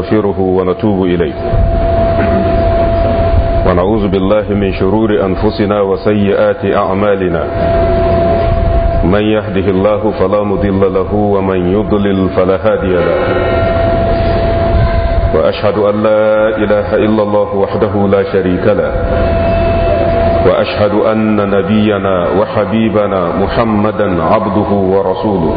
نستغفره ونتوب إليه ونعوذ بالله من شرور أنفسنا وسيئات أعمالنا من يهده الله فلا مضل له ومن يضلل فلا هادي له وأشهد أن لا إله إلا الله وحده لا شريك له وأشهد أن نبينا وحبيبنا محمدا عبده ورسوله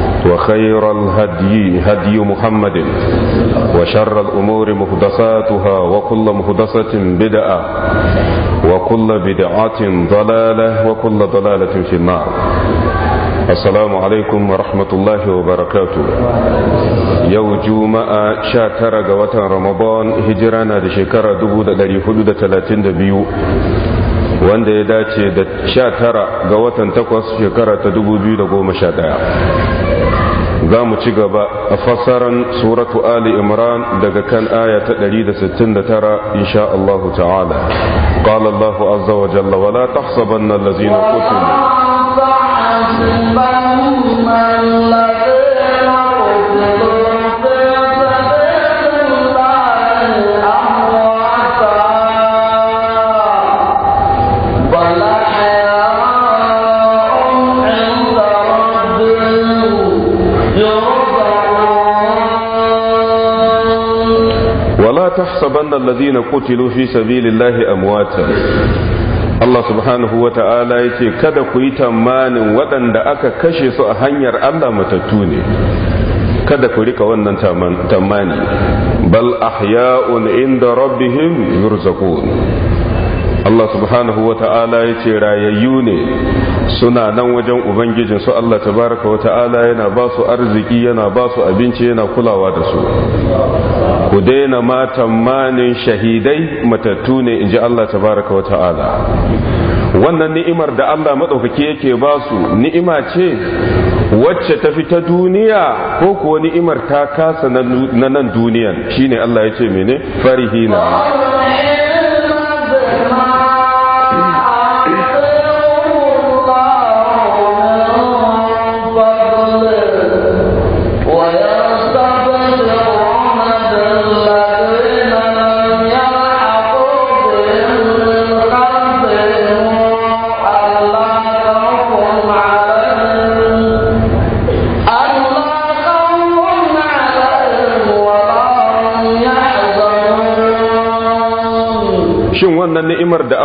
وخير الهدي هدي محمد وشر الأمور مهدساتها وكل مهدسة بدعة وكل بدعة ضلالة وكل ضلالة في النار السلام عليكم ورحمة الله وبركاته yau juma'a sha tara ga watan ramadan hijira na da shekara wanda ya dace da shatara ga watan takwas shekara ta dubu biyu da goma sha ɗaya. za mu ci gaba a fassaran suratu Ali Imran daga kan aya ta 169 insha Allah ta'ala. Qala Allah azza wa jalla wa la tahsabanna allazina qutilu. tahsabanna الذين قتلوا في سبيل الله امواتا الله سبحانه وتعالى kada ku yi tamanin waɗanda aka kashe su a hanyar Allah matattu ne kada ku rika wannan tamani bal ahya'un inda rabbihim yurzaqun Allah subhanahu wa ta'ala ya ce rayayyu ne suna nan wajen ubangijin su Allah tabaraka wa ta'ala yana ba su arziki yana ba su abinci yana kulawa da su ku daina ma tamanin shahidai matattu ne in ji Allah baraka wa ta'ala wannan ni'imar da Allah maɗaukaki yake ba su ni'ima ce wacce ta fi ta duniya ko kuwa ni'imar ta kasa na nan duniyan shine Allah ya ce mene farihina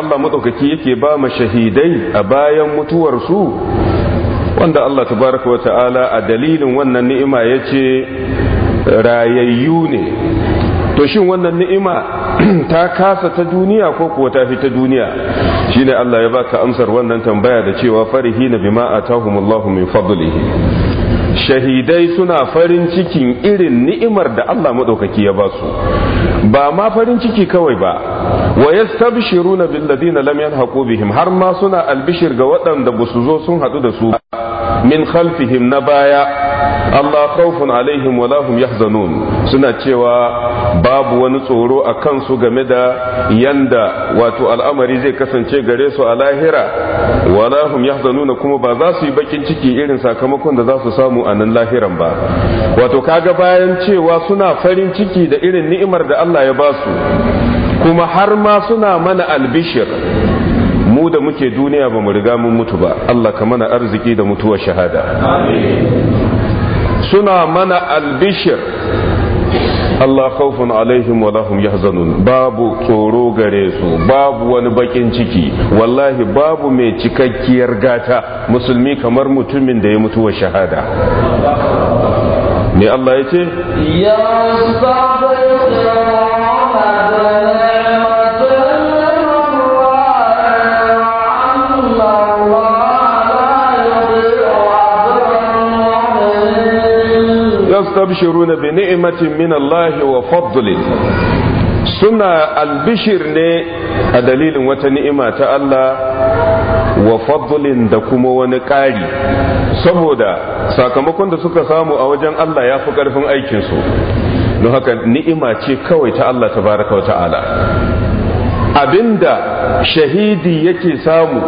Allah maɗaukaki yake ba shahidai a bayan mutuwarsu wanda Allah tabaraka wa ta'ala a dalilin wannan ni'ima ya ce rayayyu ne to shin wannan ni'ima ta kasa ta duniya ko kuwa ta fi ta duniya shine Allah ya baka amsar wannan tambaya da cewa farihi na bima atahumullahu min fadlihi shahidai suna farin cikin irin ni'imar da Allah maɗaukaki ya ba su ba ma farin ciki kawai ba wa yastabshiruna billadina lam yanhaqu bihim har ma suna albishir ga waɗanda ba su zo sun haɗu da su min khalfihim na baya Allah khawfun alaihim wa lahum yahzanun suna cewa babu wani tsoro a kansu game da yanda wato al'amari zai kasance gare su a lahira wa lahum yahzanuna kuma ba za su yi bakin ciki irin sakamakon da za su samu a nan lahiran ba wato kaga bayan cewa suna farin ciki da irin ni'imar da Allah ya ba su kuma har ma suna mana albishir mu da muke duniya ba mu riga mun mutu ba Allah ka mana arziki da mutuwar shahada suna mana albishir Allah khawfun alaihim wa lahum yahzanun babu tsoro gare su babu wani bakin ciki wallahi babu mai cikakkiyar gata musulmi kamar mutumin da ya mutu wa shahada me Allah ya ce yastabshiruna bi ni'matin min Allah wa faddlin suna albishir ne a dalilin wata ni'ima ta Allah wa faddlin da kuma wani ƙari saboda sakamakon da suka samu a wajen Allah ya fi ƙarfin aikinsu don haka ni'ima ce kawai ta Allah tabaraka wa ta'ala abinda shahidi yake samu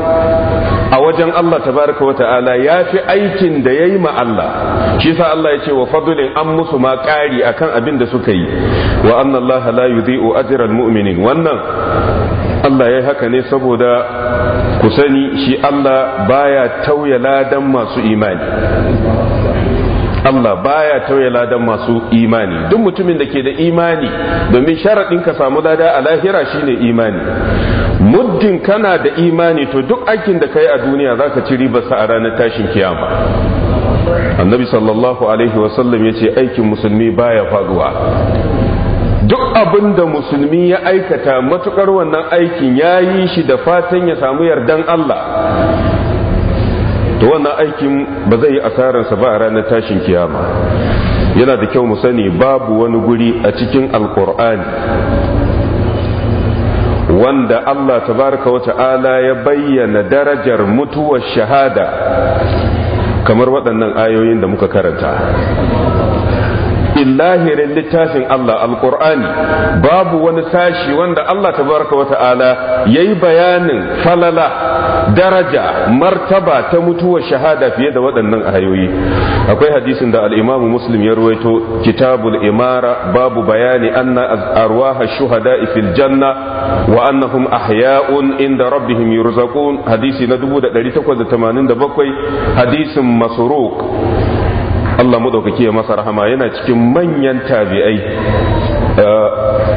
a wajen Allah tabaraka wa ta'ala ya fi aikin da ya yi ma Allah shi sa Allah ya ce wa fadulin an musu ma ƙari akan abin da suka yi wa anna Allah la yudhi'u ajral mu'minin wannan Allah ya haka ne saboda ku sani shi Allah baya tauye ladan masu imani Allah baya tauye ladan masu imani duk mutumin da ke da imani domin sharaɗin ka samu lada a lahira shine imani muddin kana da imani to duk aikin da kai a duniya zaka ci ribarsa a ranar tashin kiyama annabi sallallahu alaihi wasallam ya ce aikin musulmi baya faduwa duk abin da musulmi ya aikata matukar wannan aikin ya yi shi da fatan ya samu yardan Allah to wannan aikin ba zai yi asararsa ba a ranar tashin kiyama yana da kyau mu sani babu wani guri a cikin alkur'ani wanda Allah tabaraka wa ta'ala ya bayyana darajar mutuwar shahada kamar waɗannan ayoyin da muka karanta cikin lahirin littafin Allah alqur'ani babu wani sashi wanda Allah ta baraka wa ta'ala yayi bayanin falala daraja martaba ta mutuwar shahada fiye da waɗannan ayoyi akwai hadisin da al-Imam Muslim ya ruwaito kitabul imara babu bayani anna arwaha shuhada fil janna wa annahum ahya'un inda rabbihim yurzaqun hadisi na 1887 hadisin masruq Allah madaukaki ya masa rahama yana cikin manyan tabi'ai eh,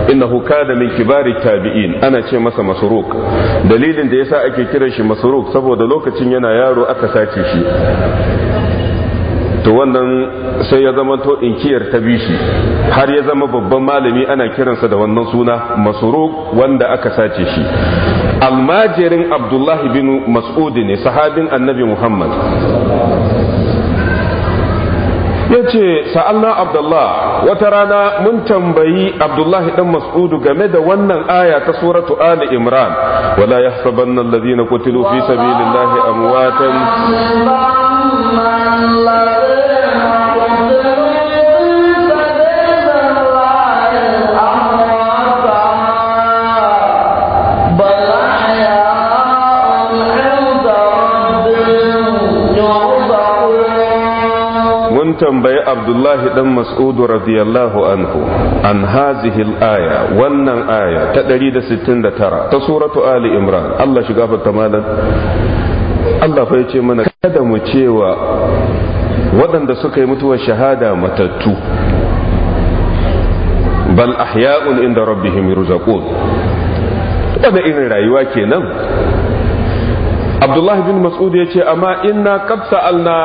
innahu kana min kibari tabi'in ana ce masa masruk dalilin da yasa ake kiran shi masruk saboda lokacin yana yaro aka sace shi to wannan sai ya zama to inkiyar ta bishi har ya zama babban malami ana kiransa da wannan suna masruk wanda aka sace shi almajirin abdullahi bin mas'udi ne sahabin annabi muhammad ya ce sa'alna abdullah wata rana mun tambayi abdullahi dan mas'udu game da wannan aya ta suratu ali imran wala yahsabanna alladhina qutilu fi sabilillahi amwatan mun tambayi abdullahi dan mas'udu radiyallahu anhu an hazihil aya wannan aya ta 169 ta suratu ali imran Allah shiga fata malam Allah fa yace mana kada mu cewa waɗanda suka yi mutuwar shahada matattu bal ahya'un inda rabbihim yurzaqun wanda irin rayuwa kenan abdullah bin mas'ud ya ce amma inna qad sa'alna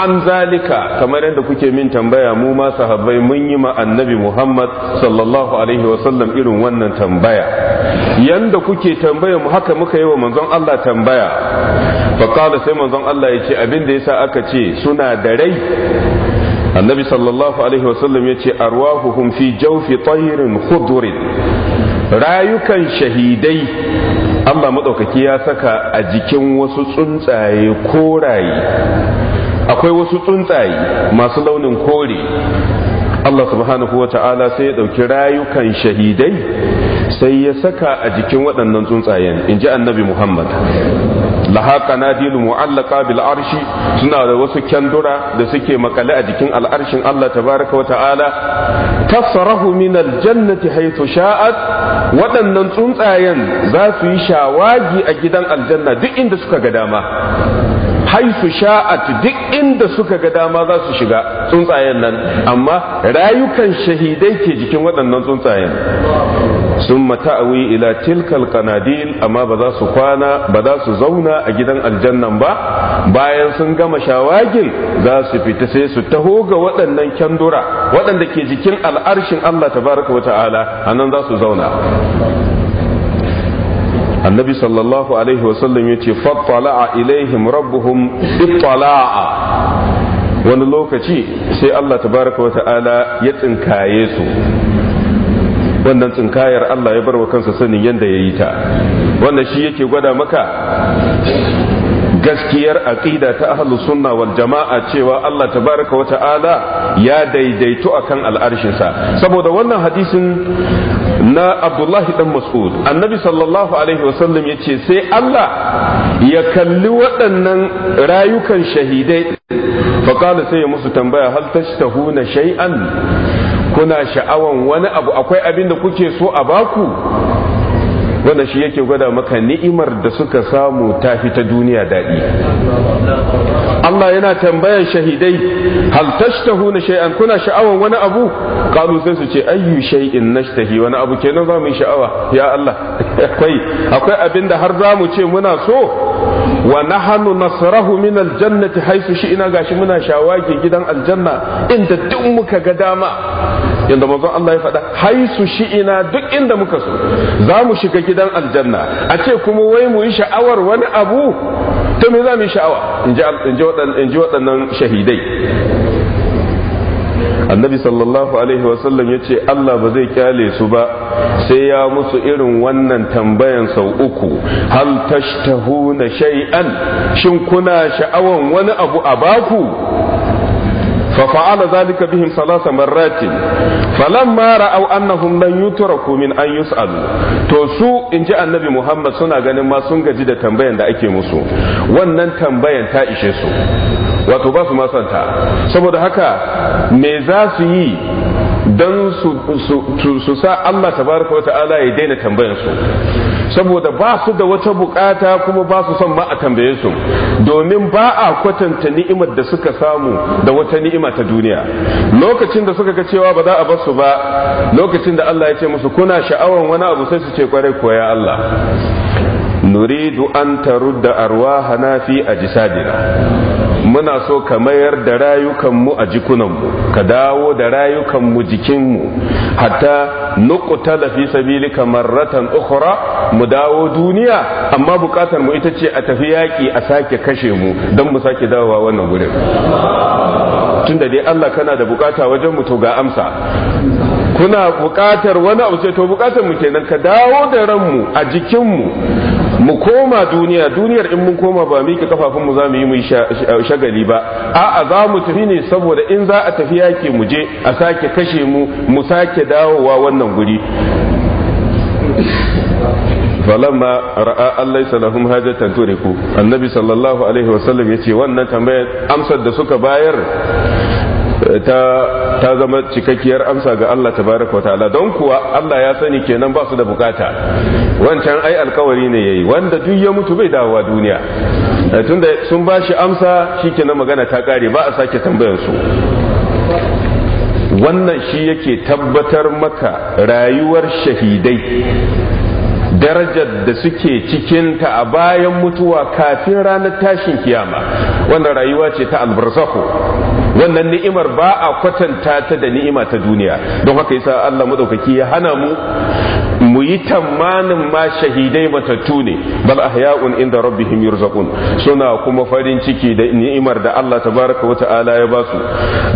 an zalika kamar yadda kuke min tambaya mu ma sahabbai mun yi ma annabi muhammad sallallahu alaihi wa sallam irin wannan tambaya yanda kuke tambaya mu haka muka yi wa manzon Allah tambaya fa sai manzon Allah ya ce abin da yasa aka ce suna da rai annabi sallallahu alaihi wa sallam ya ce arwahuhum fi jawfi tayrin khudrin rayukan shahidai Allah maɗaukaki ya saka a jikin wasu tsuntsaye koraye akwai wasu tsuntsaye masu launin kore Allah subhanahu wa ta'ala sai ya ɗauki rayukan shahidai sai ya saka a jikin waɗannan tsuntsayen in ji annabi Muhammad laha qanadilu mu'allaqa bil arshi suna da wasu kyandura da suke makale a jikin al'arshin Allah tabaraka wa ta'ala tasrahu min al haythu sha'at waɗannan tsuntsayen za su yi shawagi a gidan aljanna duk inda suka ga dama haisu sha'at duk inda suka ga dama za su shiga tsuntsayen nan amma rayukan shahidai ke jikin waɗannan tsuntsayen sun mata'awi ila tilkal kanadil amma ba za su kwana ba za su zauna a gidan aljannan ba bayan sun gama shawagin, za su fita sai su taho ga waɗannan kyandura waɗanda ke jikin al'arshin Allah tabaraka wa ta'ala anan za su zauna annabi sallallahu alaihi wasallam ya ce fattala'a ilaihim rabbuhum ittala'a wani lokaci sai Allah tabaraka wa ta'ala ya tsinkaye su wannan tsinkayar Allah ya bar wa kansa sanin yadda ya yi ta wannan shi yake gwada maka gaskiyar aqida ta ahlus sunna wal jama'a cewa Allah tabaraka wa ta'ala ya daidaito akan al'arshinsa saboda wannan hadisin na Abdullahi dan Mas'ud annabi sallallahu alaihi wasallam yace sai Allah ya kalli waɗannan rayukan shahidai faqala sai ya musu tambaya hal tashtahuna shay'an kuna sha'awan wani abu akwai abin da kuke so a baku wanda shi yake gwada maka ni'imar da suka samu ta fi ta duniya daɗi Allah yana tambayan shahidai hal na shay'an kuna sha'awan wani abu qalu sai su ce ayyu shay'in nashtahi wani abu kenan za mu sha'awa ya Allah akwai akwai abin da har za mu ce muna so wa nahnu nasrahu min aljannati haythu shi'na gashi muna shawagi gidan aljanna inda duk muka ga dama inda manzon Allah ya faɗa haythu shi'na duk inda muka so za mu shiga gidan aljanna a ce kuma wai mu yi sha'awar wani abu to za mu yi sha'awa in ji waɗannan shahidai annabi sallallahu alaihi wasallam ya ce Allah ba zai kyale su ba sai ya musu irin wannan tambayan sau uku hal tashtahuna shay'an shin kuna sha'awan wani abu a baku ففعل ذلك بهم ثلاث مرات فلما رأوا أنهم لن يتركوا من أن يسألوا to su in ji annabi Muhammad suna ganin ma sun gaji da tambayan da ake musu wannan tambayan ta ishe su wato ba su masanta saboda haka me za su yi don su sa Allah tabaraka wa ya daina tambayan su saboda ba su da wata bukata kuma ba su son ma a tambaye su domin ba a kwatanta ni'imar da suka samu da wata ni'ima ta duniya lokacin da suka ga cewa ba za a bar su ba lokacin da Allah ya ce musu kuna sha'awan wani abu sai su ce kwarai koya Allah nuridu an tarudda arwahana fi ajsadina muna so ka mayar da rayukanmu a jikunanmu ka dawo da rayukanmu jikinmu hatta nukuta da fi sabili kamar ratan ukura mu dawo duniya amma bukatar mu ita ce a tafi yaƙi a sake kashe mu don mu sake dawowa wannan gudun tun da dai Allah kana da bukata wajen mu to ga amsa kuna bukatar wani abu sai to bukatar mu kenan ka dawo da ranmu a jikinmu mu koma duniya duniyar in mun koma ba miƙe kafafun mu za mu yi mu shagali ba a'a za mu tafi ne saboda in za a tafi yake mu je a sake kashe mu mu sake dawowa wannan guri falamma ra'a allai salahum hajatan turiku annabi sallallahu alaihi wasallam yace wannan tambayar amsar da suka bayar ta zama cikakkiyar amsa ga Allah tabaraka ta'ala don kuwa Allah ya sani kenan ba su da bukata wancan ai alkawari ne yayi wanda duk ya mutu bai dawowa duniya eh, tunda sun ba shi amsa shikenan magana ta kare ba a sake tambayar su wannan shi yake tabbatar maka rayuwar shahidai darajar da suke cikinta a bayan mutuwa kafin ranar tashin kiyama wannan rayuwa ce ta albarsako wannan ni'imar ba a kwatanta ta da ni'ima ta duniya don haka yasa Allah madaukaki ya hana mu mu yi tamanin ma shahidai matattu ne bal ahya'un inda rabbihim yurzaqun suna kuma farin ciki da ni'imar da Allah tabaraka wa ta'ala ya ba su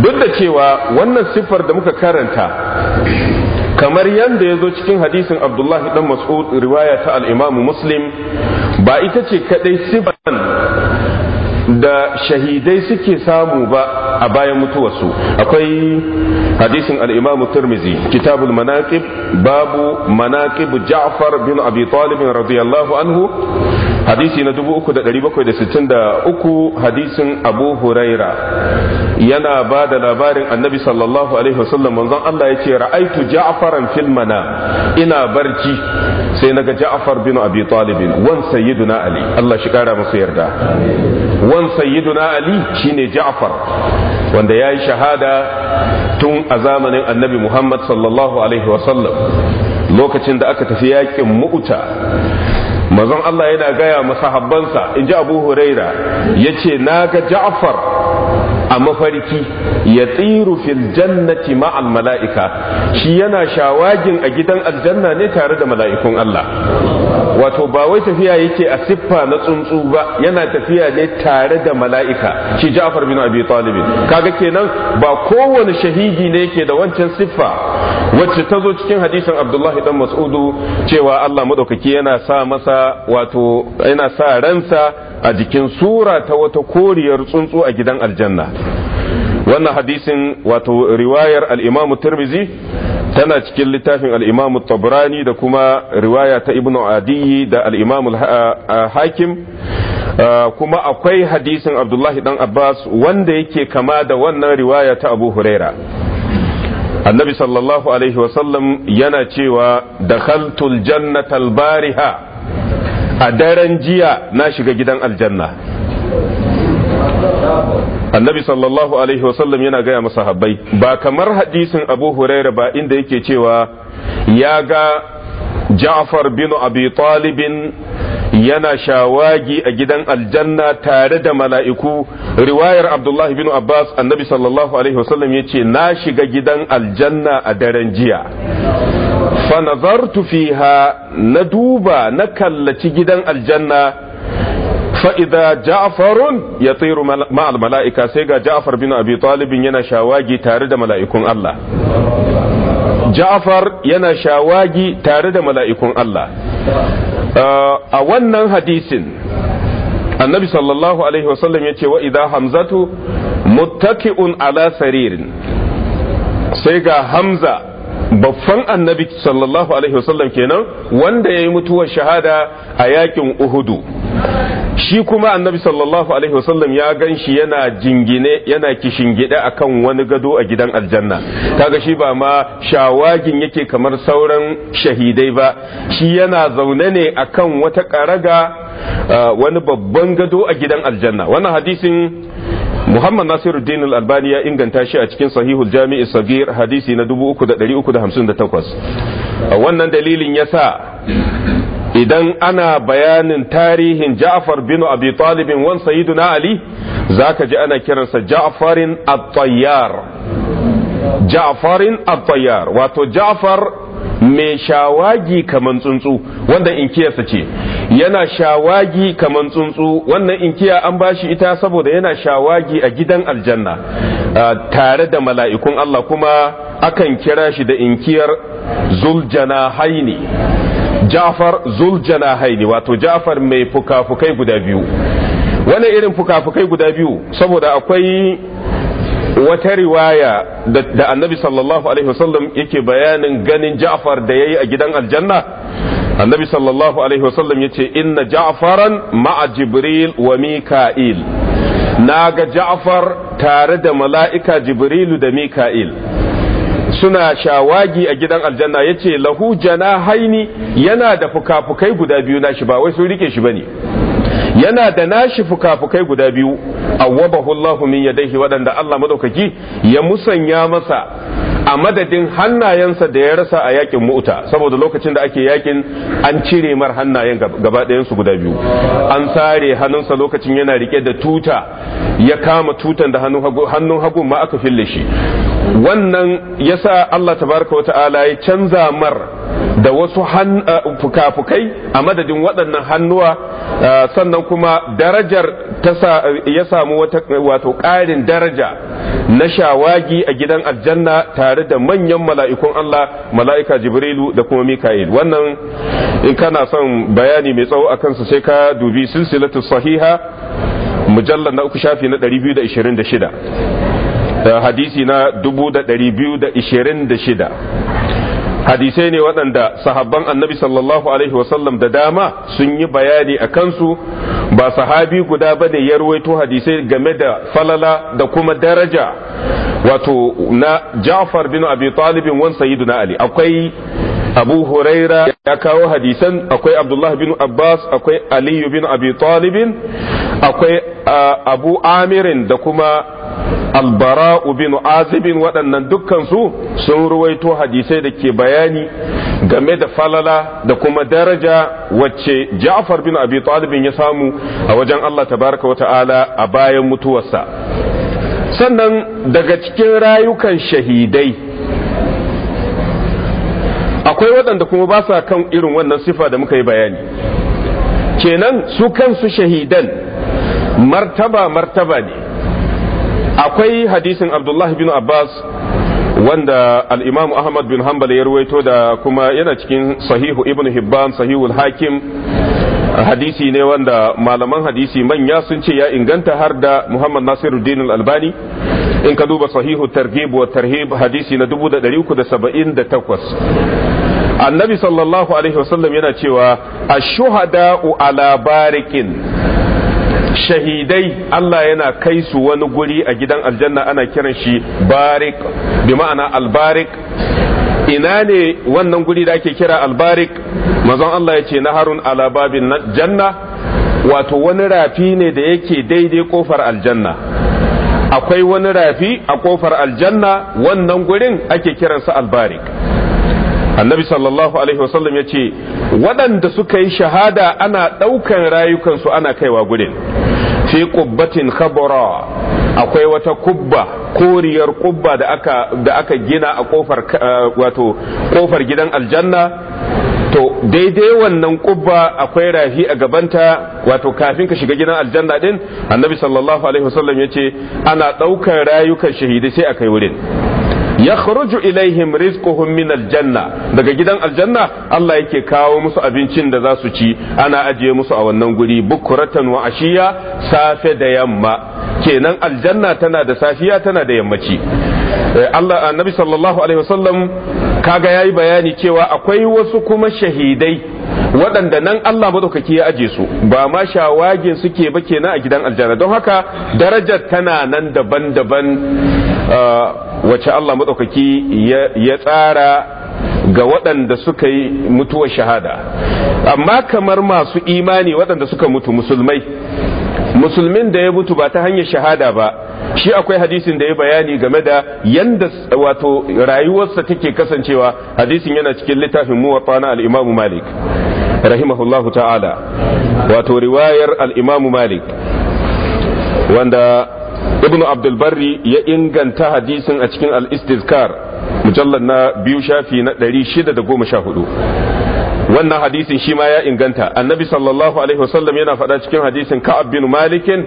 duk da cewa wannan siffar da muka karanta kamar yadda ya zo cikin hadisin abdullahi dan mas'ud riwaya ta al imamu muslim ba ita ce kadai sifan da shahidai suke samu ba a bayan mutuwarsu akwai hadisin al-imamu tirmizi kitabul manaqib babu manaqib ja'far bin abi talib radiyallahu anhu hadisi na 3763 hadisin abu huraira yana ba da labarin annabi sallallahu alaihi wasallam manzon Allah ya ce ra'aitu ja'faran fil ina barci sai naga ja'far bin abi talib wan sayyiduna ali Allah shi kara masa yarda wan sayyiduna ali shine ja'far wanda ya yi shahada tun a zamanin annabi muhammad sallallahu alaihi wasallam lokacin da aka tafi yakin mu'uta mazan Allah yana gaya masahabbansa in ji abu huraira ya ce na ga ja'far a mafarki ya tsiru fil jannati ma'al mala'ika shi yana shawagin a gidan aljanna ne tare da mala'ikun Allah wato ba wai tafiya yake a siffa na tsuntsu ba yana tafiya ne tare da mala'ika shi Ja'far bin Abi Talib kaga kenan ba kowane shahidi ne yake da wancan siffa wacce ta zo cikin hadisin Abdullahi dan Mas'udu cewa Allah madaukaki yana sa masa wato yana sa ransa a jikin sura ta wata koriyar tsuntsu a gidan aljanna wannan hadisin wato riwayar al'imamu tirmizi tana cikin littafin al'imamu tabrani da kuma riwaya ta ibn adiyi da al'imamu hakim kuma akwai hadisin abdullahi dan abbas wanda yake kama da wannan riwaya ta abu huraira annabi sallallahu alaihi wasallam yana cewa dakhaltul jannatal bariha a daren jiya na shiga gidan aljanna annabi sallallahu alaihi wasallam yana gaya masa habbai ba kamar hadisin abu huraira ba inda yake cewa ya ga ja'far bin abi talibin yana shawagi a gidan aljanna tare da mala'iku riwayar abdullahi bin abbas annabi sallallahu alaihi wasallam ya ce na shiga gidan aljanna a daren jiya fa nazartu fiha na duba na kallaci gidan aljanna Fa'ida idza ja'farun yatiru ma'al mala'ika sai ga ja'far bin abi ɗalibin yana shawagi tare da mala'ikun Allah ja'far yana shawagi tare da mala'ikun Allah uh, a wannan hadisin annabi sallallahu alaihi wasallam ya ce wa idan hamzatu muttaki'un ala saririn sai ga hamza babban annabi sallallahu alaihi wasallam kenan wanda ya yi mutuwar shahada a yakin uhudu shi kuma annabi sallallahu alaihi wasallam ya gan shi yana jingine yana kishingide akan wani gado a gidan aljanna kaga shi ba ma shawagin yake kamar sauran shahidai ba shi yana zaune ne akan wata karaga uh, wani babban gado a gidan aljanna wannan hadisin Muhammad Nasiruddin Al-Albani ya inganta shi a cikin Sahihul Jami'i Sagir hadisi na 3358. Wannan dalilin ya sa idan ana bayanin tarihin Ja'far bin Abi Talibin wan Sayyiduna Ali zaka ji ana kiransa Ja'farin At-Tayyar. Ja'farin At-Tayyar wato Ja'far mai shawagi kaman tsuntsu wanda inkiyarsa ce yana shawagi kaman tsuntsu wannan inkiya an bashi ita saboda yana shawagi a gidan aljanna tare da mala'ikun Allah kuma akan kira shi da inkiyar zuljana haini Jafar zuljana haini wato Jafar mai fuka-fukai guda biyu wani irin fuka-fukai guda biyu saboda akwai wata riwaya da annabi sallallahu alaihi wasallam yake bayanin ganin ja'far da yayi a gidan aljanna annabi sallallahu alaihi wasallam yace inna ja'faran ma'a jibril wa mika'il naga ja'far tare da mala'ika jibrilu da mika'il suna shawagi a gidan aljanna yace lahu janahaini yana da fukafukai guda biyu nashi ba wai sun rike shi bane yana da nashi fukafukai guda biyu awwabahu Allahu min yadaihi waɗanda Allah madaukaki ya musanya masa a madadin hannayensa da ya rasa a yakin mu'uta saboda lokacin da ake yakin an cire mar hannayen gaba su guda biyu an sare hannunsa lokacin yana rike da tuta ya kama tutan da hannun hagu ma aka fille shi wannan ya sa Allah tabaraka wa ta'ala ya canza mar da wasu fukafukai a madadin waɗannan hannuwa sannan kuma darajar ya samu wato ƙarin daraja na shawagi a gidan aljanna tare da manyan mala'ikun Allah mala'ika Jibrilu da kuma Mika'il wannan in kana son bayani mai tsawo a su sai ka dubi silsilatu sahiha mujallar na uku shafi na 226 hadisi na 226 hadisai ne waɗanda sahabban annabi sallallahu alaihi wasallam da dama sun yi bayani a kansu ba sahabi guda ba ne ya ruwaito hadisai game da falala da kuma daraja wato na Ja'far bin Abi Talib wan Sayyiduna Ali akwai Abu Huraira ya kawo hadisan akwai Abdullah bin Abbas akwai Ali bin Abi Talib akwai Abu Amirin da kuma Albara'u bin Azibin waɗannan dukansu sun ruwaito hadisai da ke bayani game da falala da kuma daraja wacce Ja'far bin Abi Talib ya samu a wajen Allah tabaraka wa ta'ala a bayan mutuwarsa sannan daga cikin rayukan shahidai akwai waɗanda kuma ba sa kan irin wannan sifa da muka yi bayani kenan su kansu shahidan martaba martaba ne akwai hadisin abdullahi bin abbas wanda al'imamu ahmad bin hanbal ya ruwaito da kuma yana cikin sahihu ibn hibban sahihul hakim hadisi ne wanda malaman hadisi manya sun ce ya inganta har da Muhammad Nasiruddin Al-Albani in ka duba sahihu targhib wa tarhib hadisi na 378 annabi sallallahu alaihi wasallam yana cewa ash shuhada ala barikin shahidai Allah yana kai su wani guri a gidan aljanna ana kiran shi barik bi ma'ana al-barik ina ne wannan guri da ake kira albarik mazan Allah ya ce Harun alababin na janna wato wani rafi ne da yake daidai kofar aljanna akwai wani rafi a kofar aljanna wannan gurin ake kiransa albarik annabi sallallahu alaihi wasallam ya ce waɗanda suka yi shahada ana ɗaukan rayukansu ana kaiwa gurin fi kubbatin khabara akwai wata kubba koriyar kubba da aka da aka gina a kofar eh, wato kofar gidan aljanna to daidai wannan kubba akwai rafi a gabanta wato kafin ka shiga gidan aljanna din annabi sallallahu alaihi wasallam yace ana daukar rayukan shahidai sai akai wurin yakhruju ilaihim rizquhum min aljanna daga gidan aljanna Allah yake kawo musu abincin da za su ci ana ajiye musu a wannan guri bukuratan wa ashiya safe da yamma kenan aljanna tana da safiya tana da yammaci Eh, Allah annabi sallallahu alaihi wasallam kaga yayi bayani cewa akwai wasu kuma shahidai waɗanda nan Allah madaukaki ya aje su ba ma shawagin suke ba kenan a gidan aljanna don haka darajar tana nan daban-daban uh, wacce Allah madaukaki ya tsara ga waɗanda suka yi mutuwar shahada amma kamar masu imani waɗanda suka mutu musulmai musulmin da ya mutu ba ta hanyar shahada ba shi akwai hadisin da ya bayani game da yanda wato rayuwarsa take kasancewa hadisin yana cikin littafin muwatta na al-Imam Malik rahimahullahu ta'ala wato riwayar al-Imam Malik wanda Ibn Abdul Barri ya inganta hadisin a cikin al-Istizkar mujallal na biyu shafi na 614 wannan hadisin shi ma ya inganta annabi sallallahu alaihi wasallam yana faɗa cikin hadisin ka'ab bin malikin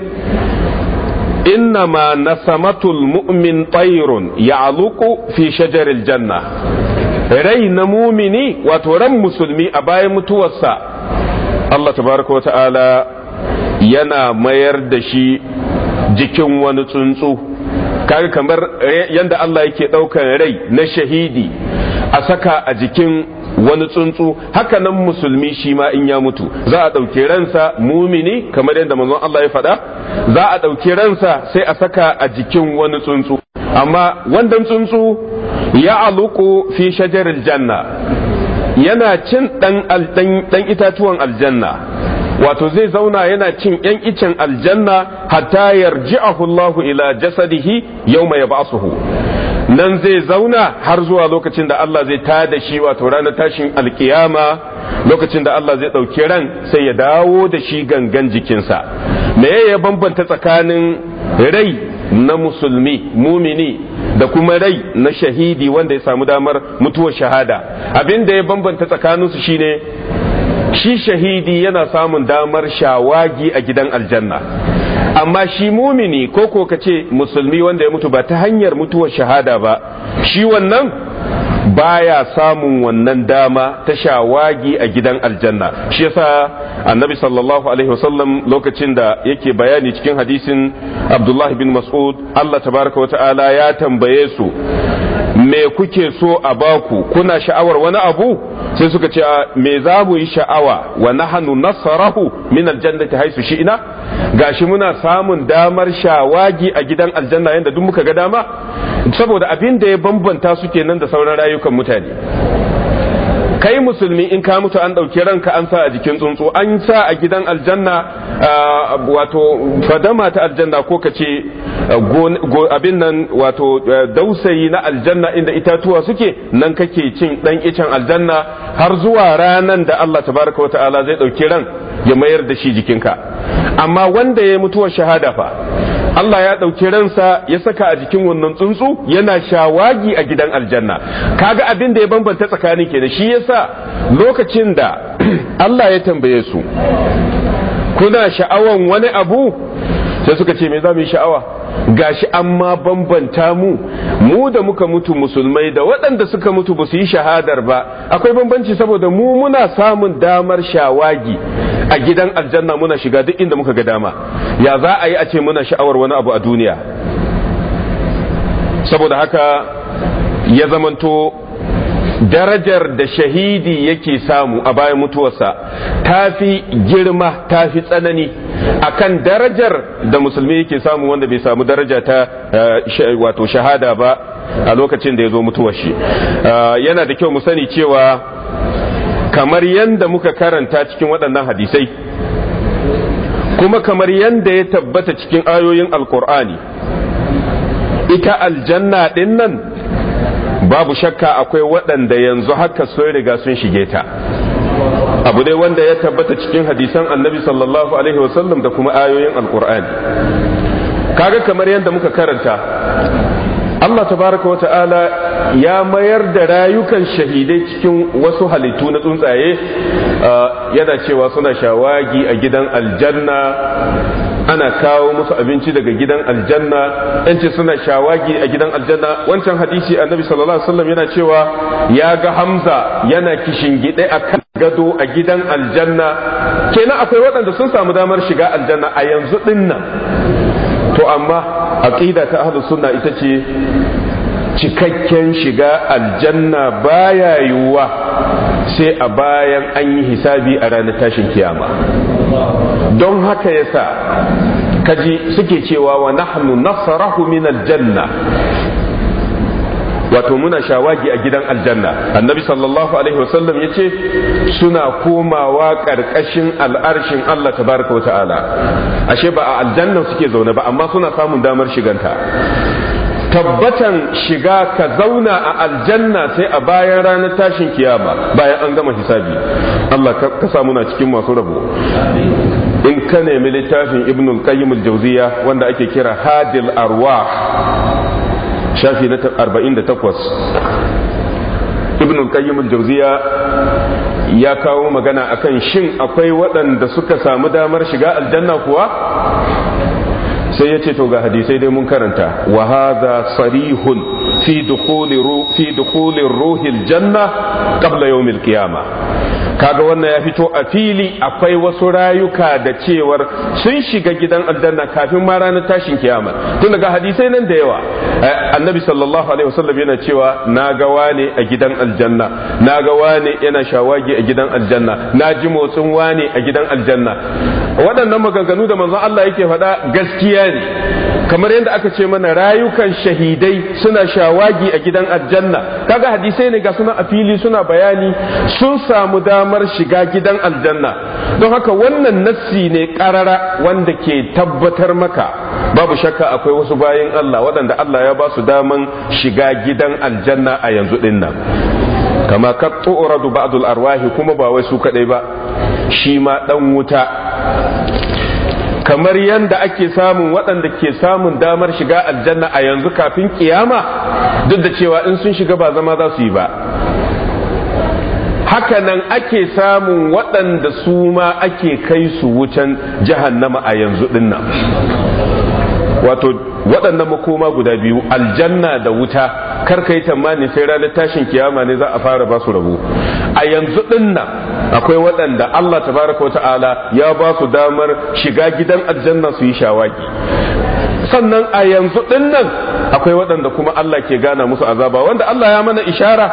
innama nasamatul mu'min tayrun ya'luqu fi shajaril janna rai na mumini wato ran musulmi a bayan mutuwarsa Allah tabaraka wata'ala yana mayar da shi jikin wani tsuntsu kaga kamar yadda Allah yake daukan rai na shahidi a saka a jikin wani tsuntsu haka nan musulmi shi ma in ya mutu za a ɗauki ransa mumini kamar yadda manzon Allah ya faɗa za a ɗauki ransa sai a saka a jikin wani tsuntsu amma wannan tsuntsu ya aluku fi shajarar janna yana cin ɗan itatuwan aljanna wato zai zauna yana cin ‘yan icen aljanna hatta yarji'ahu Allahu ila jasadihi yau mai hu. nan zai zauna har zuwa lokacin da Allah zai ta da shi wato ranar tashin alkiyama lokacin da Allah zai ɗauki ran sai ya dawo da shi gangan jikinsa me ya bambanta tsakanin rai na musulmi mumini da kuma rai na shahidi wanda ya samu damar mutuwar shahada abin da ya bambanta tsakaninsu shine shi shahidi yana samun damar shawagi a gidan aljanna amma shi mumini ko ko ka ce musulmi wanda ya mutu ba ta hanyar mutuwar shahada ba shi wannan baya samun wannan dama ta shawagi a gidan aljanna shi yasa annabi sallallahu alaihi wasallam lokacin da yake bayani cikin hadisin abdullahi bin mas'ud Allah tabaraka wa ta'ala ya tambaye su me kuke so a baku kuna sha'awar wani abu sai suka ce me za mu yi sha'awa wa nahnu nasarahu min aljanna aljannati haisu shi shi'na gashi muna samun damar shawagi a gidan aljanna yanda duk muka ga dama saboda abin da ya bambanta su kenan da sauran rayukan mutane kai musulmi in ka mutu an ɗauki ranka an sa a jikin tsuntsu an sa a gidan aljanna ah, wato fadama ta aljanna ko ka ce ah, abin nan wato eh, dausayi na aljanna inda itatuwa suke nan kake cin ɗan icen aljanna har zuwa ranan da Allah tabaraka wa ta'ala zai ɗauki ran ya mayar da shi jikinka amma wanda ya mutuwar shahada fa Allah ya ɗauki ransa ya saka a jikin wannan tsuntsu yana shawagi a gidan aljanna kaga abin da ya bambanta tsakanin kenan shi yasa lokacin da Allah ya tambaye su kuna sha'awan wani abu sai suka ce me za mu yi sha'awa Ga shi an ma bambanta mu mu da muka mutu musulmai da waɗanda suka mutu ba su yi shahadar ba akwai bambanci saboda mu muna samun damar shawagi a gidan aljanna muna shiga duk inda muka ga dama ya za a yi a ce muna sha'awar wani abu a duniya saboda haka ya zamanto darajar da shahidi yake samu a bayan mutuwarsa ta fi girma ta fi tsanani akan darajar da musulmi yake samu wanda bai samu daraja ta eh, wato shahada ba a lokacin da ya zo mutuwar shi eh, yana da kyau mu sani cewa kamar yadda muka karanta cikin waɗannan hadisai kuma kamar yadda ya tabbata cikin ayoyin alkur'ani ita aljanna ɗin nan babu shakka akwai waɗanda yanzu haka sun riga sun shige ta abu dai wanda ya tabbata cikin hadisan annabi sallallahu alaihi wasallam da kuma ayoyin alkur'ani kaga kamar yadda muka karanta Allah tabaraka wa ta'ala ya mayar da rayukan shahidai cikin wasu halittu na tsuntsaye uh, yana cewa suna shawagi a gidan aljanna ana kawo musu abinci daga gidan aljanna ɗan ce suna shawagi a gidan aljanna wancan hadisi annabi sallallahu alaihi wasallam yana cewa ya ga hamza yana kishin gida a kan gado a gidan aljanna kenan akwai waɗanda sun samu damar shiga aljanna a yanzu ɗinnan. to amma aqida ta ahlus suna ita ce cikakken shiga aljanna baya yiwuwa sai a bayan an yi hisabi a ranar tashin kiyama don haka yasa kaji suke cewa wa nahnu nasarahu min aljanna wato muna shawagi a gidan aljanna annabi sallallahu alaihi wasallam ya ce suna komawa ƙarƙashin al'arshin Allah tabaraka wa ta'ala ashe ba a aljanna suke zaune ba amma suna samun damar shiganta tabbatan shiga ka zauna a aljanna sai a bayan ranar tashin kiyama bayan an gama hisabi Allah ka samu na cikin masu rabo in ka nemi littafin ibnul qayyim al-jawziya wanda ake kira hadil arwah shafi na 48 ibnul qayyim al-jawziya ya kawo magana akan shin akwai waɗanda suka samu damar shiga aljanna kuwa sai ya ce to ga hadisai dai mun karanta wa hadha sarihun fi dukhuli ruhil janna qabla yawmil qiyama kaga wannan ya fito a fili akwai wasu rayuka da cewar sun shiga gidan aljanna kafin ma ranar tashin kiyama tun daga hadisai nan da yawa eh, annabi sallallahu alaihi wasallam yana cewa na ga wane a gidan aljanna na ga wane yana shawagi a gidan aljanna na ji motsin wane a gidan aljanna waɗannan maganganu da manzon Allah yake faɗa gaskiya ne kamar yadda aka ce mana rayukan shahidai suna shawagi shawagi a gidan aljanna kaga hadisai ne ga suna a fili suna bayani sun samu damar shiga gidan aljanna don haka wannan nassi ne karara wanda ke tabbatar maka babu shakka akwai wasu bayan Allah waɗanda Allah ya ba su daman shiga gidan aljanna a yanzu dinnan. kama ka tsoradu ba'dul arwahi kuma ba wai su kadai ba shi ma dan wuta kamar yadda ake samun waɗanda ke samun damar shiga aljanna a yanzu kafin kiyama duk da cewa in sun shiga ba zama za su yi ba haka nan ake samun waɗanda su ma ake kai su wucan jahannama a yanzu dinnan wato waɗannan makoma guda biyu aljanna da wuta kar ka yi tamani sai ranar tashin kiyama ne za a fara ba su rabo a yanzu din nan akwai waɗanda Allah tabaraka wata'ala ya ba su damar shiga gidan aljanna su yi shawaki sannan a yanzu din nan akwai waɗanda kuma Allah ke gana musu azaba wanda Allah ya mana ishara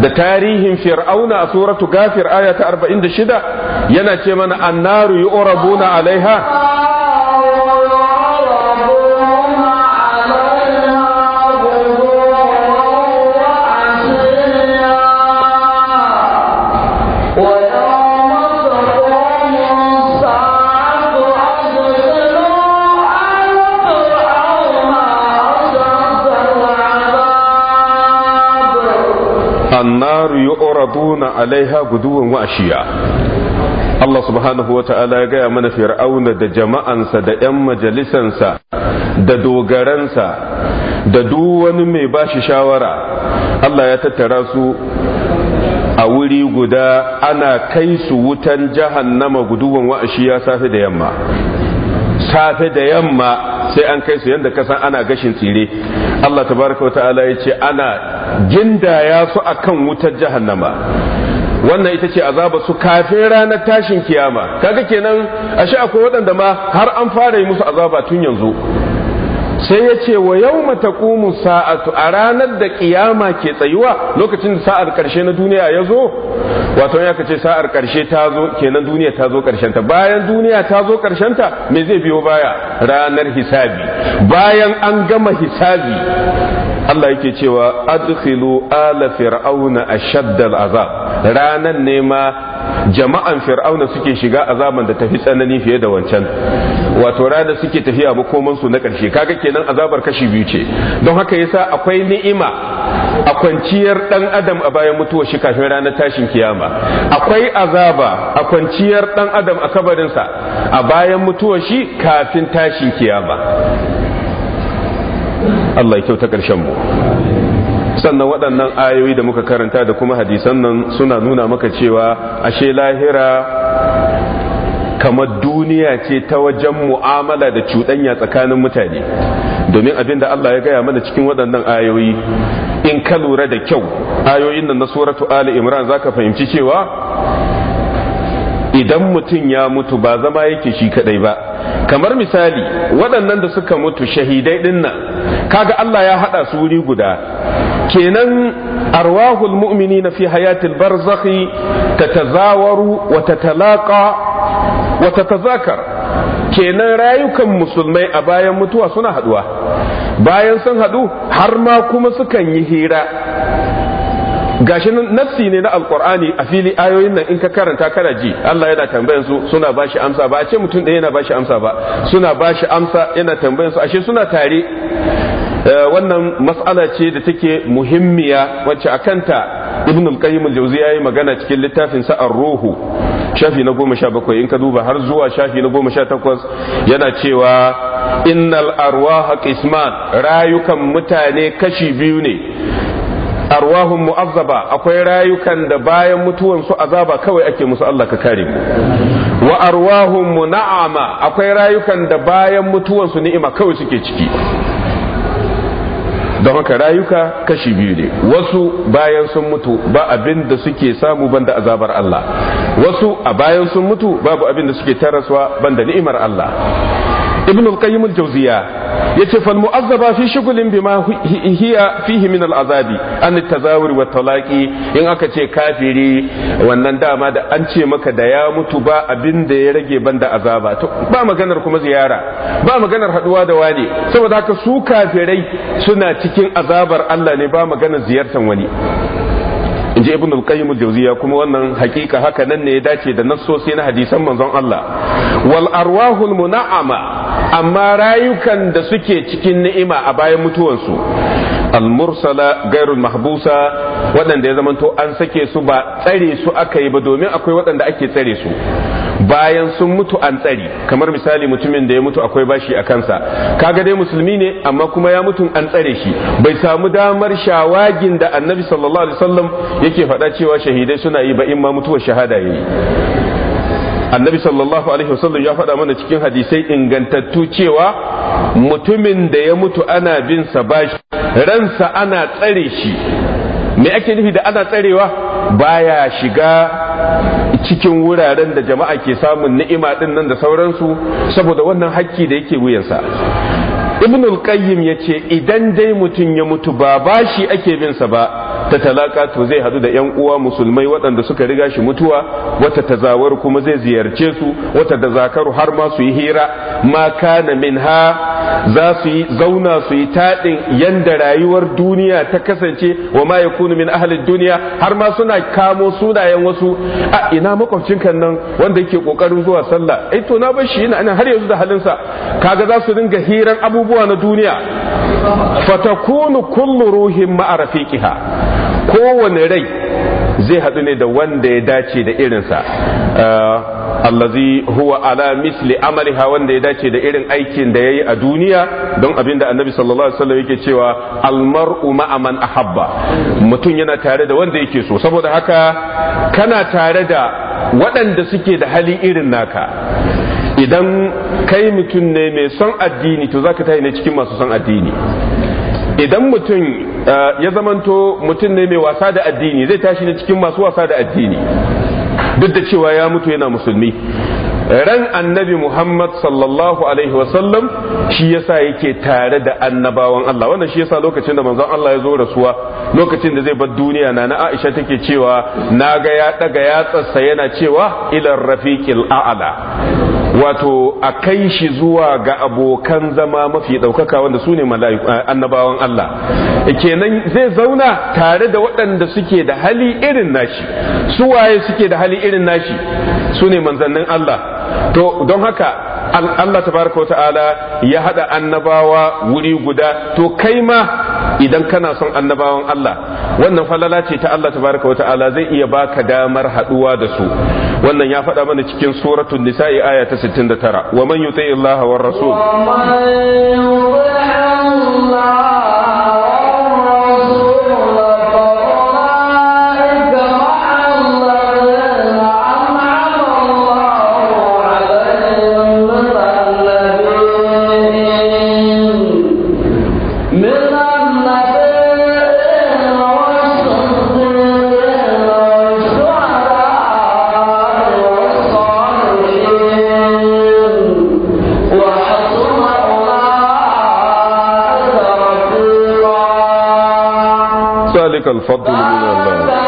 da tarihin fir'auna a suratu gafir aya ta 46 yana ce mana annaru yu'rabuna alaiha annaru yu'raduna alaiha guduwan wa ashiya Allah subhanahu wa ya gaya mana fir'auna da jama'ansa da 'yan sa da dogaransa da duk wani mai bashi shawara Allah ya tattara su a wuri guda ana kai su wutan jahannama guduwan wa'ashiya safe da yamma safe da yamma sai an kai su yadda kasan ana gashin tsire Allah tabaraka wa ta'ala ya ce ana Ginda ya su a kan wutar jahannama wannan ita ce azaba su kafin ranar tashin kiyama kaga kenan ashe akwai waɗanda ma har an fara yi musu azaba tun yanzu sai ya ce wa yau matakumu sa'atu a ranar da kiyama ke tsayuwa lokacin da sa'ar karshe na duniya ya zo wato ya kace sa'ar karshe ta zo kenan duniya ta zo ta bayan duniya ta zo ta me zai biyo baya ranar hisabi bayan an gama hisabi Allah yake cewa adkhilu ala fir'auna ashadda al'azab ranan ne ma jama'an fir'auna suke shiga azaban da tafi tsanani fiye da wancan wato ranar suke tafiya makoman su na karshe kaga kenan azabar kashi biyu ce don haka yasa akwai ni'ima a kwanciyar dan adam a bayan mutuwa shi kafin ranar tashin kiyama akwai azaba a kwanciyar dan adam a kabarinsa a bayan mutuwa shi kafin tashin kiyama Allah ya kyauta ƙarshen mu sannan waɗannan ayoyi da muka karanta da kuma hadisan nan suna nuna maka cewa ashe lahira kamar duniya ce ta wajen mu'amala da cuɗanya tsakanin mutane domin abin da Allah ya gaya mana cikin waɗannan ayoyi in ka lura da kyau ayoyin nan na suratu ali imran zaka fahimci cewa idan mutum ya mutu ba zama yake shi kadai ba kamar misali waɗannan da suka mutu shahidai ɗin nan kaga Allah ya haɗa su wuri guda kenan arwahul mu'mini na fi hayatil barzakhi tatazawaru wa tatalaqa wa tatazakar kenan rayukan musulmai a bayan mutuwa suna haɗuwa bayan sun haɗu har ma kuma sukan yi hira gashi nafsi ne na alqur'ani a fili ayoyin nan in ka karanta kana ji Allah yana tambayan su suna bashi amsa ba a ce mutum ɗaya yana bashi amsa ba suna bashi amsa yana tambayan su ashe suna tare eh, wannan mas'ala ce da take muhimmiya wacce akanta ibn al-qayyim al-jawzi yayi magana cikin littafin sa ar-ruhu shafi na goma sha bakwai in ka duba har zuwa shafi na goma sha takwas yana cewa innal arwaha qisman rayukan mutane kashi biyu ne arwahun mu'azzaba akwai rayukan da bayan mutuwan su azaba kawai ake musu Allah ka kare mu wa arwahun mu na'ama akwai rayukan da bayan mutuwan su ni'ima kawai suke ciki don haka rayuka kashi biyu ne wasu bayan sun mutu ba abin da suke samu banda azabar Allah wasu a bayan sun mutu babu abin da suke taraswa banda ni'imar Allah ibn al-qayyim al-jawziya yace fal mu'azzaba fi shugulin bima hiya fihi min al-azabi an at-tazawur wa talaqi in aka ce kafiri wannan dama da an ce maka da ya mutu ba abin da ya rage banda azaba to ba maganar kuma ziyara ba maganar haduwa da wani saboda haka su kafirai suna cikin azabar Allah ne ba maganar ziyartar wani in ji ibn al-qayyim al-jawziya kuma wannan hakika haka nan ne ya dace da nassosi na hadisan manzon Allah wal arwahul muna'ama amma rayukan da suke cikin ni'ima a bayan mutuwansu al-mursala gairul mahbusa waɗanda ya zamanto an sake su ba tsare su aka yi ba domin akwai waɗanda ake tsare su bayan sun mutu an tsari kamar misali mutumin da ya mutu akwai bashi a kansa kaga dai musulmi ne amma kuma ya mutu an tsare shi bai samu damar shawagin da annabi sallallahu alaihi wasallam yake faɗa cewa shahidai suna yi ba in ma mutuwar shahada yayi annabi sallallahu alaihi wasallam ya faɗa mana cikin hadisai ingantattu cewa mutumin da ya mutu ana bin sa bashi ransa ana tsare shi me ake nufi da ana tsarewa baya shiga cikin wuraren da jama'a ke samun ni'ima din nan da sauransu saboda wannan hakki da yake wuyansa ibnul qayyim yace idan dai mutum ya mutu ba bashi ake bin sa ba ta talaka to zai hadu da yan uwa musulmai waɗanda suka riga shi mutuwa wata tazawar kuma zai ziyarce su wata da zakaru har ma su yi hira ma kana minha za su yi zauna su yi taɗin yanda rayuwar duniya ta kasance wa ma yakunu min ahli duniya har ma suna kamo sunayen wasu a ina makwabcin kan nan wanda yake kokarin zuwa sallah ai eh to na bar shi ina nan har yanzu da halinsa kaga za su dinga hiran abubuwa na duniya fatakunu kullu ruhin ma'arafi kiha. kowane rai zai haɗu ne da wanda ya dace da irinsa uh, allazi huwa ala misli amaliha wanda ya dace da irin aikin da ya yi a duniya don abinda annabi sallallahu alaihi wasallam yake cewa almar'u ma'a man ahabba mutum yana tare da wanda yake so saboda haka kana tare da waɗanda suke da hali irin naka idan kai mutum ne mai son addini to zaka tayi ne cikin masu son addini idan mutum Eh, ya zamanto mutum ne mai wasa da addini zai tashi ne cikin masu wasa da addini duk da cewa ya mutu yana musulmi ran annabi Muhammad sallallahu alaihi wasallam shi yasa yake tare da annabawan Allah wannan shi yasa lokacin da manzon Allah ya zo rasuwa lokacin da zai bar duniya na na Aisha take cewa na ga ya daga yatsarsa yana cewa ilan rafiqil a'la wato a kai shi zuwa ga abokan zama mafi ɗaukaka wanda su ne eh, annabawan Allah e, kenan zai zauna tare da waɗanda suke da hali irin nashi su waye suke da hali irin nashi su ne manzannin Allah to don haka Allah tabaraka ta'ala ya hada annabawa wuri guda to kai ma idan kana son annabawan Allah wannan falala ce ta Allah tabaraka ta'ala zai iya baka damar haduwa da su wannan ya faɗa mana cikin suratul nisa'i aya ta 69 wa man yuti Allah war rasul الفضل من الله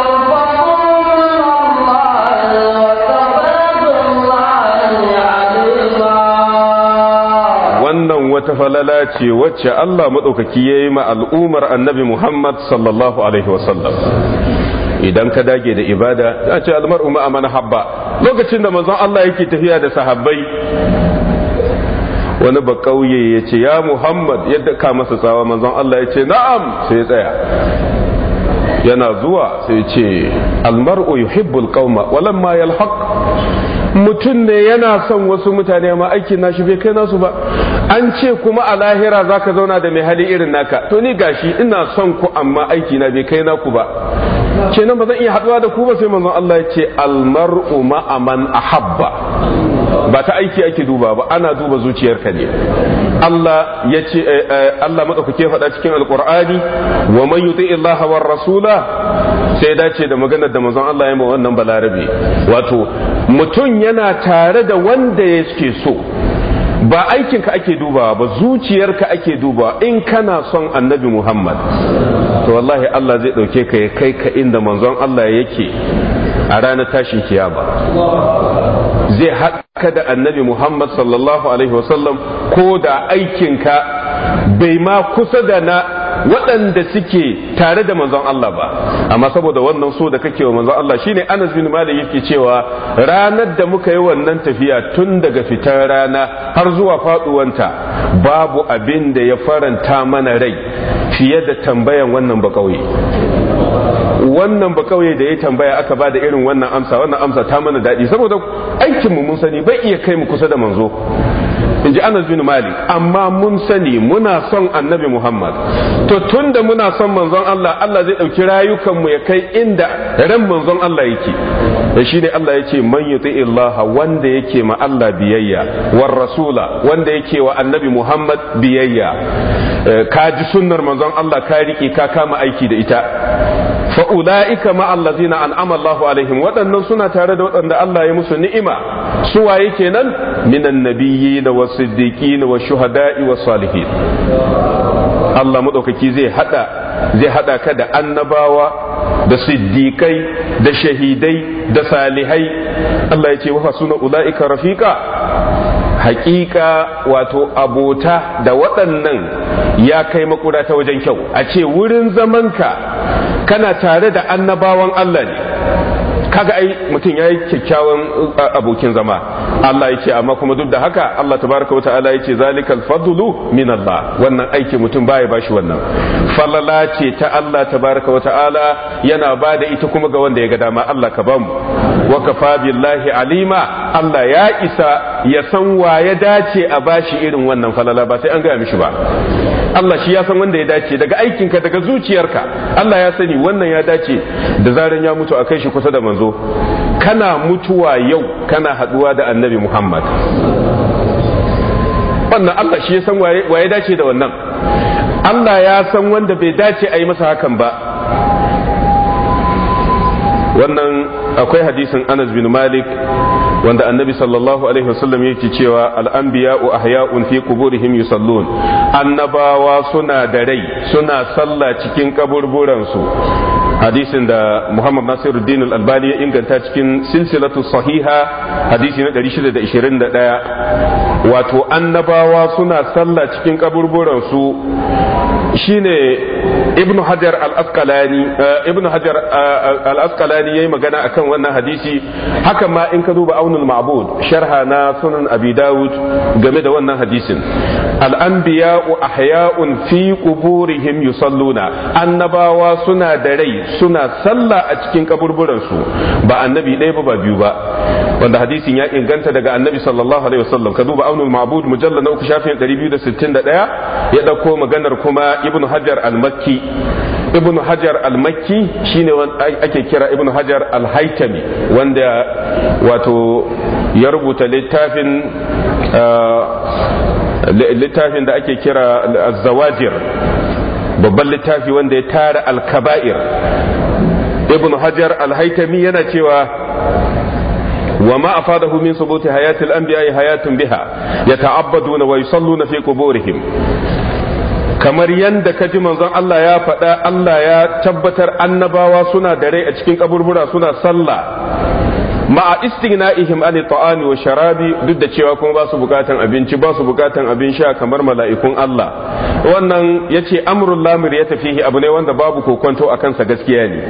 wannan wata falala ce wacce Allah maɗaukaki ya yi ma al'umar annabi Muhammad sallallahu Alaihi wasallam idan ka dage da ibada ya ce almar umar amana habba lokacin da mazan Allah yake tafiya da sahabbai wani ba kauye ya ce ya Muhammad yadda ka masa tsawa manzan Allah ya ce na'am sai ya tsaya yana zuwa sai ce almar'u yuhibbul qauma walamma yalhaq mutum ne yana son wasu mutane ma na shi bai kai nasu ba an ce kuma a lahira zaka zauna da mai hali irin naka to ni gashi ina son ku amma aiki na bai kai naku ba kenan ba zan iya haduwa da ku ba sai manzon Allah ya ce almar'u ma aman ahabba ba ta aiki ake duba ba ana duba zuciyarka ne Allah ya ce eh, eh, Allah kuke faɗa cikin alqur'ani wa man yuti illaha war rasula sai dace da maganar da manzon Allah ya ma wannan balarabe wato mutum yana tare da wanda yake so ba aikinka ake dubawa ba zuciyarka ake dubawa in kana son annabi muhammad to wallahi allah zai ɗauke ka ya kai ka inda manzon allah yake a ranar tashin kiyama zai haɗa da annabi Muhammad sallallahu alaihi wasallam ko da aikinka bai ma kusa da na waɗanda suke tare da manzon Allah ba amma saboda wannan so da kake wa manzon Allah shine Anas bin Malik yake cewa ranar da muka yi wannan tafiya tun daga fitar rana har zuwa faduwanta babu abin da ya faranta mana rai fiye da tambayan wannan ƙauye. wannan ba kauye da ya tambaya aka ba da irin wannan amsa wannan amsa ta mana daɗi saboda aikinmu mun sani bai iya kai mu kusa da manzo in ji anas bin malik amma mun sani muna son annabi muhammad to tun da muna son manzon allah allah zai ɗauki rayukanmu ya kai inda ran manzon allah yake da shi ne allah ya ce man yuti illaha wanda yake ma allah biyayya war rasula wanda yake wa annabi muhammad biyayya eh, ka ji sunnar manzon allah ka riƙe ka kama aiki da ita fa ulaika ma allazina an'ama Allahu alaihim waɗannan suna tare da waɗanda Allah ya musu ni'ima su waye kenan minan nabiyyin wa siddiqin wa shuhada'i wa salihin Allah maɗaukaki zai hada zai haɗa ka da annabawa da siddiƙai da shahidai da salihai Allah ya ce wa suna ula'ika rafika. hakika wato abota da waɗannan ya kai makura ta wajen kyau a ce wurin zamanka kana tare da annabawan Allah ne kaga ai mutum yayi kyakkyawan uh, abokin zama Allah yake amma kuma duk da haka Allah tabaraka wa ta'ala yake zalikal fadlu min Allah wannan aiki mutum baya bashi wannan falala ce ta Allah tabaraka wa ta'ala yana bada ita kuma ga wanda ya ga dama Allah ka bamu wa kafa billahi alima Allah ya isa ya san wa ya dace a bashi irin wannan falala ba sai an gaya mishi ba Allah shi ya san wanda ya dace daga aikinka daga zuciyarka Allah ya sani wannan ya dace da zaran ya mutu a kai shi kusa da manzo zo kana mutuwa yau kana haduwa da annabi muhammad wannan allah shi ya san waye dace da wannan allah ya san wanda bai dace a yi masa hakan ba wannan akwai hadisin Anas bin Malik wanda annabi sallallahu alaihi wasallam yake cewa al-anbiya'u ahya'un fi quburihim yusallun annabawa suna da rai suna sallah cikin kaburburan su hadisin da Muhammad Nasiruddin al-Albani ya inganta cikin silsilatu sahiha hadisi na 621 wato annabawa suna sallah cikin kaburburan su shine ibn hajar al-asqalani eh, ibn hajar eh, eh, al-asqalani yayi magana akan wannan hadisi haka ma in ka duba aunul ma'bud sharha na sunan abi dawud game da wannan hadisin al wa ahya'un fi quburihim yusalluna annabawa suna da rai suna sallah a cikin kaburburan su ba annabi ɗaya ba ba biyu ba wanda hadisin ya inganta daga annabi sallallahu alaihi wasallam ka duba aunul ma'bud mujallal na uku shafin 261 ya dauko maganar kuma na ibn hajar al-makki ibn hajar al-makki shine ake kira ibn hajar al-haitami wanda wato ya rubuta littafin ah, littafin da ake kira zawajir babban littafi wanda ya tara al-kaba'ir ibn hajar al-haitami yana cewa وما أفاده من ثبوت حياة الأنبياء حياة بها يتعبدون ويصلون في قبورهم kamar yadda ka ji manzon Allah ya faɗa Allah ya tabbatar annabawa suna da rai a cikin kaburbura suna sallah istina ihim ani ta'ani wa sharabi duk da cewa kuma ba su bukatan abinci ba su bukatan abin sha kamar mala'ikun Allah wannan yace amrul lamir ya tafihi abu ne wanda babu kokonto a kansa gaskiya ne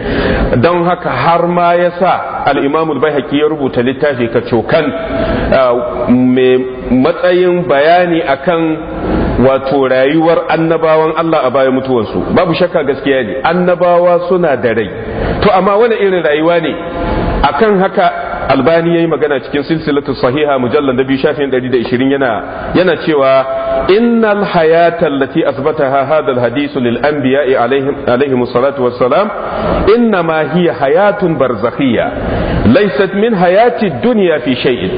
don haka har ma yasa al-Imam al ya rubuta littafi ka cokan ah, mai matsayin bayani akan wato rayuwar annabawan Allah a bayan mutuwansu babu shakka gaskiya ne annabawa suna da rai to amma wani irin rayuwa ne akan haka albani ya yi magana cikin silsilatu sahiha mujallar da biyu shafin 120 yana yana cewa innal hayata allati asbataha hadha alhadith lil anbiya. alaihim alaihim salatu wassalam innama hiya hayatun barzakhiyya laysat min hayati dunya fi shay'in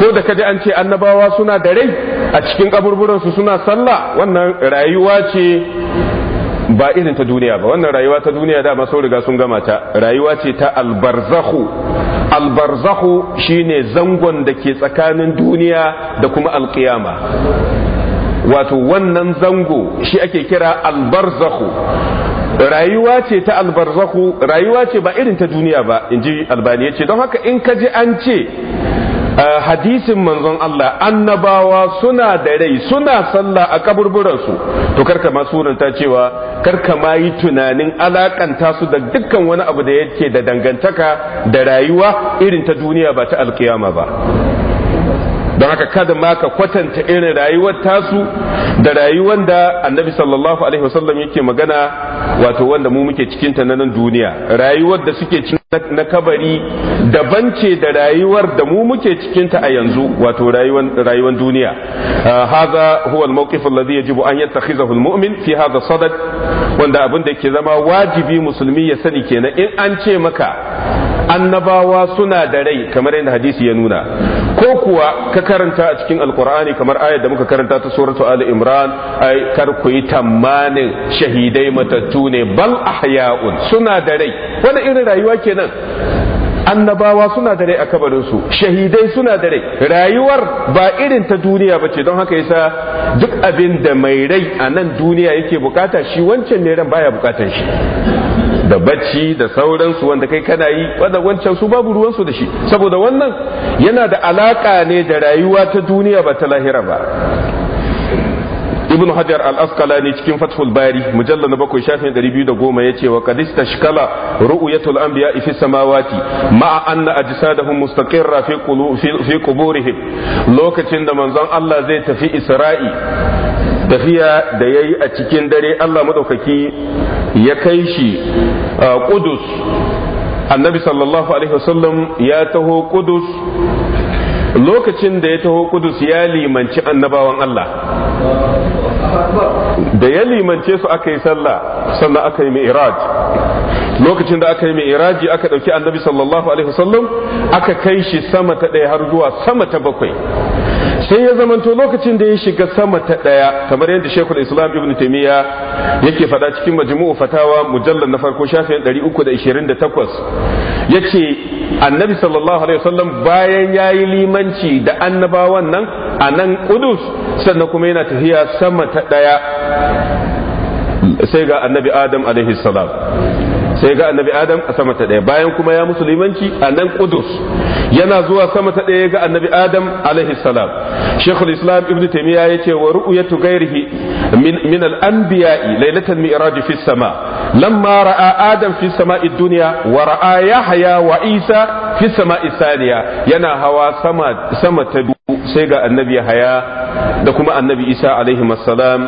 ko da kaji an ce annabawa suna da rai a cikin kaburburansu suna sallah wannan rayuwa ce ba irin ta duniya ba wannan rayuwa ta duniya da sun riga sun gama ta rayuwa ce ta albarzahu albarzahu shine zangon da ke tsakanin duniya da kuma alkiyama wato wannan zango shi ake kira albarzahu rayuwa ce ta albarzahu rayuwa ce ba irin ta duniya ba in ji albani ya ce don haka in ka ji an ce Eh, hadisin manzon Allah annabawa suna da rai suna sallah a kaburburansu to karka ma suranta cewa karka ma yi tunanin alakanta su da dukkan wani abu da yake da dangantaka da rayuwa irin ta duniya ba ta alkiyama ba don haka kada ma ka kwatanta irin rayuwar tasu da rayuwar da annabi sallallahu alaihi wasallam yake magana wato wanda mu muke cikin ta nan duniya rayuwar da suke cikin na kabari daban ce da rayuwar da mu muke cikin ta a yanzu wato rayuwar rayuwar duniya ah, haza huwa al-mawqif alladhi yajibu an yattakhizahu al-mu'min fi hadha sadad wanda abin da ke zama wajibi musulmi ya sani kenan in an ce maka annabawa suna da rai kamar yadda hadisi ya nuna ko kuwa ka karanta a cikin alkur'ani kamar ayar da muka karanta ta suratu ali imran ai kar ku yi tamanin shahidai matattu ne bal ahya'un suna da rai wani irin rayuwa kenan annabawa suna da rai a kabarinsu shahidai suna da rai rayuwar ba irin ta duniya ba don haka yasa duk abin da mai rai a nan duniya yake bukata shi wancan ne ran baya bukatar shi da bacci da sauransu wanda kai kana yi wanda wancan su babu ruwansu da shi saboda wannan yana da alaka ne da rayuwa ta duniya ba ta lahira ba ibn hajar al-asqalani cikin fathul bari mujalla na bakwai shafin ɗari biyu da goma ya ce wa kadista shikala ru'uyatul anbiya fi samawati ma'a anna ajsadahum mustaqirra fi fi quburihim lokacin da manzon Allah zai tafi isra'i tafiya da ya yi a cikin dare Allah madaukaki ya kai shi kudus annabi sallallahu alaihi wasallam ya taho kudus lokacin da ya taho kudus ya limanci annabawan Allah number da ya limance su aka yi sallah sannan aka yi mi'raj lokacin da aka yi mi'raji aka dauki annabi sallallahu alaihi wasallam aka kai shi sama ta daya har zuwa sama ta bakwai sai ya zamanto lokacin da ya shiga sama ta daya kamar yadda shekul islam ibn taimiyya yake fada cikin majmu'u fatawa mujallar na farko shafin 328 yace annabi sallallahu alaihi wasallam bayan yayi limanci da annabawan nan a nan kudus sannan kuma yana tafiya sama ta daya sai ga annabi adam alaihi salam sai ga annabi adam a sama ta ɗaya bayan kuma ya musulmanci a nan kudus yana zuwa sama ta ɗaya ga annabi adam alaihi salam shekul islam ibn taimiyya ya ce wa ru'yatu ghairihi min al-anbiya'i lailatan mi'raj fi sama lamma ra'a adam fi sama'i dunya wa ra'a yahya wa isa fi sama'i yana hawa sama sama ta sai ga annabi haya da kuma annabi isa alaihi salam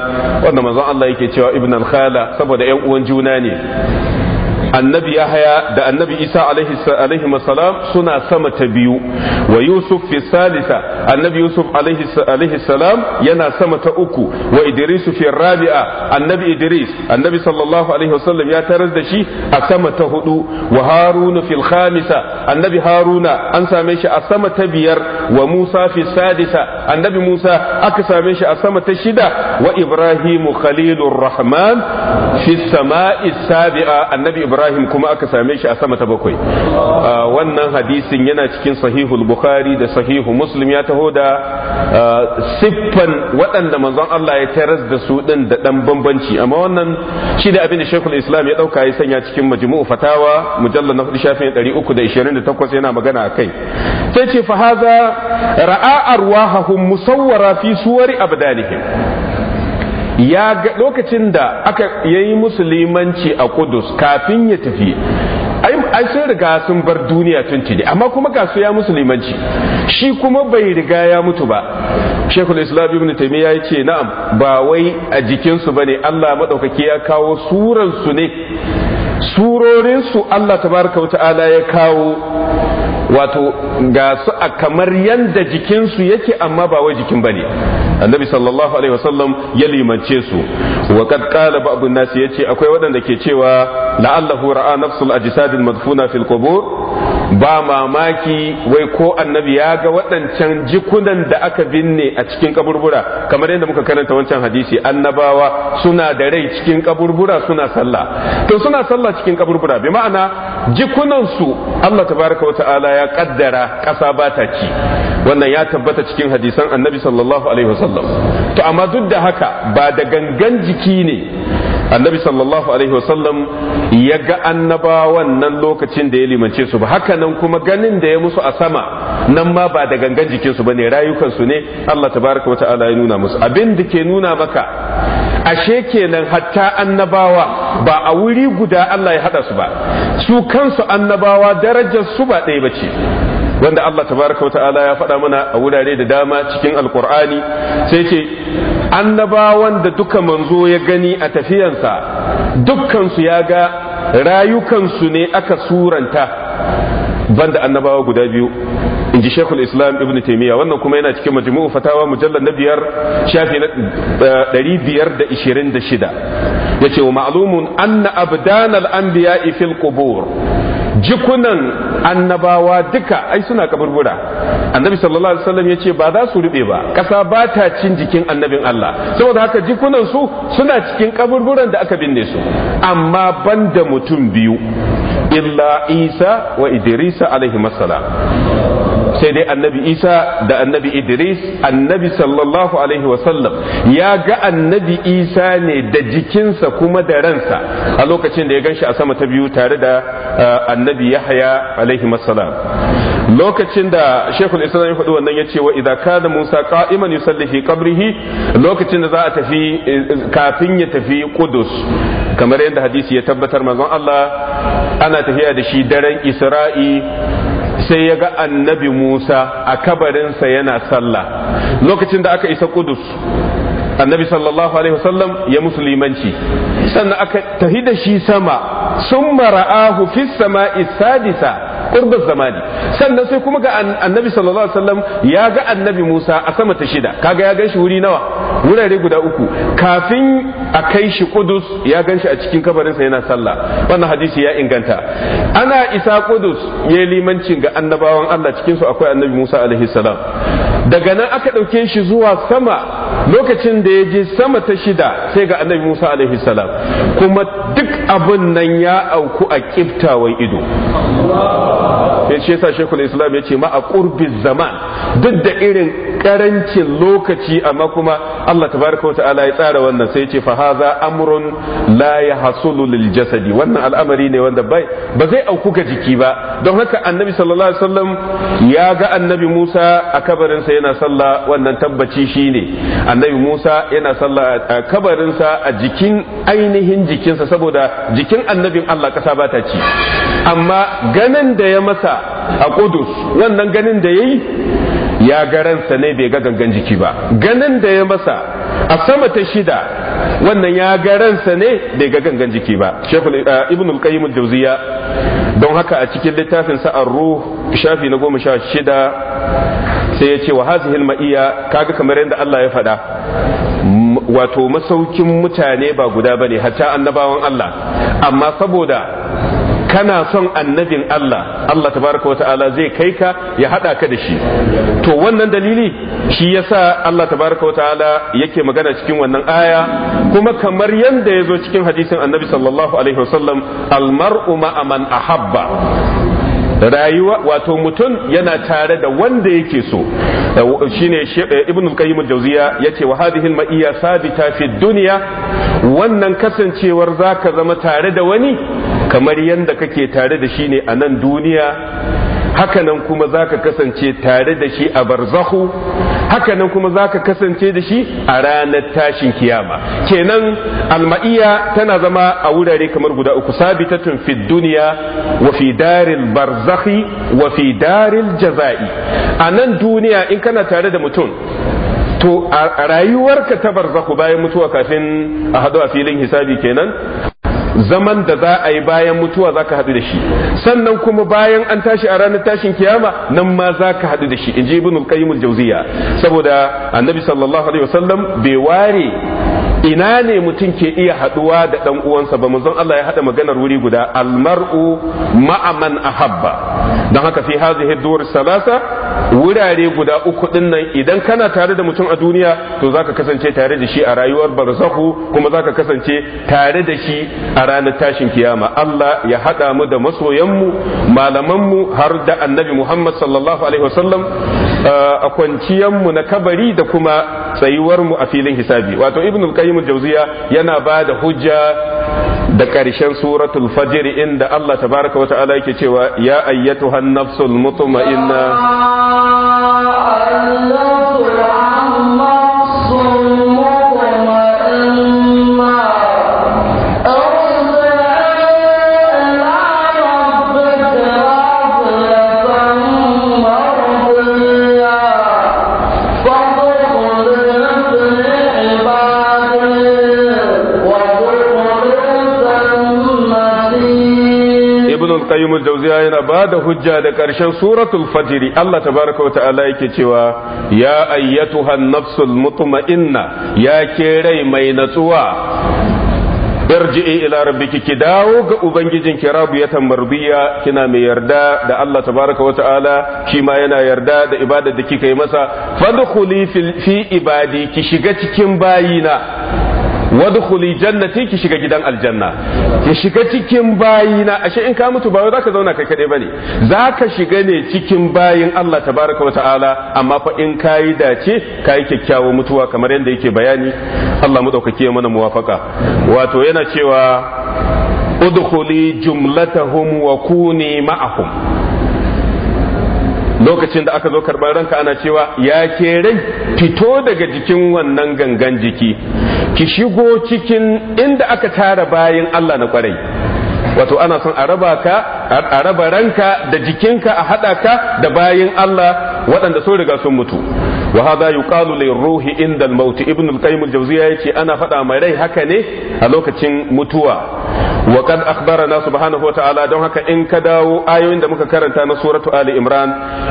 wanda manzon Allah yake cewa ibn al-khala saboda yan uwan juna ne annabi yahaya da annabi isa alaihi salam suna sama ta biyu wa yusuf fi salisa annabi yusuf alaihi salam yana sama ta uku wa idris fi rabi'a annabi idris annabi sallallahu alaihi wasallam ya tarar da shi a sama ta hudu wa haruna fil khamisa annabi haruna an same shi a sama ta biyar wa musa fi sadisa annabi musa aka same shi a sama ta shida wa ibrahimu khalilur rahman fi sama'i sabi'a annabi ibrahim ibrahim kuma aka same shi a sama ta bakwai wannan hadisin yana cikin sahihul bukhari da sahihu muslim ya taho da siffan waɗanda manzon Allah ya taras da su ɗin da dan bambanci amma wannan shi da abin da shekul islam ya ɗauka ya sanya cikin majmu'u fatawa mujallar na 4 shafin takwas yana magana akai sai ce fa haza ra'a arwahahum musawwara fi suwari abdanihim ya ga lokacin da aka yayi musulmanci a Kudus kafin ya tafi ai sun riga sun bar duniya tun tuni amma kuma ga su ya musulmanci shi kuma bai riga ya mutu ba shekul islam ibn taymiya ya ce na'am ba wai a jikinsu bane Allah madaukaki ya kawo suran su ne surorinsu Allah tabaraka wa ta'ala ya kawo wato ga su a kamar yanda jikinsu yake amma ba wai jikin bane annabi sallallahu alaihi wasallam ya limance su wa kad qala ba'd an-nas yace akwai waɗanda ke cewa la'allahu ra'a nafsul ajsadil madfuna fil qubur ba mamaki wai ko annabi ya ga waɗancan jikunan da aka binne a cikin kaburbura kamar yadda muka karanta wancan hadisi annabawa suna da rai cikin kaburbura suna sallah to suna sallah cikin kaburbura bi ma'ana jikunansu Allah tabaraka wa ta'ala ya kaddara ƙasa ba ta ci wannan ya tabbata cikin hadisan annabi sallallahu alaihi wasallam to amma duk da haka ba da gangan jiki ne annabi sallallahu alaihi wasallam ya ga annabawan nan lokacin da ya limance su ba haka nan kuma ganin da ya musu a sama nan ma ba da gangan jikinsu ba ne rayukansu ne Allah tabaraka wa ta'ala ya nuna musu abin da ke nuna maka ashe kenan hatta annabawa ba a wuri guda Allah ya hada su ba su kansu annabawa darajar su ba ɗaya bace wanda Allah tabaraka wa ta'ala ya faɗa mana a wurare da dama cikin alkur'ani sai ce annabawan da duka manzo ya gani a tafiyansa dukkansu ya ga rayukansu ne aka suranta banda annabawa guda biyu in ji shekul islam ibn taimiyya wannan kuma yana cikin majmu'u fatawa mujallar na biyar shafi na eh, ɗari biyar da ishirin da shida ya ce wa ma'alumun anna abdanal biya ifil kubur jikunan annabawa duka ai suna kaburbura annabi sallallahu alaihi wasallam yace ba za su rube ba kasa ba ta cin jikin annabin Allah saboda haka jikunan su suna cikin kaburburan da aka binne su amma banda mutum biyu illa Isa wa Idrisa alaihi salam sai dai annabi isa da annabi idris annabi sallallahu alaihi wasallam ya ga annabi isa ne da jikinsa kuma da ransa a lokacin da ya ganshi a sama ta biyu tare da uh, annabi yahaya alaihi salam lokacin da shekul islam ya faɗi wannan ya ce wa idan da musa kaiman yusalli fi qabrihi lokacin da za a tafi eh, kafin ya tafi kudus kamar yadda hadisi ya tabbatar manzon Allah ana tafiya da shi daren isra'i sai ya ga annabi Musa a kabarinsa yana sallah lokacin da aka isa Kudus annabi sallallahu alaihi wasallam ya musulmanci sannan aka tahi da shi sama sun mara'ahu fis sama'i sadisa qurbuz zamani sannan sai kuma ga annabi sallallahu alaihi wasallam ya ga annabi Musa a sama ta shida kaga ya ganshi wuri nawa wurare guda uku kafin a kai shi Qudus ya ganshi a cikin kabarinsa yana sallah wannan hadisi ya inganta ana isa Qudus ya limancin ga annabawan Allah cikin su akwai annabi Musa alaihi salam daga nan aka ɗauke shi zuwa sama lokacin da ya je sama ta shida sai ga annabi Musa alaihi salam kuma duk abun nan ya auku a kiftawan ido ya ce sa shekul islam ya ce ma a ƙurbin zaman duk da irin ƙarancin lokaci amma kuma Allah tabaraka wa ta'ala ya tsara wannan sai ya ce fa haza amrun la yahsulu lil jasadi wannan al'amari ne wanda bai ba zai auku ga jiki ba don haka annabi sallallahu alaihi wasallam ya ga annabi Musa a kabarin sa yana sallah wannan tabbaci shine annabi Musa yana sallah a kabarin sa a jikin ainihin jikinsa saboda jikin annabin Allah kasa ba ta ci amma ganin da ya masa a kudus wannan ganin da ya yi ya garansa ne bai ga gangan jiki ba ganin da ya masa a sama ta shida wannan ya garansa ne bai ga gangan jiki ba shekul eh, ibn al-qayyim al-jawziya don haka a cikin littafin sa ar-ruh shafi na goma sha shida sai ya ce wa hazihi al-ma'iya kaga kamar yadda Allah ya faɗa wato masaukin mutane ba guda bane hatta annabawan Allah amma saboda kana son annabin Allah Allah tabaraka wa ta'ala zai kai ka ya hada ka da shi to wannan dalili shi yasa Allah tabaraka wa ta'ala yake magana cikin wannan aya kuma kamar yanda yazo cikin hadisin annabi sallallahu alaihi wasallam al mar'u ma'aman ahabba rayuwa wato mutum yana tare da wanda yake so shine eh, ibn qayyim al-jawziya yace wa hadhihi al-ma'iyya sabita fi dunya wannan kasancewar zaka zama tare da wani kamar yanda kake tare da shi ne a nan duniya hakanan kuma za ka kasance tare da shi a barzahu hakanan kuma za ka kasance da shi a ranar tashin kiyama kenan alma'iya tana zama a wurare kamar guda uku sabitatun fi duniya wa fi daril barzahi wa fi daril jaza'i a nan duniya in kana tare da mutum to a rayuwarka ta barzahu bayan mutuwa kafin a hadu a filin hisabi kenan zaman da za a yi bayan mutuwa za ka haɗu da shi sannan kuma bayan an tashi a ranar tashin kiyama nan ma za ka haɗu da shi in ji ibn qayyim al-jawziya saboda annabi sallallahu alaihi wasallam bai ware ina ne mutum ke iya haduwa da dan uwansa ba manzon Allah ya hada maganar wuri guda almar'u ma'a man ahabba don haka fi hadhihi dur salasa wurare guda uku din nan idan kana tare da mutum a duniya to zaka kasance tare da shi a rayuwar barzahu kuma zaka kasance tare da shi a ranar tashin kiyama Allah ya hada mu da masoyanmu malamanmu har da annabi Muhammad sallallahu alaihi wasallam eh, a kwanciyanmu na kabari da kuma tsayuwarmu a filin hisabi wato ibnul qayyim qayyim al-jawziya yana ba da hujja da ƙarshen suratul fajr inda Allah tabaraka wa ta'ala yake cewa ya ayyatuhan nafsul mutma'inna qayyim al-jawziya yana ba da hujja da ƙarshen suratul fajr Allah wa ta'ala yake cewa ya ayyatuha an-nafsul mutma'inna ya ke rai mai natsuwa irji'i ila rabbiki ki dawo ga ubangijin ki ya tambarbiya kina mai yarda da Allah tabaraka ta'ala shi ma yana yarda da ibadar da kika yi masa fadkhuli fi ibadi ki shiga cikin bayina wadkhuli jannati ki shiga gidan aljanna ki shiga cikin bayi na ashe in ka mutu ba wai zaka zauna kai kadai bane zaka shiga ne cikin bayin Allah tabaraka wataala amma fa in kayi dace kayi kyakkyawo mutuwa kamar yadda yake bayani Allah madaukake mana muwafaka wato yana cewa udkhuli jumlatahum wa kuni ma'ahum lokacin da aka zo karɓar ranka ana cewa ya ke rai fito daga jikin wannan gangan jiki ki shigo cikin inda aka tara bayan Allah na kwarai wato ana son a raba ranka da jikinka a haɗa ka da bayan Allah waɗanda sun riga sun mutu wa hada yuqalu ruhi inda al maut ibn al qayyim al jawziya yace ana faɗa mai rai haka ne a lokacin mutuwa wa qad akhbarana subhanahu wa ta'ala don haka in ka dawo ayoyin da muka karanta na suratu ali imran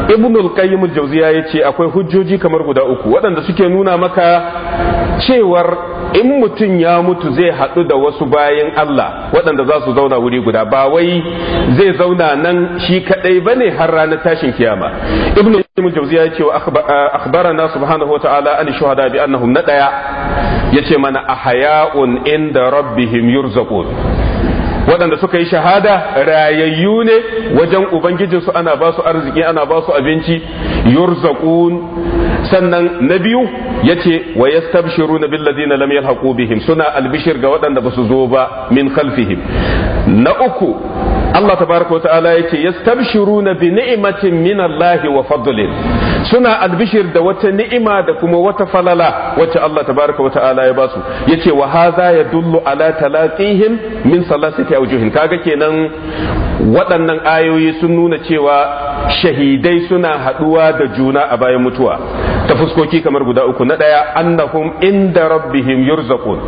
ibn al qayyim al jawziya yace akwai hujjoji kamar guda uku waɗanda suke nuna maka cewar in mutum ya mutu zai haɗu da wasu bayan Allah waɗanda za su zauna wuri guda ba wai zai zauna nan shi kaɗai ba ne har ranar tashin kiyama ibnu ibn jawziya yace wa akhbarana subhanahu wataala an shuhada bi annahum na ɗaya. Ya ce mana ahya'un inda rabbihim yurzaqun waɗanda suka yi shahada rayayyu ne wajen ubangijinsu ana ba su arziki ana ba su abinci yurzaqun sannan na biyu yace wa yastabshiruna bil na lam yalhaqu bihim suna albishir ga waɗanda ba su zo ba min khalfihim na uku Allah tabaraka ta'ala yace na bi ni'imacin min Allah wa fadlin suna albishir da wata ni'ima da kuma wata falala wacce Allah tabaraka ta'ala ya basu yace wa ya yadullu ala talaqihim min salasati awjuhin kaga kenan waɗannan ayoyi sun nuna cewa shahidai suna haɗuwa da juna a bayan mutuwa ta fuskoki kamar guda uku na ɗaya annahum inda rabbihim yurzaqun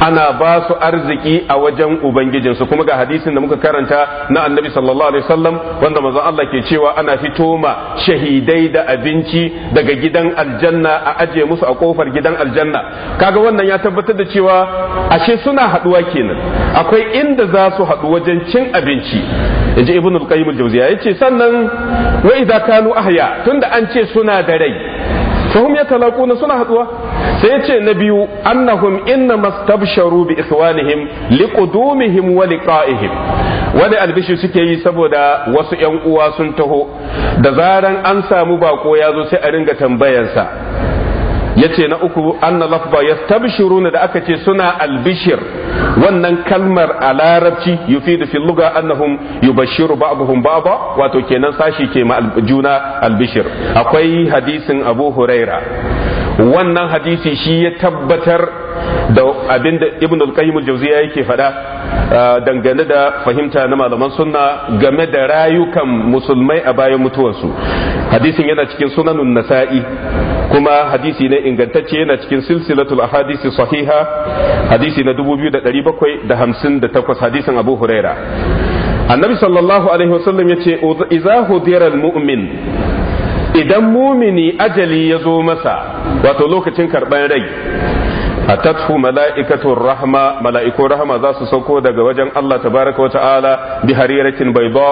ana ba su arziki a wajen ubangijinsu kuma ga hadisin da muka karanta na annabi sallallahu alaihi wasallam wanda manzon Allah ke cewa ana fito ma shahidai da abinci daga gidan aljanna a aje musu a kofar gidan aljanna kaga wannan ya tabbatar da cewa ashe suna haduwa kenan akwai inda za su haɗu wajen cin abinci yaji ibnul qayyim al-jawziya yace sannan wa idza kanu ahya tunda an ce suna da rai fahum ya talaquna suna haduwa sai yace na biyu annahum inna mastabsharu bi ikhwanihim liqudumihim wa liqa'ihim wani albishi suke yi saboda wasu yan uwa sun taho da zaran an samu baƙo ya zo sai a ringa tambayarsa yace na uku anna lafza yastabshiruna da aka ce suna albishir wannan kalmar a larabci yufidu fil lugha annahum yubashshiru ba'dhum ba'dha wato kenan sashi ke ma juna albishir akwai hadisin Abu Huraira wannan hadisi shi ya tabbatar da abinda ibn al-qayyim al-jawziya yake fada uh, dangane da fahimta na malaman sunna game da rayukan musulmai a bayan mutuwarsu hadisin yana cikin sunanun nasa'i kuma hadisi ne ingantacce yana cikin silsilatul ahadisi sahiha hadisi na 2758 hadisin abu huraira annabi sallallahu alaihi wasallam yace idza hudira al-mu'min idan mumini ajali ya zo masa wato lokacin karban rai a mala'ikatur rahma mala'iku rahma za su sauko daga wajen Allah tabaraka wata'ala bi hariratin bayda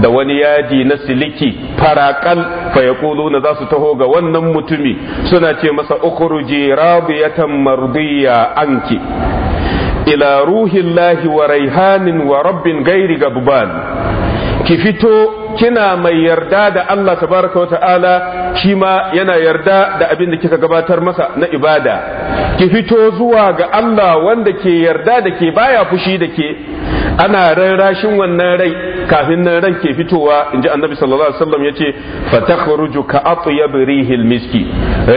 da wani yadi na siliki farakal fayakulu na za su taho ga wannan mutumi suna ce masa ukhruji rabiyatan mardiya anki ila ruhin Lahi wa raihanin wa rabbin gairi gabban ki fito kina mai yarda da Allah tabaraka wa ta'ala shi ma yana yarda da abin da kika gabatar masa na ibada ki fito zuwa ga Allah wanda ke yarda da ke baya fushi da ke ana rarrashin wannan rai kafin nan ran ke fitowa inji annabi sallallahu alaihi wasallam yace fa takhruju ka atyab rihil miski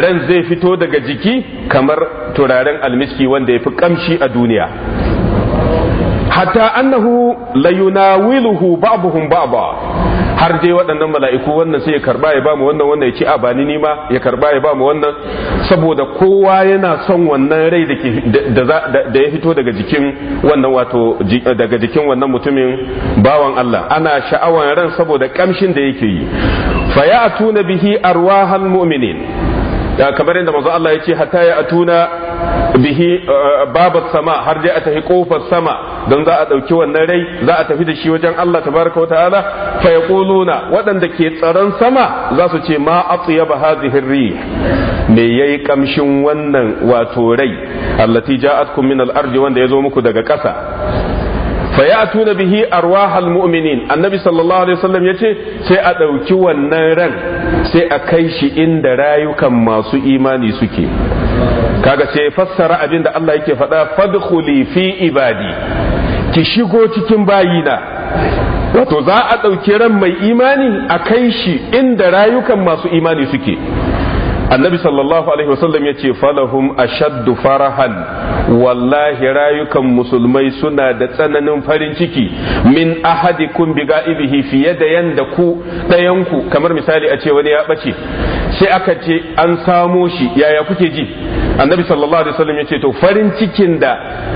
ran zai fito daga jiki kamar turaren almiski wanda yafi kamshi a duniya hatta annahu la yunawiluhu ba'dhum ba'dha har dai waɗannan mala'iku wannan sai ya karba ya ba mu wannan wannan ya ci a bani ni ma ya karba ya ba mu wannan saboda kowa yana son wannan rai da ya fito daga jikin wannan wato daga jikin wannan mutumin bawan Allah ana sha'awar ran saboda kamshin da yake yi fa ya bihi arwahal mu'minin kamar yadda ala Allah ce hatta ya atuna bihi eh, babat sama har dai a tafi kofar sama don za a ɗauki wannan rai za a tafi da shi wajen Allah tabaraka wa ta'ala fa yaquluna waɗanda ke tsaron sama za su ce ma atyaba ha zihiri me yayi kamshin wannan wato rai allati ja'atkum min al-ardi wanda zo muku daga ƙasa fayatuna bihi arwahal mu'minin annabi sallallahu alaihi wasallam yace sai a ɗauki wannan ran sai a kai shi inda rayukan masu imani suke kaga sai fassara abin da Allah yake faɗa fadkhuli fi ibadi ki shigo cikin bayina wato za a ɗauki ran mai imani a kai shi inda rayukan masu imani suke annabi sallallahu alaihi wasallam ya ce falahum ashaddu farahan wallahi rayukan musulmai suna da tsananin farin ciki min ahadikum bi ga'ibihi fiye da yanda ku ɗayanku kamar misali a ce wani ya ɓace sai aka ce an samo shi yaya kuke ji annabi sallallahu alaihi wasallam ya ce to farin cikin da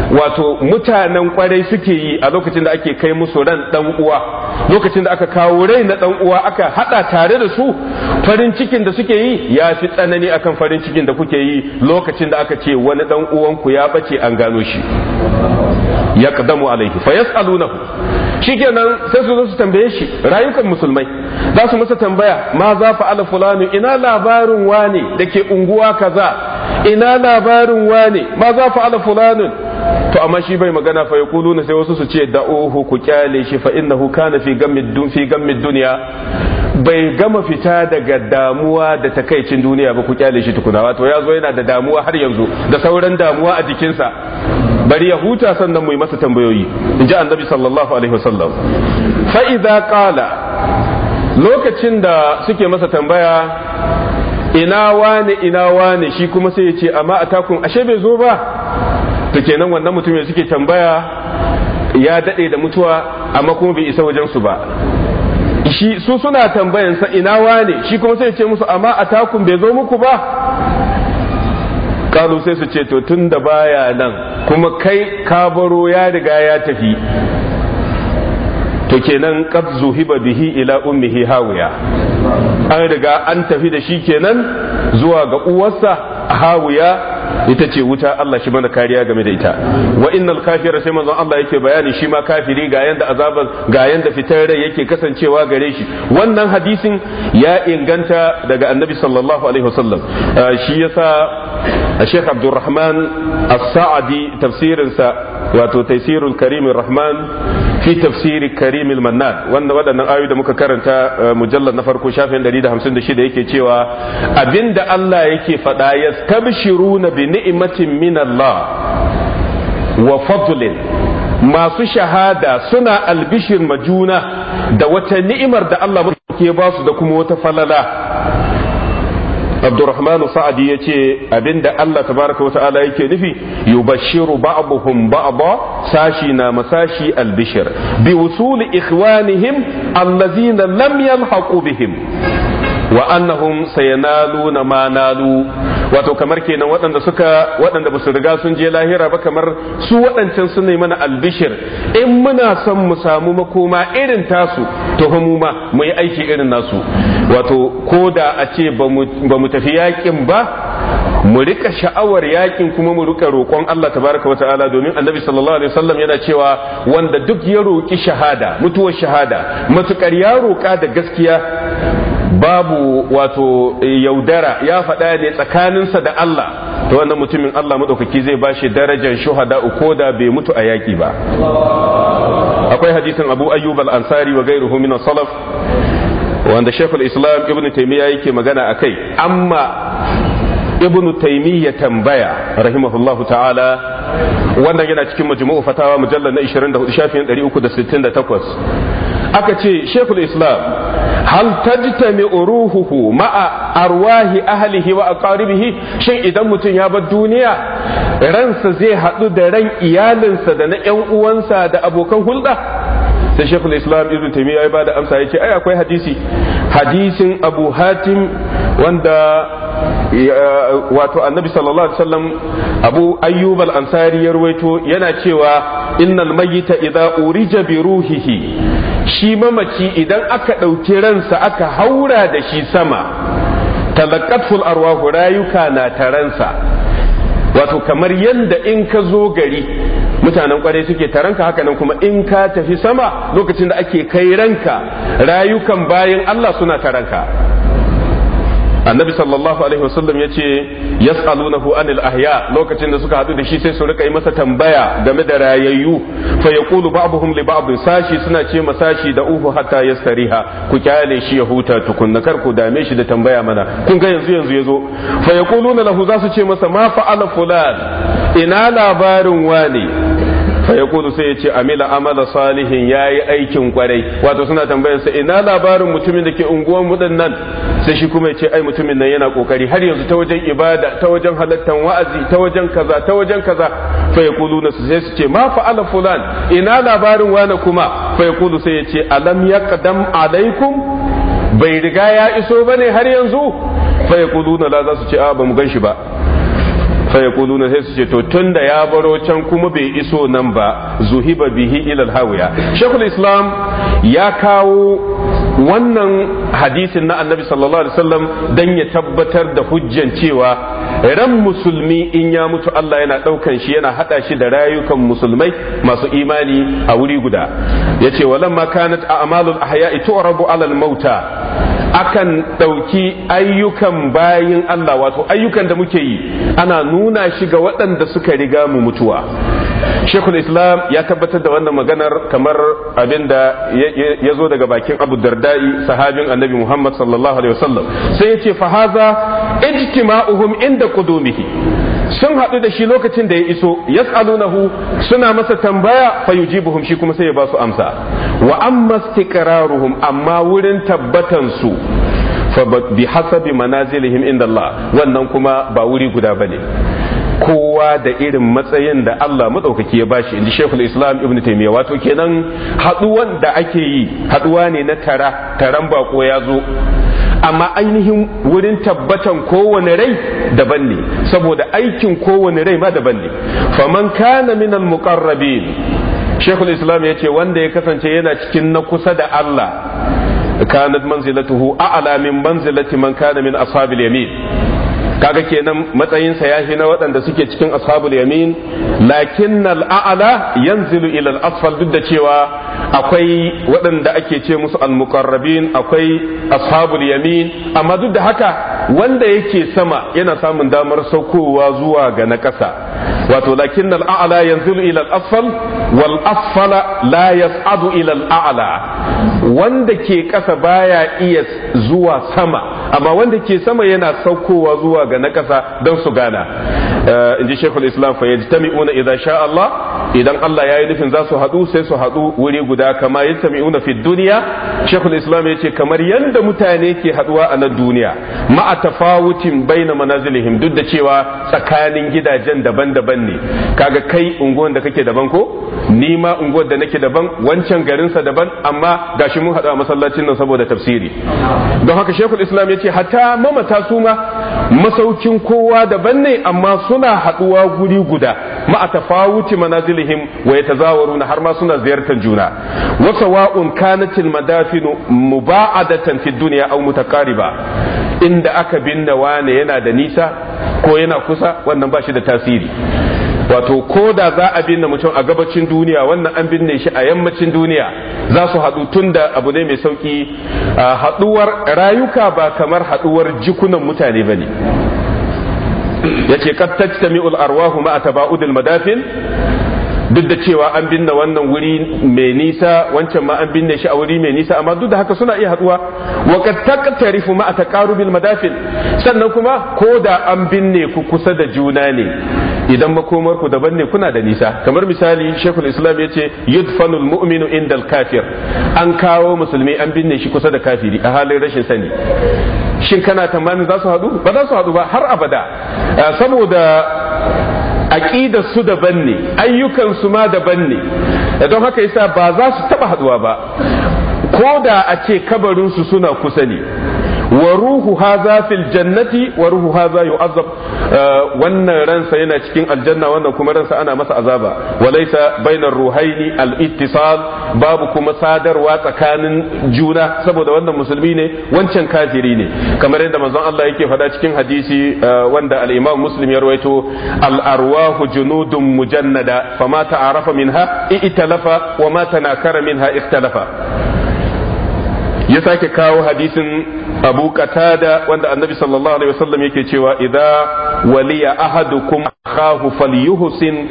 wato mutanen kwarai suke yi a lokacin da ake kai musu ran dan uwa lokacin da aka kawo rai na dan uwa aka hada tare da su farin cikin da suke yi ya fi tsanani akan farin cikin da kuke yi lokacin da aka ce wani dan ku ya bace an gano shi ya kadamu alaihi fa yasalunahu shikenan sai su zo su tambaye shi rayukan musulmai za su masa tambaya ma za fa ala fulani ina labarin wane dake unguwa kaza ina labarin wane ma za ala fulanin to amma shi bai magana fa na sai wasu su ce uhu ku kyale shi fa innahu kana fi gammid dun fi gammid dunya bai gama fita daga damuwa da takaicin duniya ba ku kyale shi tukuna wato ya zo yana da damuwa har yanzu da sauran damuwa a jikinsa bari ya huta sannan mu yi masa tambayoyi in ji annabi sallallahu alaihi wasallam fa idza qala lokacin da suke masa tambaya ina wane ina wane shi kuma sai ya ce amma a takun ashe bai zo ba to kenan wannan ya suke tambaya ya daɗe da mutuwa amma kuma bai isa wajen su ba shi su suna tambayan sa ina wane shi kuma sai ya ce musu amma a takun bai zo muku ba kalu sai su ce to tun da baya nan kuma kai kabaro ya riga ya tafi to kenan qad zuhiba bihi ila ummihi hawiya an riga an tafi da shi kenan zuwa ga uwarsa hawiya ita ce wuta Allah shi mana kariya game da ita wa innal kafira sai manzon Allah yake bayani shi ma kafiri ga yanda azaban ga yanda fitar rai yake kasancewa gare shi wannan hadisin ya inganta daga annabi sallallahu alaihi wasallam ah, shi yasa Sheikh Abdulrahman As-Sa'di tafsirinsa wato taisirul karimin rahman fi tafsiri karimil mannan wanda waɗannan ayuda da muka karanta eh, mujallar na farko shafin 156 yake cewa abinda Allah yake faɗa ya tabshiruna bi ni'imatin min Allah wa fadlin masu shahada suna albishir majuna da wata ni'imar da Allah ke ba su da kuma wata falala abdurrahman sa'adi ya ce abinda Allah tabaraka wa ta'ala yake nufi yubashiru ba'dhum ba'dha sashi na masashi albishir bi wusuli ikhwanihim allazina lam yalhaqu bihim wa annahum sayanalu na ma wato kamar kenan waɗanda suka waɗanda basu riga sun je lahira ba kamar su waɗancan su ne mana albishir in muna son mu samu makoma irin tasu to mu ma mu yi aiki irin nasu wato ko da a ce ba mu tafi yakin ba mu rika sha'awar yakin kuma mu rika roƙon Allah tabaraka wa ta'ala domin annabi sallallahu alaihi wasallam yana cewa wanda duk ya roƙi shahada mutuwar shahada matukar ya roƙa da gaskiya babu wato eh, yaudara ya faɗa ne tsakaninsa da Allah to wannan mutumin Allah maɗaukaki zai bashi darajar shuhada ko da bai mutu a yaƙi ba akwai hadisin Abu Ayyub al-Ansari wa gairuhu min salaf wanda Sheikh islam Ibn Taymiyyah yake magana akai amma Ibn Taymiyyah tambaya rahimahullahu ta'ala wannan yana cikin majmu'u fatawa mujallal na 24 shafin 368 aka ce shekul islam hal tajtami ruhuhu ma'a arwahi ahlihi wa aqaribihi shin idan mutum ya bar duniya ransa zai haɗu da ran iyalinsa da na ƴan uwansa da abokan hulɗa sai shekul islam ibn taymiya ya bada amsa yake ai akwai hadisi hadisin abu hatim wanda wato annabi sallallahu alaihi wasallam abu ayyub al-ansari ya ruwaito yana cewa innal mayyita idza urija bi ruhihi shi mamaci idan aka ɗauki ransa aka haura da shi sama talaqatul arwahu rayuka na taransa wato kamar yadda in ka zo gari mutanen kwarai suke taranka haka nan kuma in ka tafi sama lokacin da ake kai ranka rayukan bayan Allah suna taranka annabi sallallahu alaihi wasallam ya ce yas'alunahu anil ahya lokacin da suka hadu da shi sai su rika yi masa tambaya game da rayayyu fa yaqulu ba'dhum li ba'd sashi suna ce ma sashi da uhu hatta yastariha ku kyale shi ya huta tukunna kar ku dame shi da tambaya mana kun ga yanzu yanzu yazo fa yaquluna lahu za su ce masa ma fa'ala fulan ina labarin wani fa sai ya ce amila amala salihin yi aikin kwarai wato suna tambayar sa ina labarin mutumin da ke unguwan mu nan sai shi kuma ya ce ai mutumin nan yana kokari har yanzu ta wajen ibada ta wajen halattan wa'azi ta wajen kaza ta wajen kaza fa yaqulu na sai su ce ma ala fulan ina labarin wani kuma fa sai ya ce alam ya kadam alaikum bai riga ya iso bane har yanzu fa na la za su ce a ba mu gan shi ba sai ya sai su ce to tun da ya baro can kuma bai iso nan ba zuhiba bihi ilal hawiya shekul islam ya kawo wannan hadisin na annabi sallallahu alaihi wasallam dan ya tabbatar da hujjan cewa ran musulmi in ya mutu Allah yana daukan shi yana hada shi da rayukan musulmai masu imani a wuri guda yace walamma kanat a'malul ahya'i tu'rabu alal mauta akan ɗauki ayyukan bayin Allah wato ayyukan da muke yi ana nuna shi ga waɗanda suka riga mu mutuwa shekul islam ya tabbatar da wannan maganar kamar abinda ya zo daga bakin abu dardai sahabin annabi muhammad sallallahu alaihi wasallam sai ya ce fahaza ijtima'uhum inda kudumihi sun haɗu da shi lokacin da ya iso ya hu suna masa tambaya fayujibuhum shi kuma sai ya ba su amsa wa amma istiqraruhum amma wurin tabbatansu. bi hasabi manazilihim inda Allah wannan kuma ba wuri guda ba ne. kowa da irin matsayin da Allah maɗaukaki ya bashi inji shekul Islam Ibn taimiyya wato kenan haɗuwan da ake yi haɗuwa ne na tara taran bako ya zo amma ainihin wurin tabbatan kowane rai daban ne saboda aikin kowane rai ma daban ne faman kana minal muqarrabin shekul islam ya ce wanda ya kasance yana cikin na kusa da Allah kanat manzilatuhu a'la min manzilati man kana min ashabil yamin kaga kenan matsayinsa ya fi na waɗanda suke cikin ashabul yamin lakin al'ala yanzilu ila al'asfal duk da cewa akwai waɗanda ake ce musu al-muqarrabin akwai ashabul yamin amma duk da haka wanda yake sama yana samun damar saukowa zuwa ga na ƙasa wato lakin al'ala yanzilu ila al'asfal wal asfala la yas'adu ila a'ala wanda ke ƙasa baya iya zuwa sama amma wanda ke sama yana saukowa zuwa zuwa ga nakasa don su gana eh, in ji shekul islam fa yajtami'una idan sha Allah idan Allah ya yi nufin za su haɗu sai su haɗu wuri guda kama yajtami'una fi duniya shekul islam ya ce kamar yadda mutane ke haɗuwa a nan duniya ma'a tafawutin baina manazilihim duk da cewa tsakanin gidajen daban-daban ne kaga kai unguwan da kake daban ko ni ma unguwar da nake daban wancan garinsa daban amma gashi mun haɗu a masallacin nan saboda tafsiri don haka shekul islam ya ce hatta mamata su ma masaukin kowa daban ne amma suna haɗuwa guri guda ma a tafawuti manazilihim wa yatazawaruna har ma suna ziyartar juna wa sawa'un kanatil madafin muba'adatan fid dunya aw mutaqariba inda aka binne wane yana da nisa ko yana kusa wannan ba shi da tasiri wato ko da za a binne mutum a gabacin duniya wannan an binne shi a yammacin duniya za su haɗu tun da abu ne mai sauƙi ah, haɗuwar rayuka ba kamar haɗuwar jikunan mutane ba ne yace qad tajtami'ul arwahu ma'a taba'udil madafin duk da cewa an binne wannan wuri mai nisa wancan ma an binne shi a wuri mai nisa amma duk da haka suna iya haduwa wa qad taqtarifu ma taqarubil madafin sannan kuma ko da an binne ku kusa da juna ne idan makomar ku daban ne kuna da nisa kamar misali shekul islam ya ce yudfanul mu'minu indal kafir an kawo musulmi an binne shi kusa da kafiri a halin rashin sani shin kana tamamin za su haɗu ba za su haɗu ba har abada ah, saboda aƙidar su daban ne ayyukansu ma daban ne eh, don haka yasa ba za su taɓa haɗuwa ba ko da a ce kabarinsu suna kusa ne wa haza fil jannati wa ruhu haza uh, wannan ransa yana cikin aljanna wannan kuma ransa ana masa azaba walaysa bainar ruhaini al ittisal babu kuma sadarwa tsakanin juna saboda wannan musulmi ne wancan kafiri ne kamar yadda manzon Allah yake faɗa cikin hadisi uh, wanda al imam ya rawaito al arwahu junudun mujannada fama ta'arafa minha i'talafa wa ma tanakara minha ikhtalafa ya sake kawo hadisin abu qatada wanda annabi sallallahu alaihi wasallam yake cewa idza waliya ahadukum akhahu falyuhsin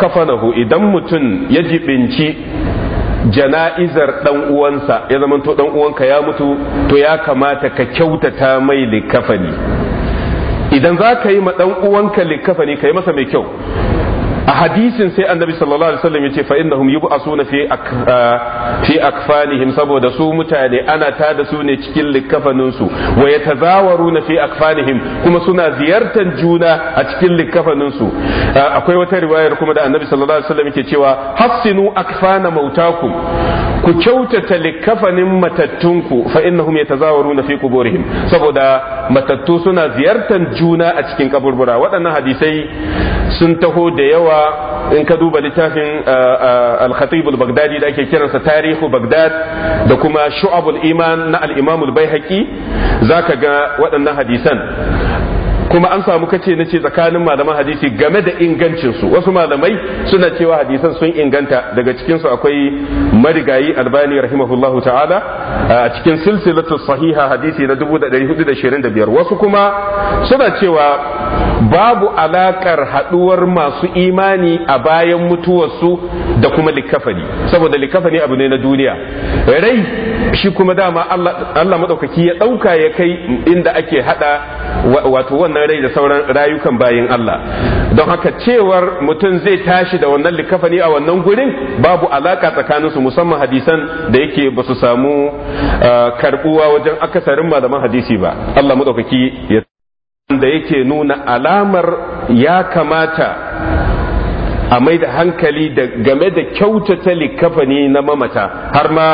kafanahu idan mutum ya jibinci jana'izar dan uwansa ya zama to dan uwanka ya mutu to ya kamata ka kyautata mai likafani idan za ka yi ma dan uwanka likafani ka yi masa mai kyau a hadisin sai annabi sallallahu alaihi wasallam yace fa innahum yub'asuna fi ah, fi akfanihim saboda su mutane ana tada su ne cikin likkafanin su wa yatazawaruna fi akfanihim kuma suna ziyartar juna a cikin likkafanin su ah, akwai wata riwayar kuma da annabi sallallahu alaihi wasallam yake cewa hassinu akfana mautakum ku kyautata likkafanin matattunku fa innahum yatazawaruna fi quburihim saboda matattu suna ziyartar juna a cikin kaburbura waɗannan hadisai sun taho da yawa yawa in ka duba littafin uh, uh, al-khatib al-baghdadi da ake kiransa tarihu baghdad da kuma shu'abul iman na al-imam al-baihaqi zaka ga waɗannan hadisan kuma an samu kace na ce tsakanin malaman hadisi game da ingancin su wasu malamai suna cewa hadisan sun inganta daga cikinsu akwai marigayi albani rahimahullahu ta'ala a cikin silsilatu sahiha hadisi na 1425 wasu kuma suna cewa babu alakar haduwar masu imani a bayan mutuwarsu da kuma likafani saboda likafani abu ne na duniya rai shi kuma dama Allah madaukaki ya ɗauka ya kai inda ake hada wato wannan rai da sauran rayukan bayin Allah don haka cewar mutum zai tashi da wannan likafani a wannan gurin babu alaka tsakaninsu musamman hadisan da yake ba su samu uh, karbuwa wajen akasarin malaman hadisi ba Allah madaukaki ya da yake nuna alamar ya kamata a mai da hankali da game da kyautata likafani na mamata har ma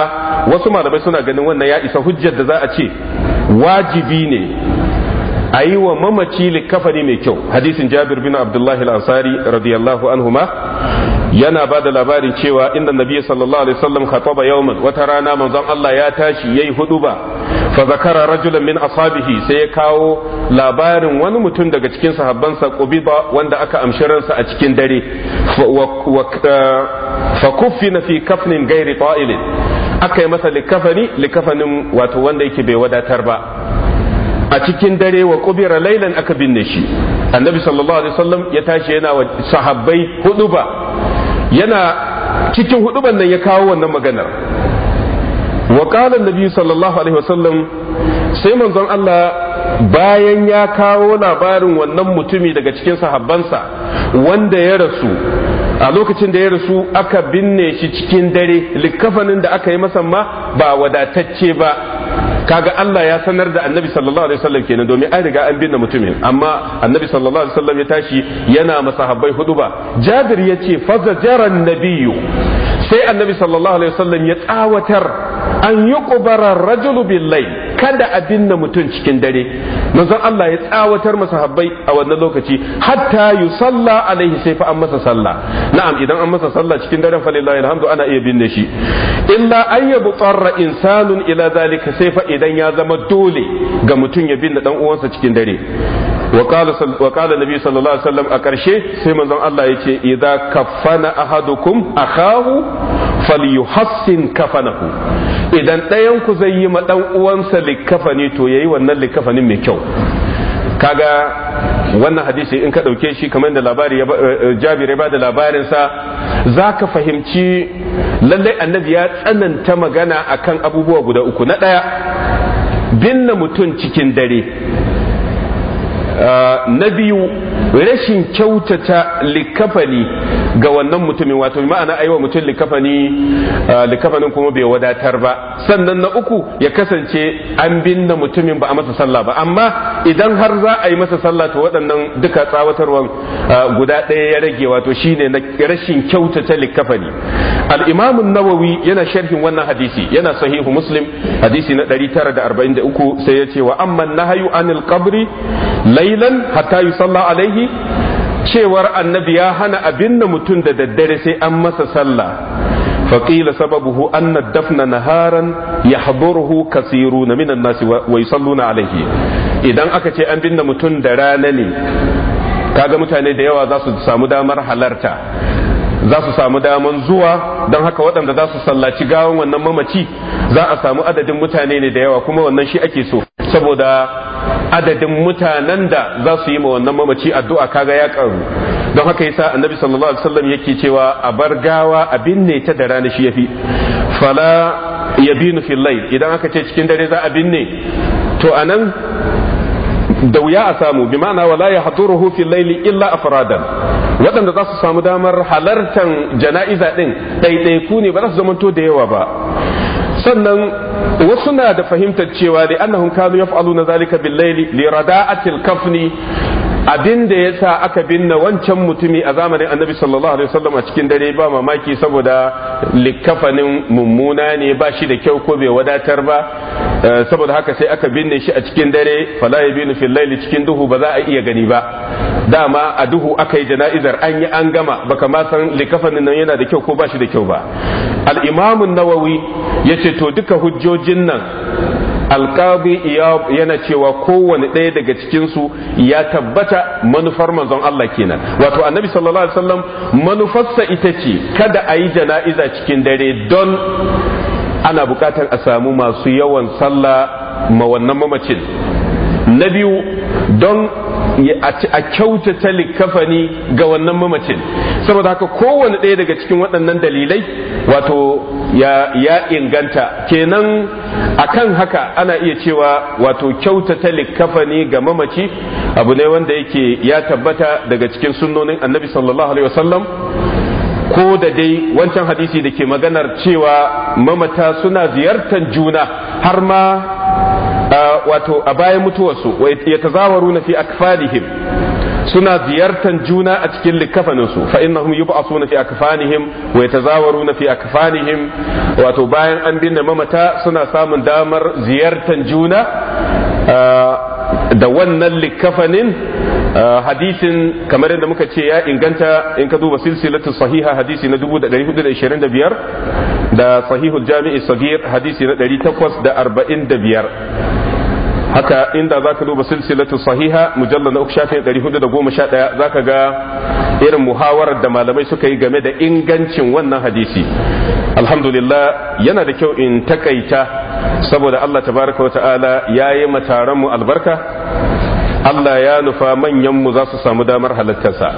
wasu malamai suna ganin wannan ya isa hujjar da za a ce wajibi ne a yi wa mamaci likafani mai kyau hadisin jabir bin abdullahi al-ansari radiyallahu anhuma yana bada labarin cewa inda nabi sallallahu alaihi wasallam khataba yawman wata rana manzon Allah ya tashi yayi huduba fa zakara rajulan min ashabihi sai ya kawo labarin wani mutum daga cikin sahabbansa qubiba wanda aka amshi ransa a cikin dare fa eh, kuffina fi kafnin ghairi ta'ilin aka yi masa likafani likafanin wato wanda yake bai wadatar ba a cikin dare wa kubira lailan aka binne shi annabi sallallahu alaihi wasallam ya tashi yana wa sahabbai hudu ba. yana cikin huduban nan ya kawo wannan maganar wa qala annabi sallallahu alaihi wasallam sai manzon Allah bayan ya kawo labarin wannan mutumi daga cikin sahabbansa wanda ya rasu a lokacin da ya rasu aka binne shi cikin dare likafanin da aka yi masa ma ba wadatacce ba kaga Allah ya sanar da annabi sallallahu alaihi wasallam kenan domin an riga an binne mutumin amma annabi sallallahu alaihi wasallam ya tashi yana masahabbai ba. jabir ya ce fazajara nabiyyu sai annabi sallallahu alaihi wasallam ya tsawatar an yuqbara rajulu bil layl kada a binne mutum cikin dare manzon Allah ya tsawatar masahabbai a wannan lokaci hatta yusalla alaihi sai fa an masa sallah na'am idan an masa sallah cikin daren falillahi alhamdu ana iya binne shi illa an yabu tsarra insanun ila zalika sai fa idan ya zama dole ga mutum ya binne dan uwansa cikin dare وقال النبي صلى الله عليه وسلم أكرشي سيما زن الله يتي إذا كفن أحدكم idan فليحسن zai yi ma زي uwansa تنقوان likafani to yayi wannan likafanin mai kyau kaga wannan hadisi in ka ɗauke shi kamar da labari eh, eh, jabir ya bada labarin sa zaka fahimci lallai annabi ya tsananta magana akan abubuwa guda uku na ɗaya binne mutum cikin dare ah, na biyu rashin kyautata likafani ga wannan mutumin wato ma'ana aiwa mutum likafani likafanin kuma bai wadatar ba sannan na uku ya kasance an binne mutumin ba a masa sallah ba amma idan har za a yi masa sallah to waɗannan duka tsawatarwan guda ɗaya ya rage wato shine na rashin kyautata likafani al-imam nawawi yana sharhin wannan hadisi yana sahihu muslim hadisi na 943 sai ya ce wa amma nahayu anil qabri laylan hatta yusalla alaihi cewar annabi ya hana a binne mutum da daddare sai an masa sallah faƙila sababuhu anna dafna naharan ya haduruhu kasiru na minan nasi wa yusalluna alaihi idan aka ce an binne mutum da rana ne kaga mutane da yawa za su samu damar halarta za su samu daman zuwa don haka waɗanda za su sallaci gawan wannan mamaci za a samu adadin mutane ne da yawa kuma wannan shi ake so saboda adadin mutanen da za su yi ma wannan mamaci addu'a kaga ya karu don haka yasa annabi sallallahu alaihi wasallam yake cewa a bar gawa a binne ta da rana shi yafi fala yabinu fil layl idan aka ce cikin dare za a binne to anan da wuya a samu bi ma'ana wala ya haduruhu fil layl illa afradan waɗanda za su samu damar halartan jana'iza din ɗaiɗaiku ne ba za su zamanto da yawa ba sannan wasu na da fahimtar cewa da annahun kanu na zalika bil layli li rada'atil kafni abin da ya sa aka binne wancan mutumi a zamanin annabi sallallahu alaihi wasallam a cikin dare ba mamaki saboda likkafanin mummuna ne ba shi da kyau ko bai wadatar ba eh, saboda haka sai aka binne shi a cikin dare fala ya binu fil laili cikin duhu ba za a iya gani ba dama a duhu aka yi jana'izar an yi an gama baka ma san likkafanin nan yana da kyau ko ba shi da kyau ba al-imam an-nawawi yace to duka hujjojin nan alqadi ya yana cewa kowane ɗaya daga cikin su ya tabbata manufar manzon Allah kenan wato annabi sallallahu alaihi wasallam manufarsa ita ce kada a yi jana'iza cikin dare don ana buƙatar a samu masu yawan sallah ma wannan mamacin na biyu don a kyautata likafani ga wannan mamacin saboda haka kowane ɗaya daga cikin waɗannan dalilai wato ya inganta kenan akan haka ana iya cewa wato kyautata likafani ga mamaci abu ne wanda yake ya tabbata daga cikin sunnonin annabi sallallahu alaihi wasallam ko da dai wancan hadisi da ke maganar cewa mamata suna ziyartar juna har ma wato a bayan mutuwarsu ya wa na fi akfadihim suna ziyartan juna a cikin likafaninsu fa innahum na fi akfanihim wa na fi akfanihim wato bayan an binne mamata suna samun damar ziyartan juna da wannan likafanin hadisin kamar yadda muka ce ya inganta in ka duba silsilatu sahiha hadisi na 1425 da sahihul jami'i sagir hadisi na 845 haka inda za ka duba silsilatu sahiha mujallar na uku shafin 411 za ka ga irin muhawarar da malamai suka yi game da ingancin wannan hadisi alhamdulillah yana da kyau in takaita saboda Allah tabaraka wa ta'ala ya yi mataran mu albarka Allah ya nufa manyan mu za su samu damar halittarsa.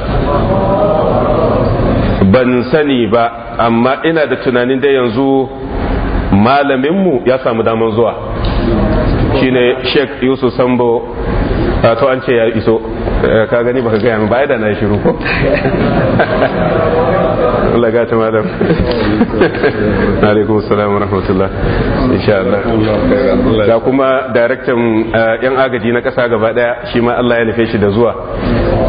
ban sani ba amma ina da tunanin da yanzu malaminmu ya samu damar zuwa shine sheikh yusuf sambo ah, to an ce ya iso eh, ka gani baka gaya min ba da na shiru ko Allah ga ta madam alaikum assalam wa rahmatullah insha Allah kuma daraktan eh, yan agaji na kasa gaba daya shi ma Allah ya nufe shi da zuwa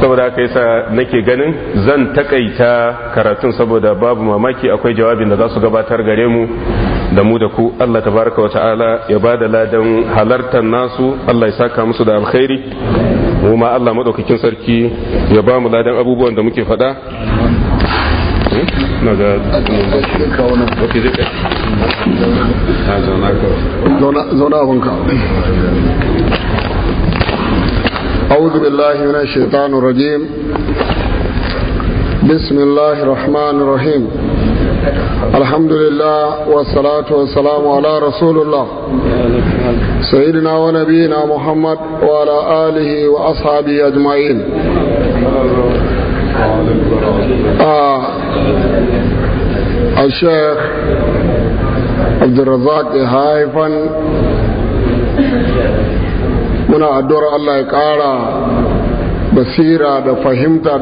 saboda haka yasa nake ganin zan takaita karatun saboda babu mamaki akwai jawabin da za su gabatar gare mu da mu da ku Allah tabaraka wa ta'ala ya ba da ladan halartar nasu Allah ya saka musu da alkhairi mu ma Allah madaukakin sarki ya ba mu ladan abubuwan da muke faɗa hmm? zauna أعوذ بالله من الشيطان الرجيم بسم الله الرحمن الرحيم الحمد لله والصلاة والسلام على رسول الله سيدنا ونبينا محمد وعلى آله وأصحابه أجمعين آه الشيخ عبد الرزاق هايفا من أدور الله ya ƙara basira da fahimta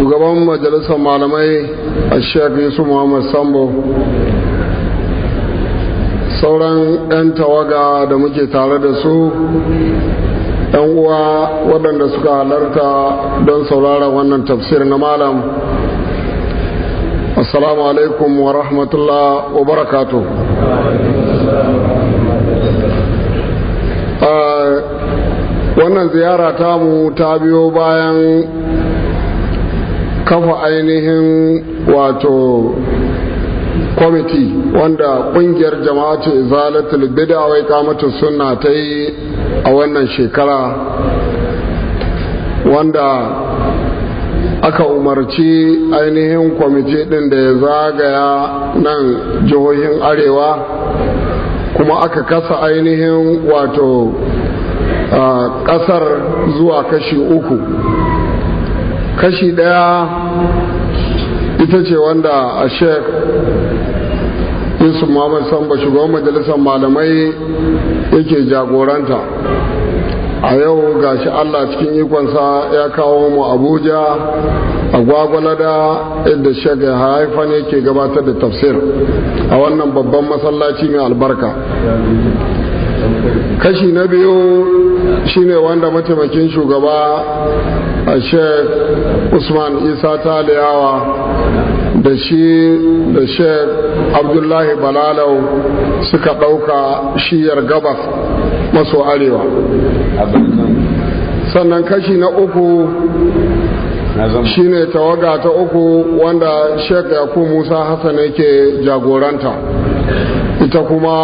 shugaban majalisar malamai a shekaru su muhammad sambo sauran 'yan tawaga da muke tare da su 'yan uwa waɗanda suka halarta don saurara wannan tafsir na malam assalamu alaikum wa rahmatullah wa barakatu ah, wannan ziyara mu ta biyo bayan kafa ainihin wato kwamiti wanda kungiyar jama'atu izalatul bid'a wai kamata sunna ta yi a wannan shekara wanda aka umarci ainihin kwamiti din da ya zagaya nan jihohin arewa kuma aka kasa ainihin wato kasar zuwa kashi uku kashi daya ita ce wanda a sheik yusuf muhammad samba shugaban majalisar malamai yake jagoranta a yau ga shi allah cikin ikonsa ya kawo mu abuja a gwagwalada inda sheik ya ne ke gabatar da tafsir a wannan babban masallaci mai albarka kashi na biyu shine wanda mataimakin shugaba a sheikh usman isa taliyawa da shi da sheikh abdullahi balalau suka ɗauka shiyar gabas maso arewa sannan kashi na uku shine tawaga ta uku wanda sheikh Yakub musa hassan yake jagoranta ita kuma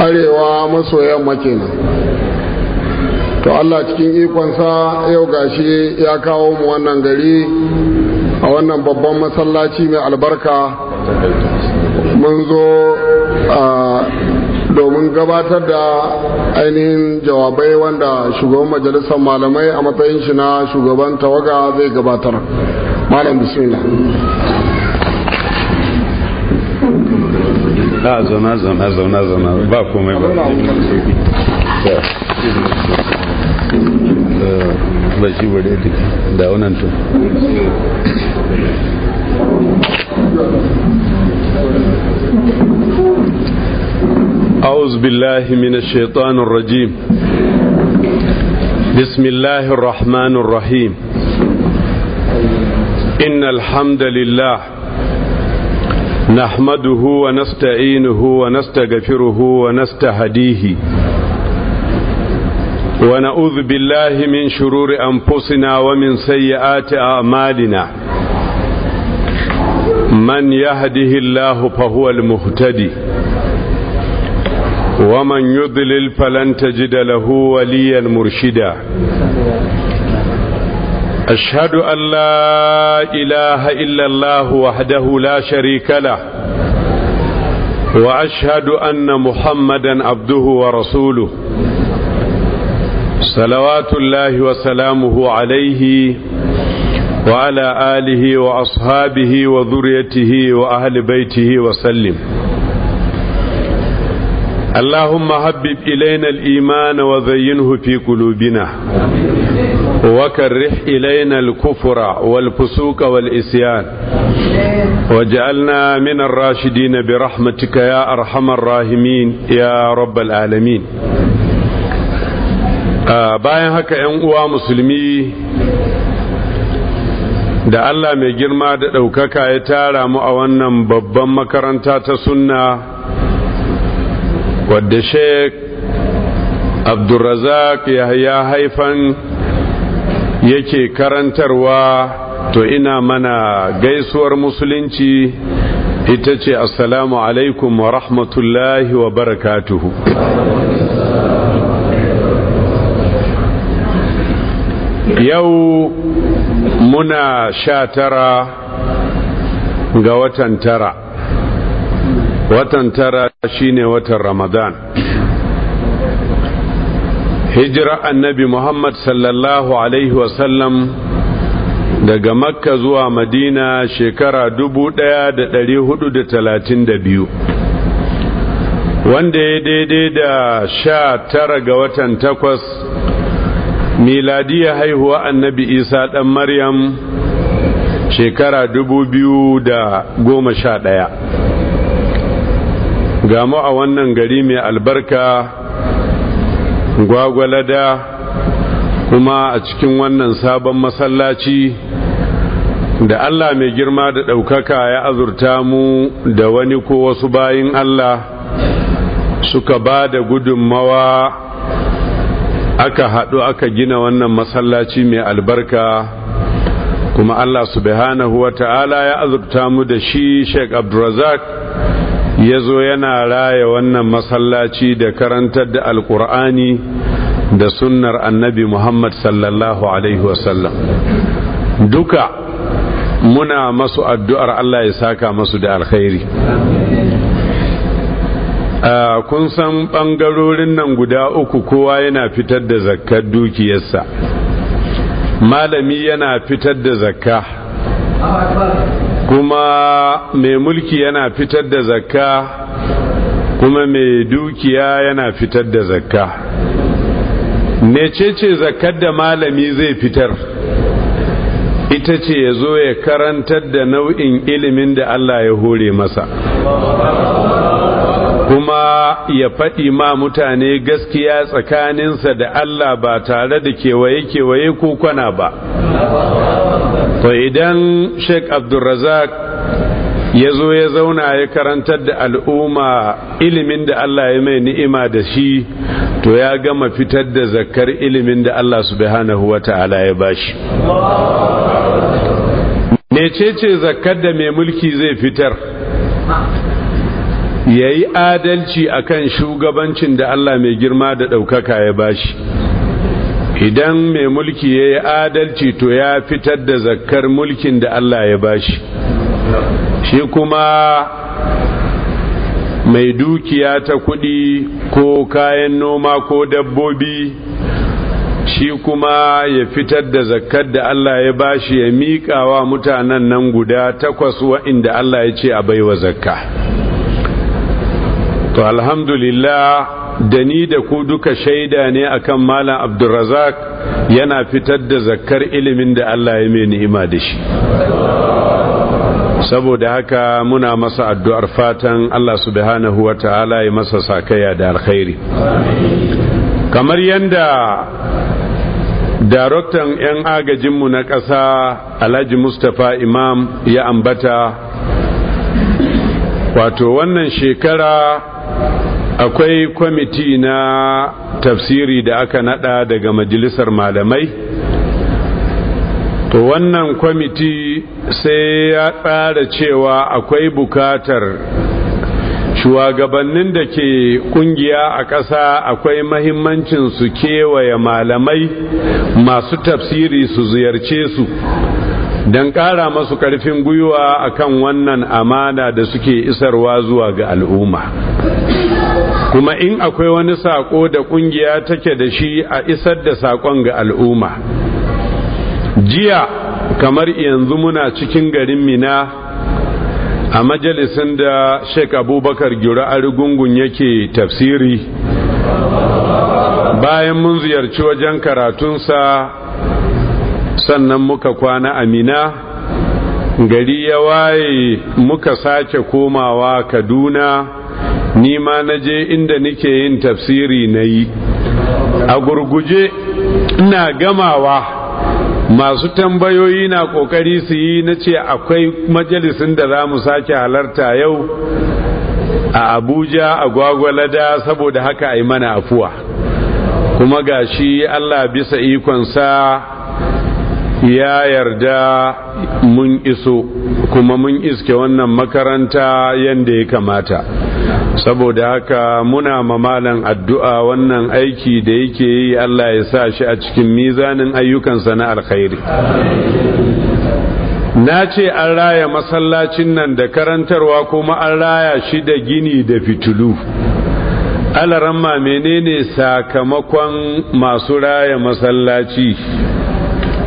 arewa maso yamma kenan to Allah cikin ikonsa yau gashi ya kawo mu wannan gari a wannan babban masallaci mai albarka mun zo domin gabatar da ainihin jawabai wanda shugaban majalisar malamai a matsayin shi na shugaban tawaga zai gabatar malam bismillah zauna zauna zauna zauna ba komai ba بشي وليدك دعونا انتم أعوذ بالله من الشيطان الرجيم بسم الله الرحمن الرحيم إن الحمد لله نحمده ونستعينه ونستغفره ونستهديه ونعوذ بالله من شرور أنفسنا ومن سيئات أعمالنا من يهده الله فهو المهتدي ومن يضلل فلن تجد له وليا مرشدا أشهد أن لا إله إلا الله وحده لا شريك له وأشهد أن محمدا عبده ورسوله صلوات الله وسلامه عليه وعلى آله وأصحابه وذريته وأهل بيته وسلم اللهم حبب إلينا الإيمان وزينه في قلوبنا وكره إلينا الكفر والفسوق والإسيان واجعلنا من الراشدين برحمتك يا أرحم الراحمين يا رب العالمين bayan haka ‘yan uwa musulmi da Allah mai girma da ɗaukaka ya tara mu a wannan babban makaranta ta sunna wadda sheikh abdulrazak ya haifan yake karantarwa to ina mana gaisuwar musulunci ita ce assalamu alaikum wa rahmatullahi wa barakatuhu yau muna sha tara ga watan tara watan tara shine watan ramadan hijira annabi muhammad sallallahu alaihi wasallam daga makka zuwa madina shekara da da da biyu. wanda ya daidai da sha tara ga watan takwas ya haihuwa annabi isa ɗan maryam shekara dubu biyu da goma sha ɗaya gamu a wannan gari mai albarka gwagwalada kuma a cikin wannan sabon masallaci da Allah mai girma da ɗaukaka ya azurta mu da wani ko wasu bayin Allah suka ba da gudunmawa aka haɗu aka gina wannan masallaci mai albarka kuma Allah subhanahu wa ta'ala ya azurta mu da shi Sheikh Abdulrazak ya zo yana raya wannan masallaci da karantar da alƙur'ani da sunnar annabi Muhammad sallallahu Alaihi wasallam duka muna masu addu'ar Allah ya saka masu da alkhairi kun san ɓangarorin nan guda uku kowa yana fitar da zakkar dukiyarsa malami yana fitar da zakka kuma mai mulki yana fitar da zakka kuma mai dukiya yana fitar da zakka ce zakkar da malami zai fitar ita ce ya zo ya karantar da nau'in ilimin da Allah ya hore masa kuma ya faɗi ma mutane gaskiya tsakaninsa da Allah ba tare da kewaye-kewaye ko kwana ba to idan Sheikh abdulrazak ya zo ya zauna ya karantar da al'umma ilimin da Allah ya mai ni'ima da shi to ya gama fitar da zakkar ilimin da Allah subhanahu wa ta'ala ya bashi mecece zakar da mai mulki zai fitar ya yi adalci a kan shugabancin da Allah mai girma da ɗaukaka ya bashi idan mai mulki ya yi adalci to ya fitar da zakkar mulkin da Allah ya bashi shi kuma mai dukiya ta kuɗi ko kayan noma ko dabbobi shi kuma ya fitar da zakkar da Allah ya bashi ya miƙa mutanen nan guda takwas wa'inda Allah ya ce a baiwa zakka to alhamdulillah da ni da ku duka shaida ne akan malam abdulrazak yana fitar da zakkar ilimin da Allah ya mai ni'ima da shi saboda haka muna masa addu'ar fatan Allah subhanahu wa ta'ala ya masa sakaya da alkhairi kamar yadda daraktan 'yan agajinmu na ƙasa alhaji mustapha imam ya ambata wato wannan shekara akwai kwamiti na tafsiri da aka nada daga majalisar malamai to wannan kwamiti sai ya tsara cewa akwai bukatar shugabannin da ke kungiya a ƙasa akwai mahimmancin su kewaye malamai masu tafsiri su ziyarce su don ƙara masu ƙarfin gwiwa akan wannan amana da suke isarwa zuwa ga al'umma kuma in akwai wani sako da kungiya take da shi a isar da sakon ga al'umma jiya kamar yanzu muna cikin garin mina a majalisin da sheik abubakar gira rigungun yake tafsiri bayan mun ziyarci wajen karatunsa sannan muka kwana a mina gari ya waye muka sake komawa kaduna ni ma na je inda nake yin tafsiri na yi a gurguje ina gamawa masu tambayoyi na kokari su yi na ce akwai majalisun da za mu sake halarta yau a abuja a gwagwalada saboda haka a yi mana afuwa kuma ga shi allah bisa ikonsa ya yarda mun iso kuma mun iske wannan makaranta yadda ya kamata saboda haka muna mamalan addu'a wannan aiki da yake yi Allah ya sa shi a cikin mizanin ayyukansa na alkhairi na ce an raya masallacin nan da karantarwa kuma an raya shi da gini da fitulu alaramma menene sakamakon masu raya masallaci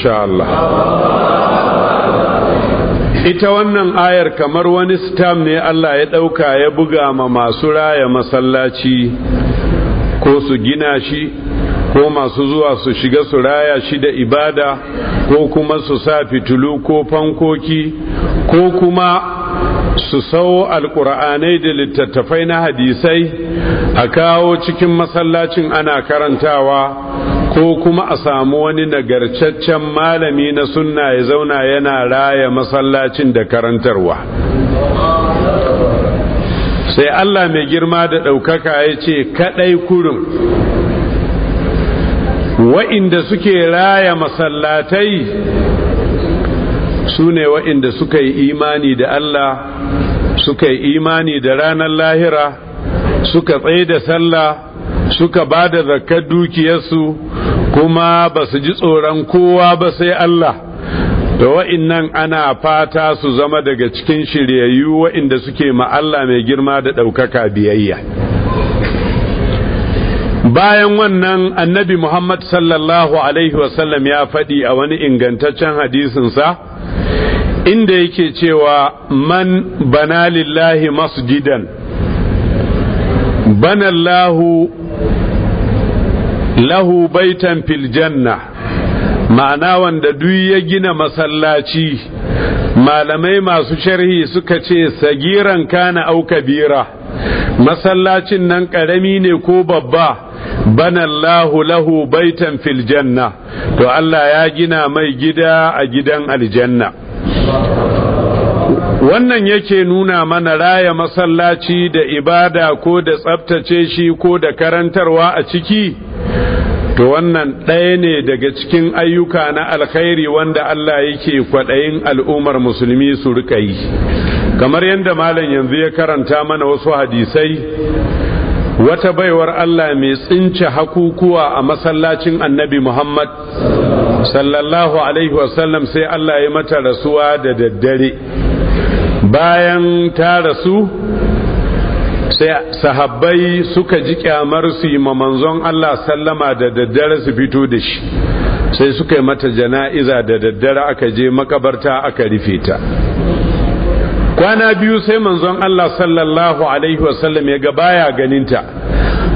insha Allah ita wannan ayar kamar wani stam ne Allah ya ɗauka ya buga ma masu raya masallaci ko su gina shi ko masu zuwa su shiga su raya shi da ibada ko kuma su sa fitulu ko fankoki ko kuma su sau alkur'anai da littattafai na hadisai a kawo cikin masallacin ana karantawa ko kuma a samu wani nagarcaccen malami na sunna ya zauna yana raya masallacin da karantarwa sai Allah mai girma da ɗaukaka ya ce kaɗai kurin wa'inda suke raya masallatai su ne wa'inda suka yi imani da Allah suka yi imani da ranar lahira suka tsaye da sallah suka ba da zakar dukiyarsu kuma ba su ji tsoron kowa ba sai Allah da wa'innan ana fata su zama daga cikin shiryayyu wa'inda suke ma Allah mai girma da ɗaukaka biyayya bayan wannan annabi Muhammad sallallahu Alaihi wasallam ya faɗi a wani ingantaccen hadisinsa inda yake cewa man bana lillahi masjidan banallahu lahu baitan fil janna ma'ana wanda duk ya gina masallaci malamai masu sharhi suka ce sagiran kana au kabira masallacin nan karami ne ko babba banallahu lahu baitan fil janna to Allah ya gina mai gida a gidan aljanna wannan yake nuna mana raya masallaci da ibada ko da tsabtace shi ko da karantarwa a ciki to wannan ɗaya ne daga cikin ayyuka na alkhairi wanda Allah yake kwaɗayin al'ummar musulmi su rika yi kamar yadda malam yanzu ya karanta mana wasu hadisai wata baiwar Allah mai tsince hakukuwa a masallacin annabi Muhammad sallallahu alaihi wasallam sai Allah ya mata rasuwa da daddare bayan ta rasu sai sahabbai suka ji kyamar su yi ma manzon Allah sallama da daddare su fito da shi sai suka yi mata jana'iza da daddare aka je makabarta aka rufe ta kwana biyu sai manzon Allah sallallahu alaihi wasallam ya ga baya ganinta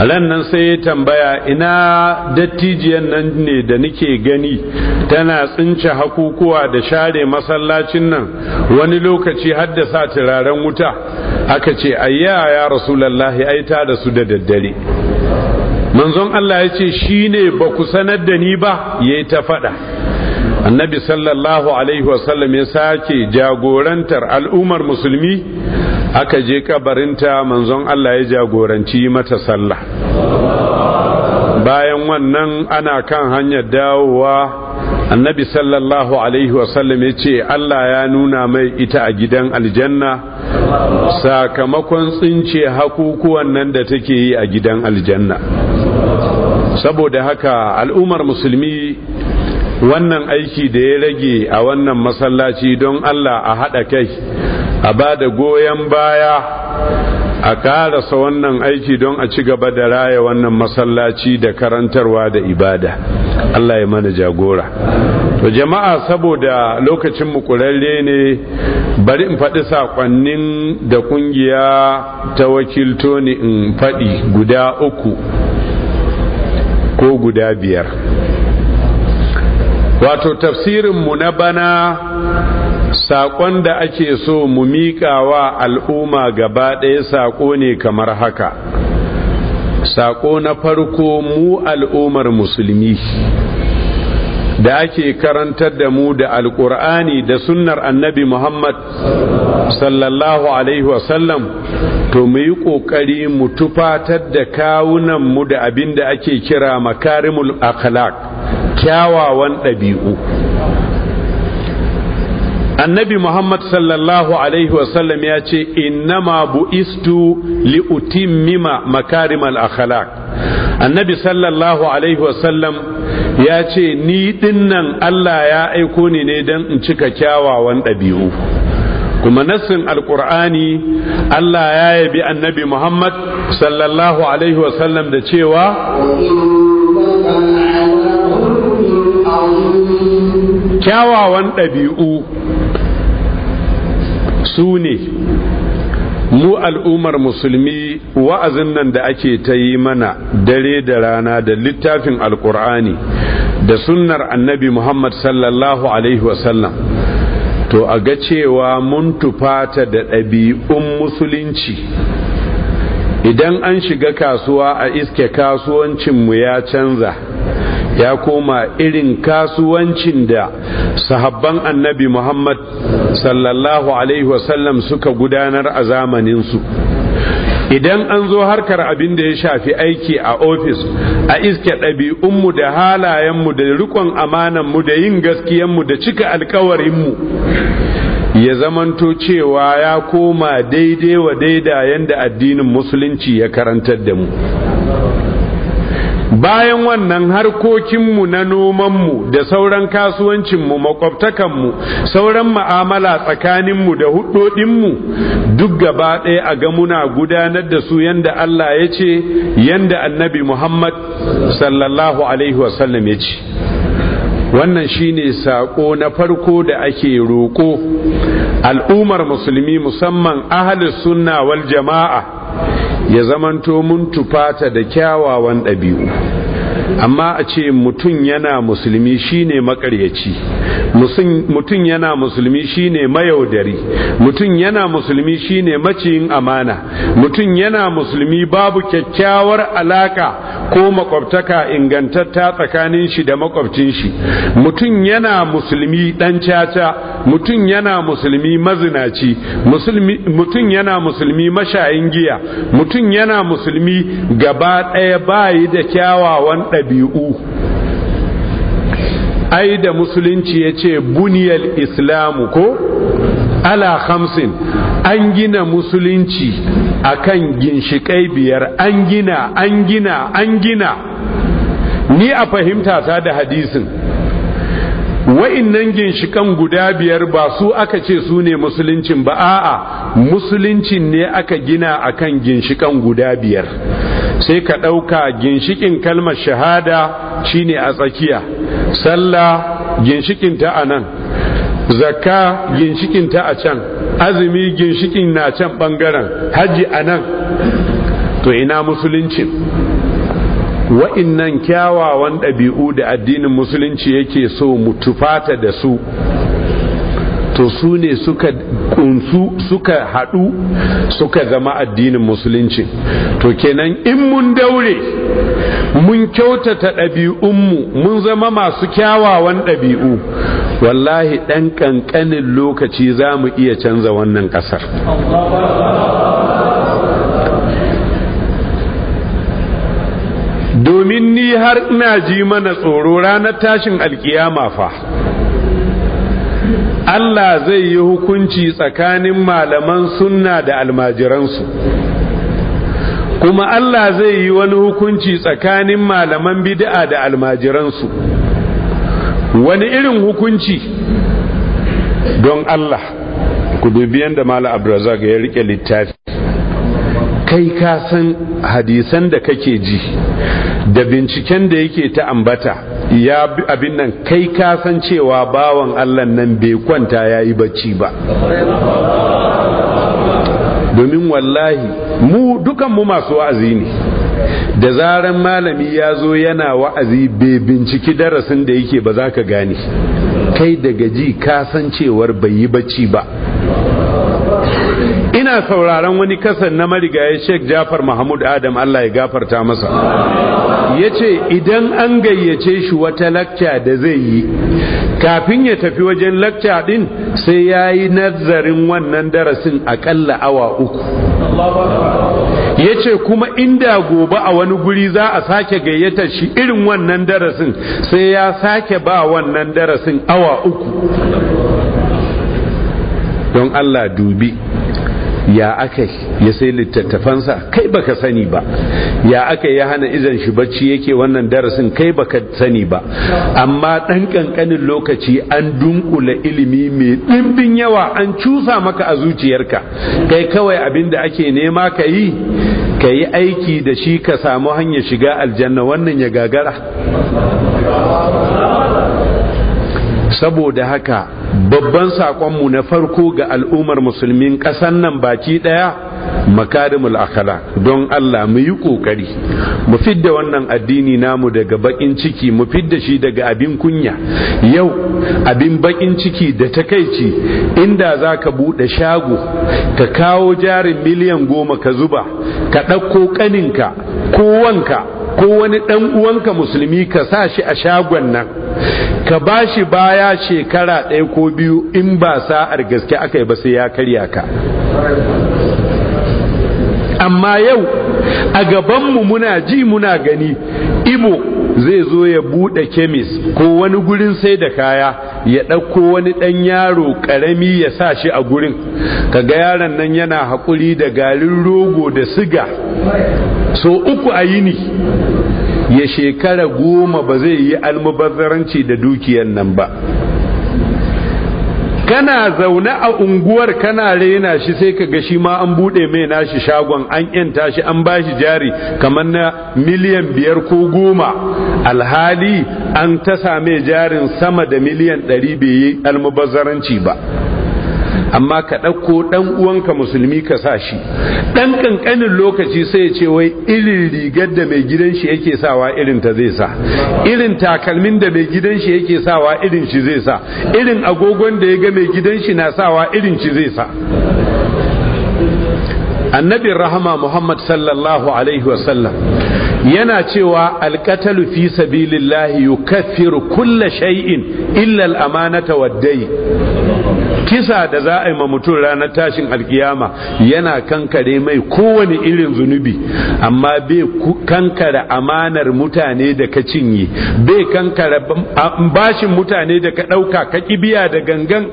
ran nan sai ya tambaya ina dattijiyar nan ne da nake gani tana tsince hakukuwa da share masallacin nan wani lokaci har da sa turaren wuta aka ce ayya ya rasulallahi ai ta da su da daddare manzon Allah ya ce shi ba ku sanar da ni ba ya ta faɗa annabi sallallahu alaihi wasallam ya sake jagorantar al'ummar musulmi aka je kabarinta manzon Allah ya jagoranci mata sallah bayan wannan ana kan hanyar dawowa annabi sallallahu alaihi wasallam ya ce Allah ya nuna mai ita a gidan aljanna sakamakon tsince hakukuwan nan da take yi a gidan aljanna saboda haka al'ummar musulmi wannan aiki da ya rage a wannan masallaci don Allah a haɗa kai a ba da goyon baya a karasa wannan aiki don a ci gaba da raya wannan masallaci da karantarwa da ibada Allah ya mana jagora to jama'a saboda lokacin mu ƙurarre ne bari in faɗi saƙonnin da ƙungiya ta wakilto ne in faɗi guda uku ko guda biyar wato mu na bana saƙon da ake so mu wa al'umma gaba ɗaya saƙo ne kamar haka saƙo na farko mu al'ummar musulmi da ake karantar da mu da alƙur'ani da sunnar annabi muhammad sallallahu alaihi wasallam to mu yi ƙoƙari mu tufatar da kawunan mu da abin da ake kira makarimul akhlaq kyawawan ɗabi'u annabi muhammad sallallahu alaihi wasallam ya ce innama bu'istu liutimmima utimmima makarimal akhlaq annabi sallallahu alaihi wasallam ya ce ni dinnan allah ya aiko ni ne don in cika kyawawan ɗabi'u kuma nassin alkur'ani allah ya yabi annabi muhammad sallallahu alaihi wasallam da cewa kyawawan ɗabi'u su ne mu al'ummar musulmi wa'azin nan da ake ta yi mana dare da rana da littafin alkur'ani da sunnar annabi muhammad sallallahu alaihi wasallam to a ga cewa mun tufata da ɗabi'un musulunci idan an shiga kasuwa a iske kasuwancinmu ya canza ya koma irin kasuwancin da sahabban annabi Muhammad sallallahu alaihi wasallam suka gudanar a zamaninsu idan an zo harkar abin da ya shafi aiki a ofis a iske ɗabi'unmu da halayenmu da rikon amananmu da yin gaskiyanmu da cika alkawarinmu ya zamanto cewa ya koma daidai wa daidayen da addinin musulunci ya karantar da mu bayan wannan harkokinmu na nomanmu da sauran kasuwancinmu makwabtakanmu sauran ma'amala tsakaninmu da hudodinmu duk gaba ɗaya a ga muna gudanar da su yanda Allah ya ce yanda annabi Muhammad sallallahu alaihi wasallam ya ce wannan shine sako na farko da ake roko al'ummar musulmi musamman ahlus sunna wal jama'a ya zamanto mun tufata da kyawawan ɗabi'u amma a ce mutum yana musulmi shine makaryaci mutum yana musulmi shine mayaudari mutum yana musulmi shine maciyin amana mutum yana musulmi babu kyakkyawar alaka ko makwabtaka ingantatta tsakanin shi da makwabcin shi mutum yana musulmi dan caca mutum yana musulmi mazinaci mutum yana musulmi mashayin giya mutum yana musulmi gaba ɗaya bayi da kyawawan ɗabi'u ai da musulunci yace ce buniyal islamu ko ala hamsin an gina musulunci akan ginshiƙai biyar an gina an gina an gina ni a fahimta ta da hadisin wa'innan ginshiƙan guda biyar ba su aka ce su ne musuluncin ba a'a musuluncin ne aka gina akan ginshikan guda biyar sai ka ɗauka ginshikin kalmar shahada shine a tsakiya sallah ginshikinta a nan zakka ginshikinta a can azumi ginshikin na can ɓangaren hajji a nan to ina musuluncin wa'innan kyawawan ɗabi'u da addinin musulunci yake so mu tufata da su to su ne suka kunsu suka haɗu suka zama addinin musulunci to kenan in mun daure mun kyautata ɗabi'unmu mun zama masu kyawawan ɗabi'u wallahi ɗan ƙanƙanin lokaci za mu iya canza wannan ƙasar domin ni har ina ji mana tsoro ranar tashin alkiyama fa Allah zai yi hukunci tsakanin malaman sunna da almajiransu kuma Allah zai yi wani hukunci tsakanin malaman bid'a da almajiransu wani irin hukunci don Allah ku dubi da Mala Abrazak ya rike littafi kai ka san hadisan da kake ji da binciken da yake ta ambata ya abin nan kai ka cewa bawan Allah nan bai kwanta yayi bacci ba domin wallahi mu dukan mu masu wa'azi ne da zaran malami ya zo yana wa'azi bai binciki darasin da yake ba za ka gane kai daga ji kasancewar bai yi bacci ba ina sauraron wani kasan na marigaye Sheikh Jafar Mahmud Adam Allah ya gafarta masa Ya ce idan an gayyace shi wata lakca da zai yi kafin ya tafi wajen lakca din sai ya yi nazarin wannan darasin akalla awa uku ya ce kuma inda gobe a wani guri za a sake gayyatar shi irin wannan darasin sai ya sake ba wannan darasin awa uku don Allah dubi ya aka ya sai littattafansa kai baka sani ba ya aka ya hana izan shi bacci yake wannan darasin kai baka sani ba amma dan kankanin lokaci an dunkula ilimi mai dimbin yawa an cusa maka a zuciyarka kai kawai abin da ake nema ka yi ka yi aiki da shi ka samu hanyar shiga aljanna wannan ya gagara saboda haka babban saƙonmu na farko ga al'ummar musulmin ƙasan nan baki ɗaya makarimul akala don Allah mu yi ƙoƙari mu fidda wannan addini namu daga baƙin ciki mu fidda shi daga abin kunya yau abin baƙin ciki da takaici inda za ka buɗe shago ka kawo jarin miliyan goma ka zuba ka ɗauko ƙaninka ko wanka ko wani ɗan uwanka musulmi ka sa shi a shagon nan ka ba shi baya shekara ɗaya ko biyu in ba sa'ar gaske aka yi ba sai ya karya ka amma yau a gabanmu muna ji muna gani ibo zai zo ya buɗe kemis ko wani gurin sai da kaya ya ɗauko wani ɗan yaro ƙarami ya sa shi a gurin kaga yaron nan yana haƙuri da garin rogo da siga so uku a yini ya shekara goma ba zai yi almubazzaranci da dukiyan nan ba kana zaune a unguwar kana rena shi sai ka ga shi ma an bude mai nashi shagon an yanta shi an bashi jari kamar na miliyan biyar ko goma alhali an ta same jarin sama da miliyan ɗari bai yi almubazzaranci ba amma ka ɗauko ɗan uwanka musulmi ka sa shi ɗan ƙanƙanin lokaci sai ya ce wai irin rigar da mai gidan shi yake sawa irin ta zai sa irin takalmin da mai gidan shi yake sawa irin shi zai sa irin agogon da ya ga mai gidan shi na sawa irin shi zai sa annabin rahama muhammad sallallahu alaihi wasallam yana cewa alkatalu fi sabilillahi yukaffiru kulla shay'in illa al-amanata wad-dayn kisa da za a yi ma mutum ranar tashin alkiyama yana kankare mai kowane irin zunubi amma bai kankara amanar mutane da ka cinye bai kankara bashin mutane da ka ɗauka ka kibiya da gangan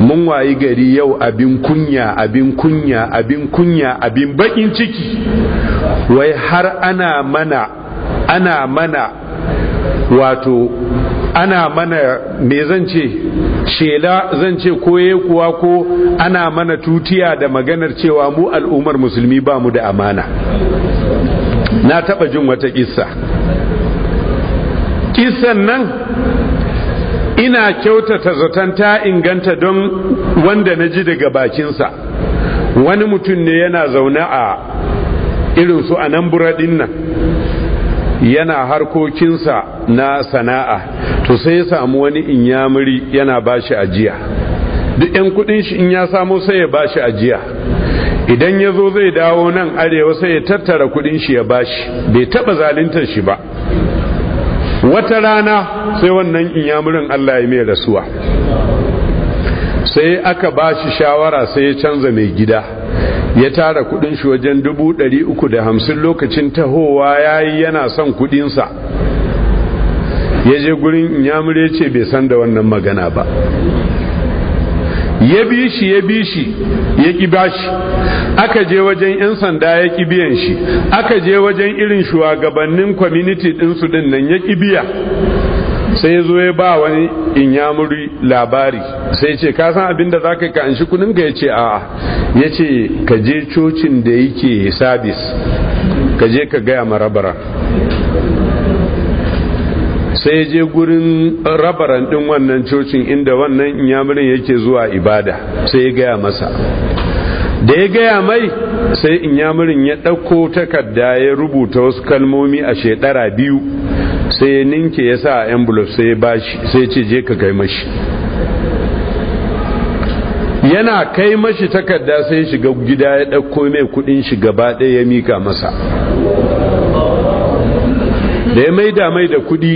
mun wayi gari yau abin kunya abin kunya abin kunya abin bakin ciki wai har ana mana ana mana wato ana mana me zan ce shela zan ce koye kuwa ko ana mana tutiya da maganar cewa mu al'ummar musulmi ba mu da amana na taɓa jin wata kissa kissan nan ina kyautata zaton ta inganta don wanda na ji daga bakinsa wani mutum ne yana zaune a irin su a nan buraɗin nan yana harkokinsa na sana'a to sai ya samu wani inyamuri yana bashi ajiya duk 'yan kudin shi in ya samu sai ya bashi ajiya idan ya zo zai dawo nan arewa sai ya tattara kudin shi ya ba shi. bai taba zaluntar shi ba wata rana sai wannan inyamurin Allah ya mai rasuwa sai aka ba shi shawara sai ya canza mai gida ya tara kudin shi wajen dubu da hamsin lokacin tahowa ya yi yana son kudinsa ya je gurin ya ce bai san da wannan magana ba ya bi shi ya bi shi ya ba shi aka je wajen 'yan sanda ya ki biyan shi aka je wajen irin shugabannin kwaminiti ɗinsu ɗin nan ya ki biya sai ya zo ya ba wani in ya muri labari sai ce ka san abin da za ka ka shi kunin ya ce a'a ya ce ka je cocin da yake sabis ka je ka gaya ma rabaran sai je gurin rabaran din wannan cocin inda wannan inyamurin yake zuwa ibada sai ya gaya masa da ya gaya mai sai inyamurin ya ɗauko takarda ya rubuta wasu kalmomi a shekara biyu sai ya ninke ya sa a envelope sai ya bashi sai ce je ka kai mashi yana kai mashi takarda sai shiga gida ya ɗauko mai kudin shi gaba ɗaya ya mika masa da ya maida mai da kudi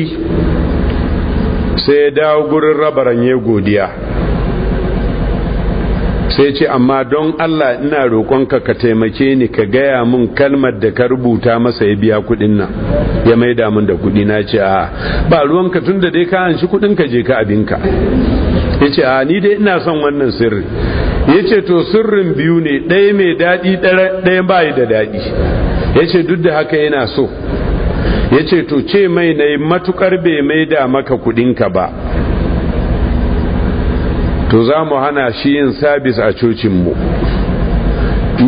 sai ya dawo gurin rabaran ya godiya sai ce amma don Allah ina roƙonka ka taimake ni ka gaya mun kalmar da ka rubuta masa ya biya kuɗin nan ya maida mun da kuɗi na ce a ba ruwanka tun da dai ka hanshi kuɗin ka je ka abinka ya ce a ni dai ina son wannan sirri ya ce to sirrin biyu ne ɗaya mai daɗi ɗaya bayi da daɗi ya ce duk da haka yana so ya ce to ce mai na yi matukar bai maida maka kuɗinka ba to za mu hana shi yin sabis a cocinmu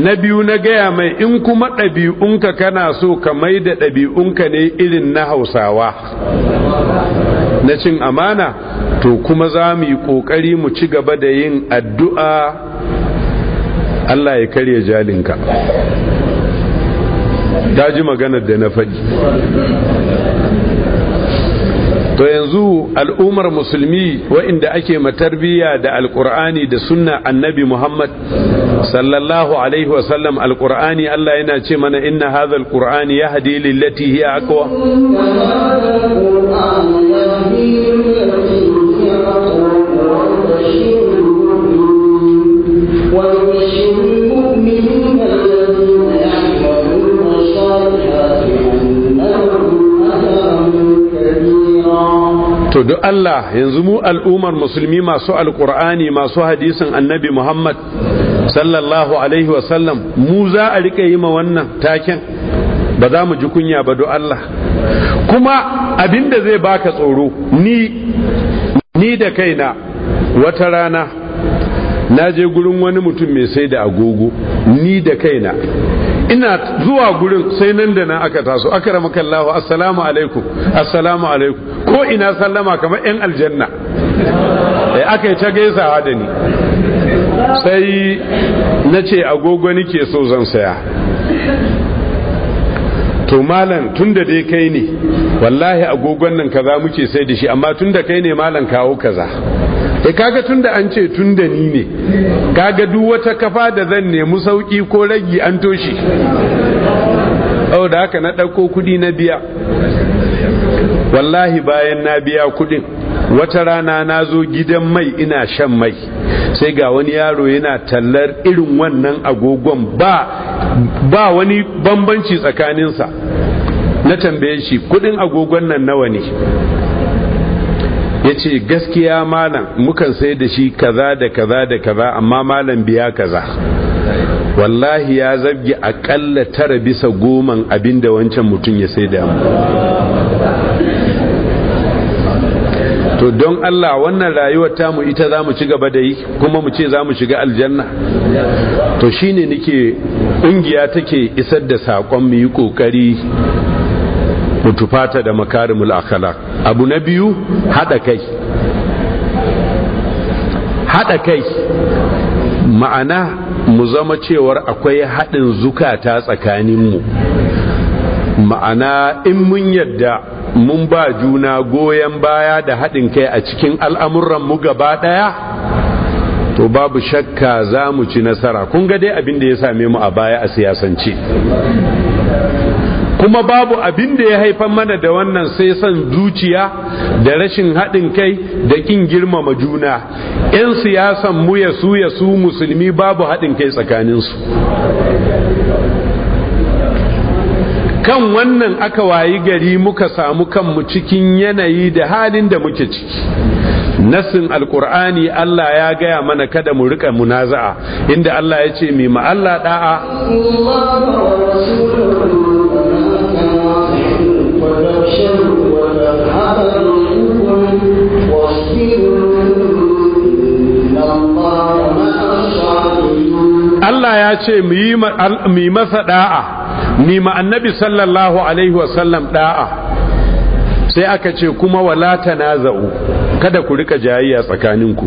na biyu na gaya mai in kuma ɗabi'unka kana so ka mai da ɗabi'unka ne irin na hausawa na cin amana to kuma za mu yi ƙoƙari mu ci gaba da yin addu'a Allah ya karya jalinka ji maganar da na faɗi to yanzu al'ummar musulmi wa'inda ake matarbiya da alkur'ani da sunna annabi muhammad sallallahu alaihi wasallam alkur'ani allah yana ce mana inna hadha alkur'ani ya hadi lillati hiya aqwa وَيُبَشِّرُ to duk Allah yanzu mu al'ummar musulmi masu alkur'ani masu hadisin annabi Muhammad sallallahu alaihi wasallam mu za a rika yi ma wannan taken ba za mu ji kunya ba duk Allah kuma abinda zai baka tsoro ni ni da kaina wata rana na je gurin wani mutum mai sai da agogo ni da kaina ina zuwa gurin sai nan da nan aka taso aka assalamu alaikum assalamu alaikum ko ina sallama kamar 'yan aljanna ya eh, aka yi ta gaisawa da ni sai na ce agogo nike so zan saya to malam tun da dai kai ne wallahi agogon nan kaza muke sai da shi amma tun da kai ne malam kawo kaza e kaga tun da an ce tun da ni ne kaga duk wata kafa da zan nemi sauƙi ko ragi an toshi au da haka na ɗauko kuɗi na biya wallahi bayan na biya kudin wata rana na zo gidan mai ina shan mai sai ga wani yaro yana tallar irin wannan agogon ba ba wani bambanci tsakaninsa na tambaye shi kudin agogon nan nawa ne ya ce gaskiya malam mukan sai da shi kaza da kaza da kaza amma malam biya kaza wallahi ya zabgi akalla tara bisa goman abin da wancan mutum ya sai da to don Allah wannan rayuwar tamu ita za mu ci gaba da yi kuma mu ce za mu shiga aljanna to shi shine nike ƙungiya take isar da saƙon mu yi ƙoƙari mutufata da makarimul akhlaq abu na biyu haɗa kai ma'ana mu zama cewar akwai haɗin zukata tsakaninmu ma'ana in mun yadda mun ba juna goyon baya da haɗin kai a cikin al'amuranmu gaba ɗaya to babu shakka za mu ci nasara kun ga dai abin da ya same mu a baya a siyasance kuma babu abin da ya haifa mana da wannan sai son zuciya da rashin haɗin kai da kin girmama juna 'yan siyasan mu ya su ya su musulmi babu haɗin kai tsakaninsu kan wannan aka wayi gari muka samu kanmu cikin yanayi da halin da muke ciki Nasin alkur'ani Allah ya gaya mana kada mu rika munaza'a inda Allah ya ce mai ma'alla da'a Allah ya ce mu yi masa ɗa'a, mi ma annabi sallallahu alaihi wasallam da'a sai aka ce kuma wala zau kada ku rika jayayya tsakaninku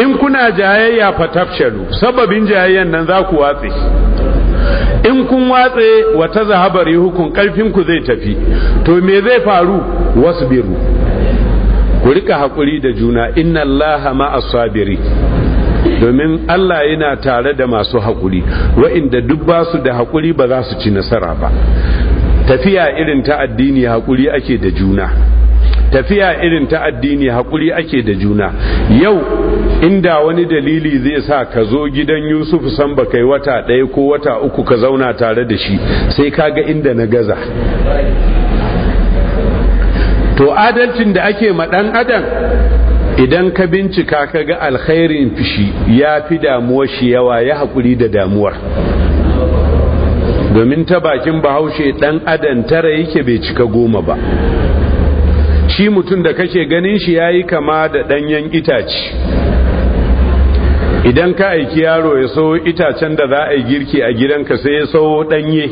in kuna jayayya fa fatafshalu sababin jayayyan nan za ku watse in kun watse wata zahabar yi hukun ku zai tafi to me zai faru wasu biru ku rika haƙuri da juna inna allaha ma'as sabiri domin Allah yana tare da masu haƙuri wa'inda duk ba su da hakuri ba za su ci nasara ba tafiya irin ta addini haƙuri ake da juna tafiya irin ta addini haƙuri ake da juna yau inda wani dalili zai sa ka zo gidan Yusuf san ba kai wata ɗaya ko wata uku ka zauna tare da shi sai ka ga inda na gaza to adalcin da ake ma ɗan adam idan ka bincika ka ga alkhairin fishi ya fi damuwar shi yawa ya haƙuri da damuwar domin ta bakin bahaushe ɗan adam tara yake bai cika goma ba shi mutum da kake ganin shi ya yi kama da ɗanyen itace idan ka aiki yaro ya so itacen da za a yi girki a gidanka sai ya so ɗanye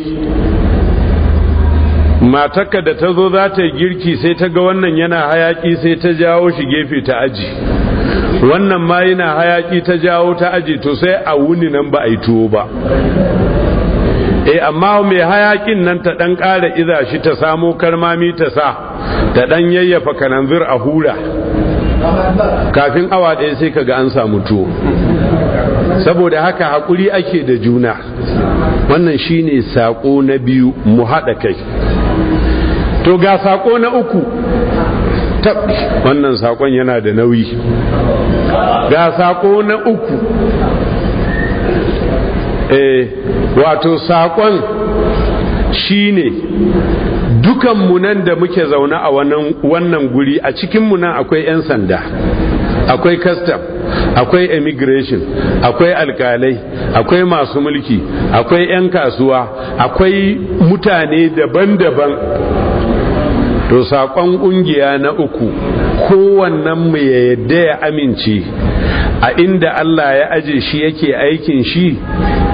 matakka da ta zo za ta yi girki sai ta ga wannan yana hayaki sai ta jawo shi gefe ta aji wannan ma yana hayaki ta jawo ta aji to sai a wuni nan ba a yi tuwo ba eh amma mai hayakin nan ta dan ƙara iza shi ta samo karmami ta sa ta dan yayyafa kananzir a hura kafin awa ɗaya sai ka ga an samu tuwo saboda haka haƙuri ake da juna wannan shine saƙo na biyu mu haɗa kai to ga saƙo na uku wannan saƙon yana da nauyi ga saƙo na uku Eh, wato saƙon shi ne dukanmu nan da muke zaune a wannan guri a cikinmu nan akwai 'yan sanda akwai custom akwai immigration akwai alkalai akwai masu mulki akwai 'yan kasuwa akwai mutane daban-daban to saƙon ƙungiya na uku kowannen mu ya yadda ya amince a inda Allah ya aje shi yake aikin shi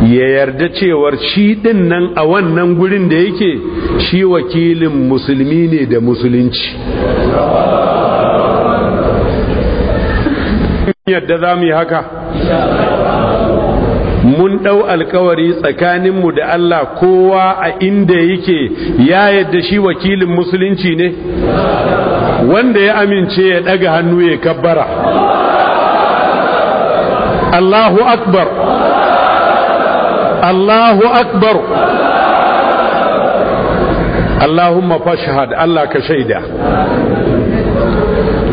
ya yarda cewar shi din nan a wannan gurin da yake shi wakilin musulmi ne da musulunci yadda za mu yi haka mun ɗau alkawari tsakaninmu da Allah kowa a inda yake ya yadda shi wakilin musulunci ne wanda ya amince ya ɗaga hannu ya kabbara Allahu akbar الله akbar اللهم فاشهد Allah ka shaida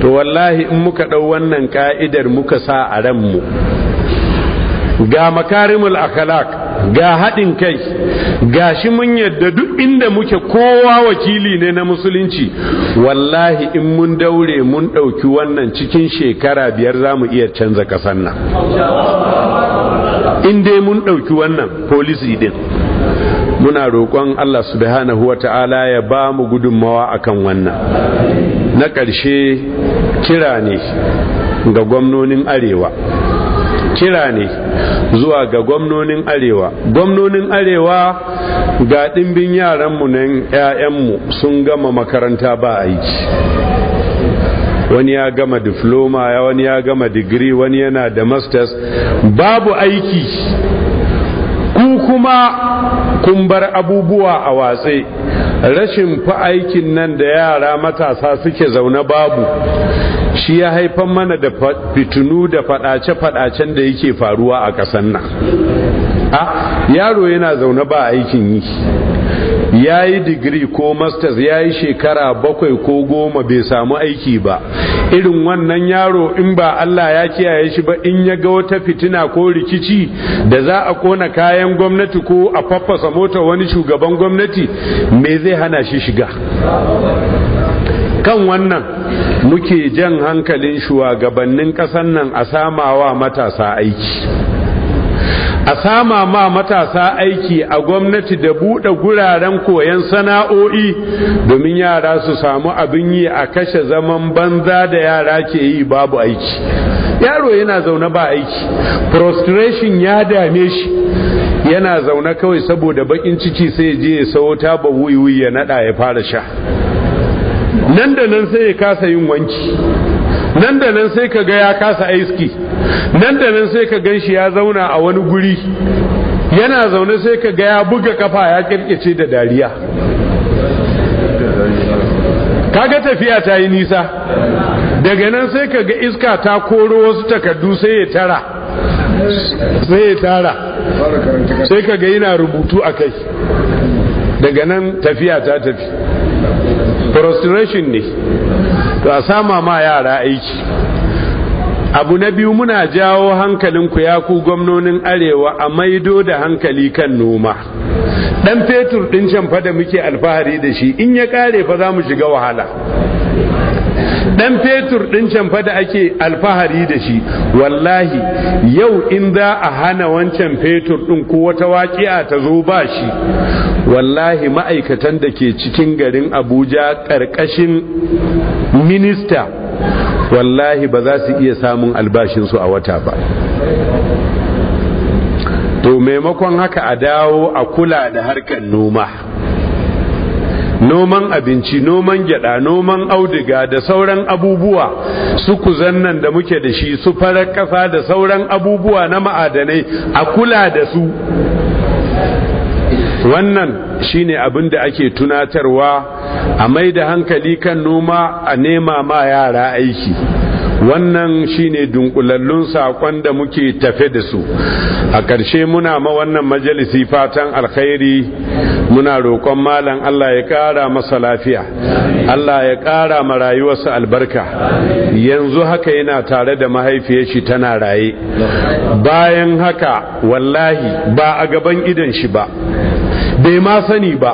to wallahi in muka ɗau wannan ka'idar muka sa a ranmu ga makarimul akhlaq ga haɗin kai ga shi mun yadda duk inda muke kowa wakili ne na musulunci wallahi in mun daure mun ɗauki wannan cikin shekara biyar zamu iya canza kasan nan in dai mun ɗauki wannan polisi din muna roƙon Allah subhanahu wa ta'ala ya ba mu gudunmawa akan wannan na ƙarshe kira ne ga gwamnonin arewa kira ne zuwa ga gwamnonin arewa gwamnonin arewa ga ɗimbin yaranmu nan 'ya'yanmu sun gama makaranta ba aiki wani ya gama diploma ya wani ya gama digiri wani yana da masters babu aiki ku kuma kun bar abubuwa a watse rashin fa aikin nan da yara matasa suke zaune babu shi ya haifan mana da fitunu da fadace-fadacen da yake faruwa a kasan nan ah, yaro yana zaune ba aikin yi ya yi digiri ko masters ya yi shekara bakwai ko goma bai samu aiki ba irin wannan yaro in ba Allah ya kiyaye shi ba in ya ga wata fitina ko rikici da za a kona kayan gwamnati ko a faffasa mota wani shugaban gwamnati me zai hana shi shiga kan wannan muke jan hankalin shugabannin ƙasan nan a samawa matasa aiki a sama ma matasa aiki a gwamnati da buɗe guraren koyon sana'o'i domin yara su samu abin yi a kashe zaman banza da yara ke yi babu aiki yaro yana zaune ba aiki prostration ya dame shi yana zaune kawai saboda bakin ciki sai je ya sawo taba wuyi ya nada ya fara sha nan da nan sai ya kasa yin wanki nan da nan sai ka ga ya kasa aiski nan da nan sai ka gan shi ya zauna a wani guri yana zaune sai ka ga ya buga kafa ya kirkice da dariya kaga tafiya ta yi nisa daga nan sai ka ga iska ta koro wasu takardu sai ya tara sai ya tara sai ka ga yana rubutu a kai daga nan tafiya ta tafi prostration ne to a sama ma yara aiki abu na biyu muna jawo hankalinku ya ku gwamnonin arewa a maido da hankali kan noma dan fetur din can fa da muke alfahari da shi in ya kare fa za mu shiga wahala dan fetur din can fa da ake alfahari da shi wallahi yau in za a hana wancan fetur din ko wata waƙiya ta zo ba shi wallahi ma'aikatan da ke cikin garin abuja ƙarƙashin minista wallahi ba za su iya samun albashinsu a wata ba to maimakon haka a dawo a kula da harkar noma noman abinci noman gyada noman auduga da sauran abubuwa su kuzannan da muke da shi su farar kasa da sauran abubuwa na ma'adanai a kula da su wannan shine abin da ake tunatarwa a mai da hankali kan noma a nema ma yara aiki wannan shine dunkulallun saƙon da muke tafe da su a ƙarshe muna ma wannan majalisi fatan alkhairi muna roƙon malam Allah ya ƙara masa lafiya Allah ya ƙara ma rayuwarsa albarka yanzu haka yana tare da mahaifiyar shi tana raye bayan haka wallahi ba a gaban idan shi ba bai ma sani ba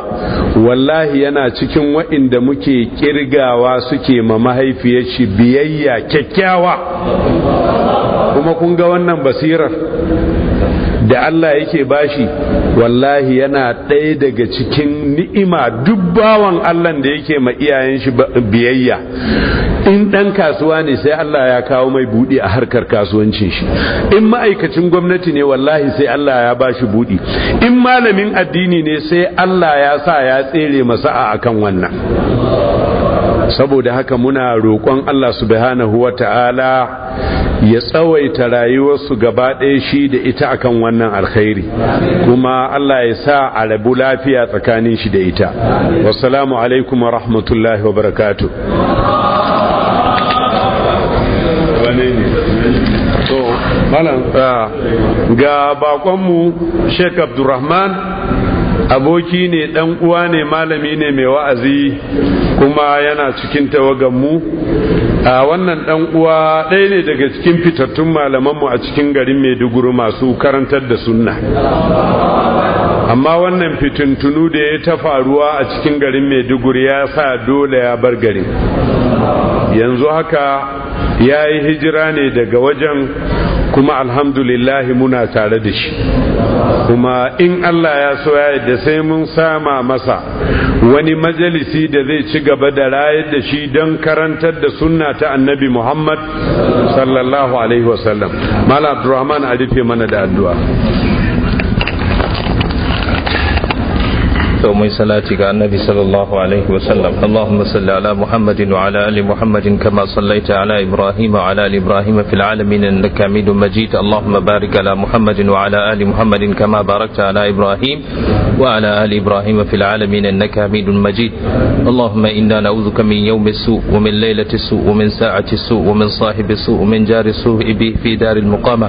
wallahi yana cikin wa'inda muke kirgawa suke ma mahaifiyar biyayya kyakkyawa kuma kun ga wannan basirar da Allah yake bashi wallahi yana ɗaya daga cikin ni'ima duk bawan Allah da yake ma iyayen shi biyayya in ɗan kasuwa ne sai Allah ya kawo mai buɗi a harkar kasuwancin shi in ma'aikacin gwamnati ne wallahi sai Allah ya bashi buɗi in malamin addini ne sai Allah ya sa ya tsere masa a akan wannan saboda haka muna roƙon Allah subhanahu wa ta'ala ya tsawaita rayuwarsu gaba ɗaya shi da ita akan wannan alkhairi kuma Allah ya sa a rabu lafiya tsakanin shi da ita wassalamu alaikum wa rahmatullahi wa barakatuh ah, ga bakonmu sheik abdurrahman aboki ne dan uwa ne malami ne mai wa'azi kuma yana cikin tawagar mu a wannan dan uwa ɗaya ne daga cikin fitattun malaman mu a cikin garin Maiduguri masu karantar da sunna amma wannan fitintunu da ya ta faruwa a cikin garin Maiduguri ya sa dole ya bar garin yanzu haka ya yi hijira ne daga wajen kuma alhamdulillah muna tare da shi kuma in Allah ya so ya yadda sai mun sama masa wani majalisi da zai ci gaba da rayar da shi don karantar da sunna ta annabi Muhammad sallallahu alaihi wasallam Malam Abdulrahman a rufe mana da addu'a ومن صلاتك على النبي صلى الله عليه وسلم اللهم صل على محمد وعلى آل محمد كما صليت على إبراهيم وعلى آل إبراهيم في العالمين إنك حميد مجيد اللهم بارك على محمد وعلى آل محمد كما باركت على إبراهيم وعلى آل إبراهيم في العالمين إنك حميد مجيد اللهم إنا نعوذ بك من يوم السوء ومن ليلة السوء ومن ساعة السوء ومن صاحب السوء ومن جار السوء به في دار المقامة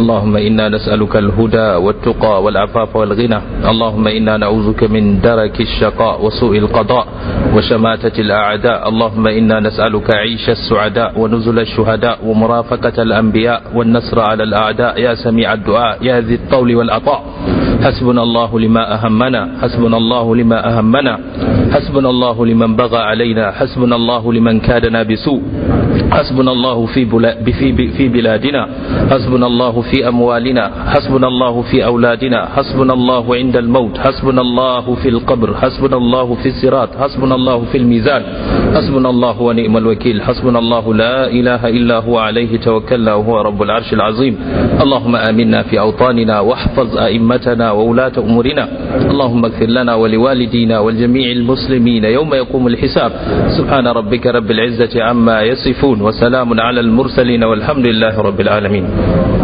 اللهم إنا نسألك الهدى والتقى والعفاف والغنى اللهم إنا نعوذ بك من درك الشقاء وسوء القضاء وشماتة الأعداء اللهم إنا نسألك عيش السعداء ونزل الشهداء ومرافقة الأنبياء والنصر على الأعداء يا سميع الدعاء يا ذي الطول والعطاء حسبنا الله لما أهمنا حسبنا الله لما أهمنا حسبنا الله لمن بغى علينا حسبنا الله لمن كادنا بسوء حسبنا الله في, في, في بلادنا حسبنا الله في أموالنا حسبنا الله في أولادنا حسبنا الله عند الموت حسبنا الله الله في القبر حسبنا الله في الصراط حسبنا الله في الميزان حسبنا الله ونعم الوكيل حسبنا الله لا إله إلا هو عليه توكلنا وهو رب العرش العظيم اللهم آمنا في أوطاننا واحفظ أئمتنا وولاة أمورنا اللهم اغفر لنا ولوالدينا ولجميع المسلمين يوم يقوم الحساب سبحان ربك رب العزة عما يصفون وسلام على المرسلين والحمد لله رب العالمين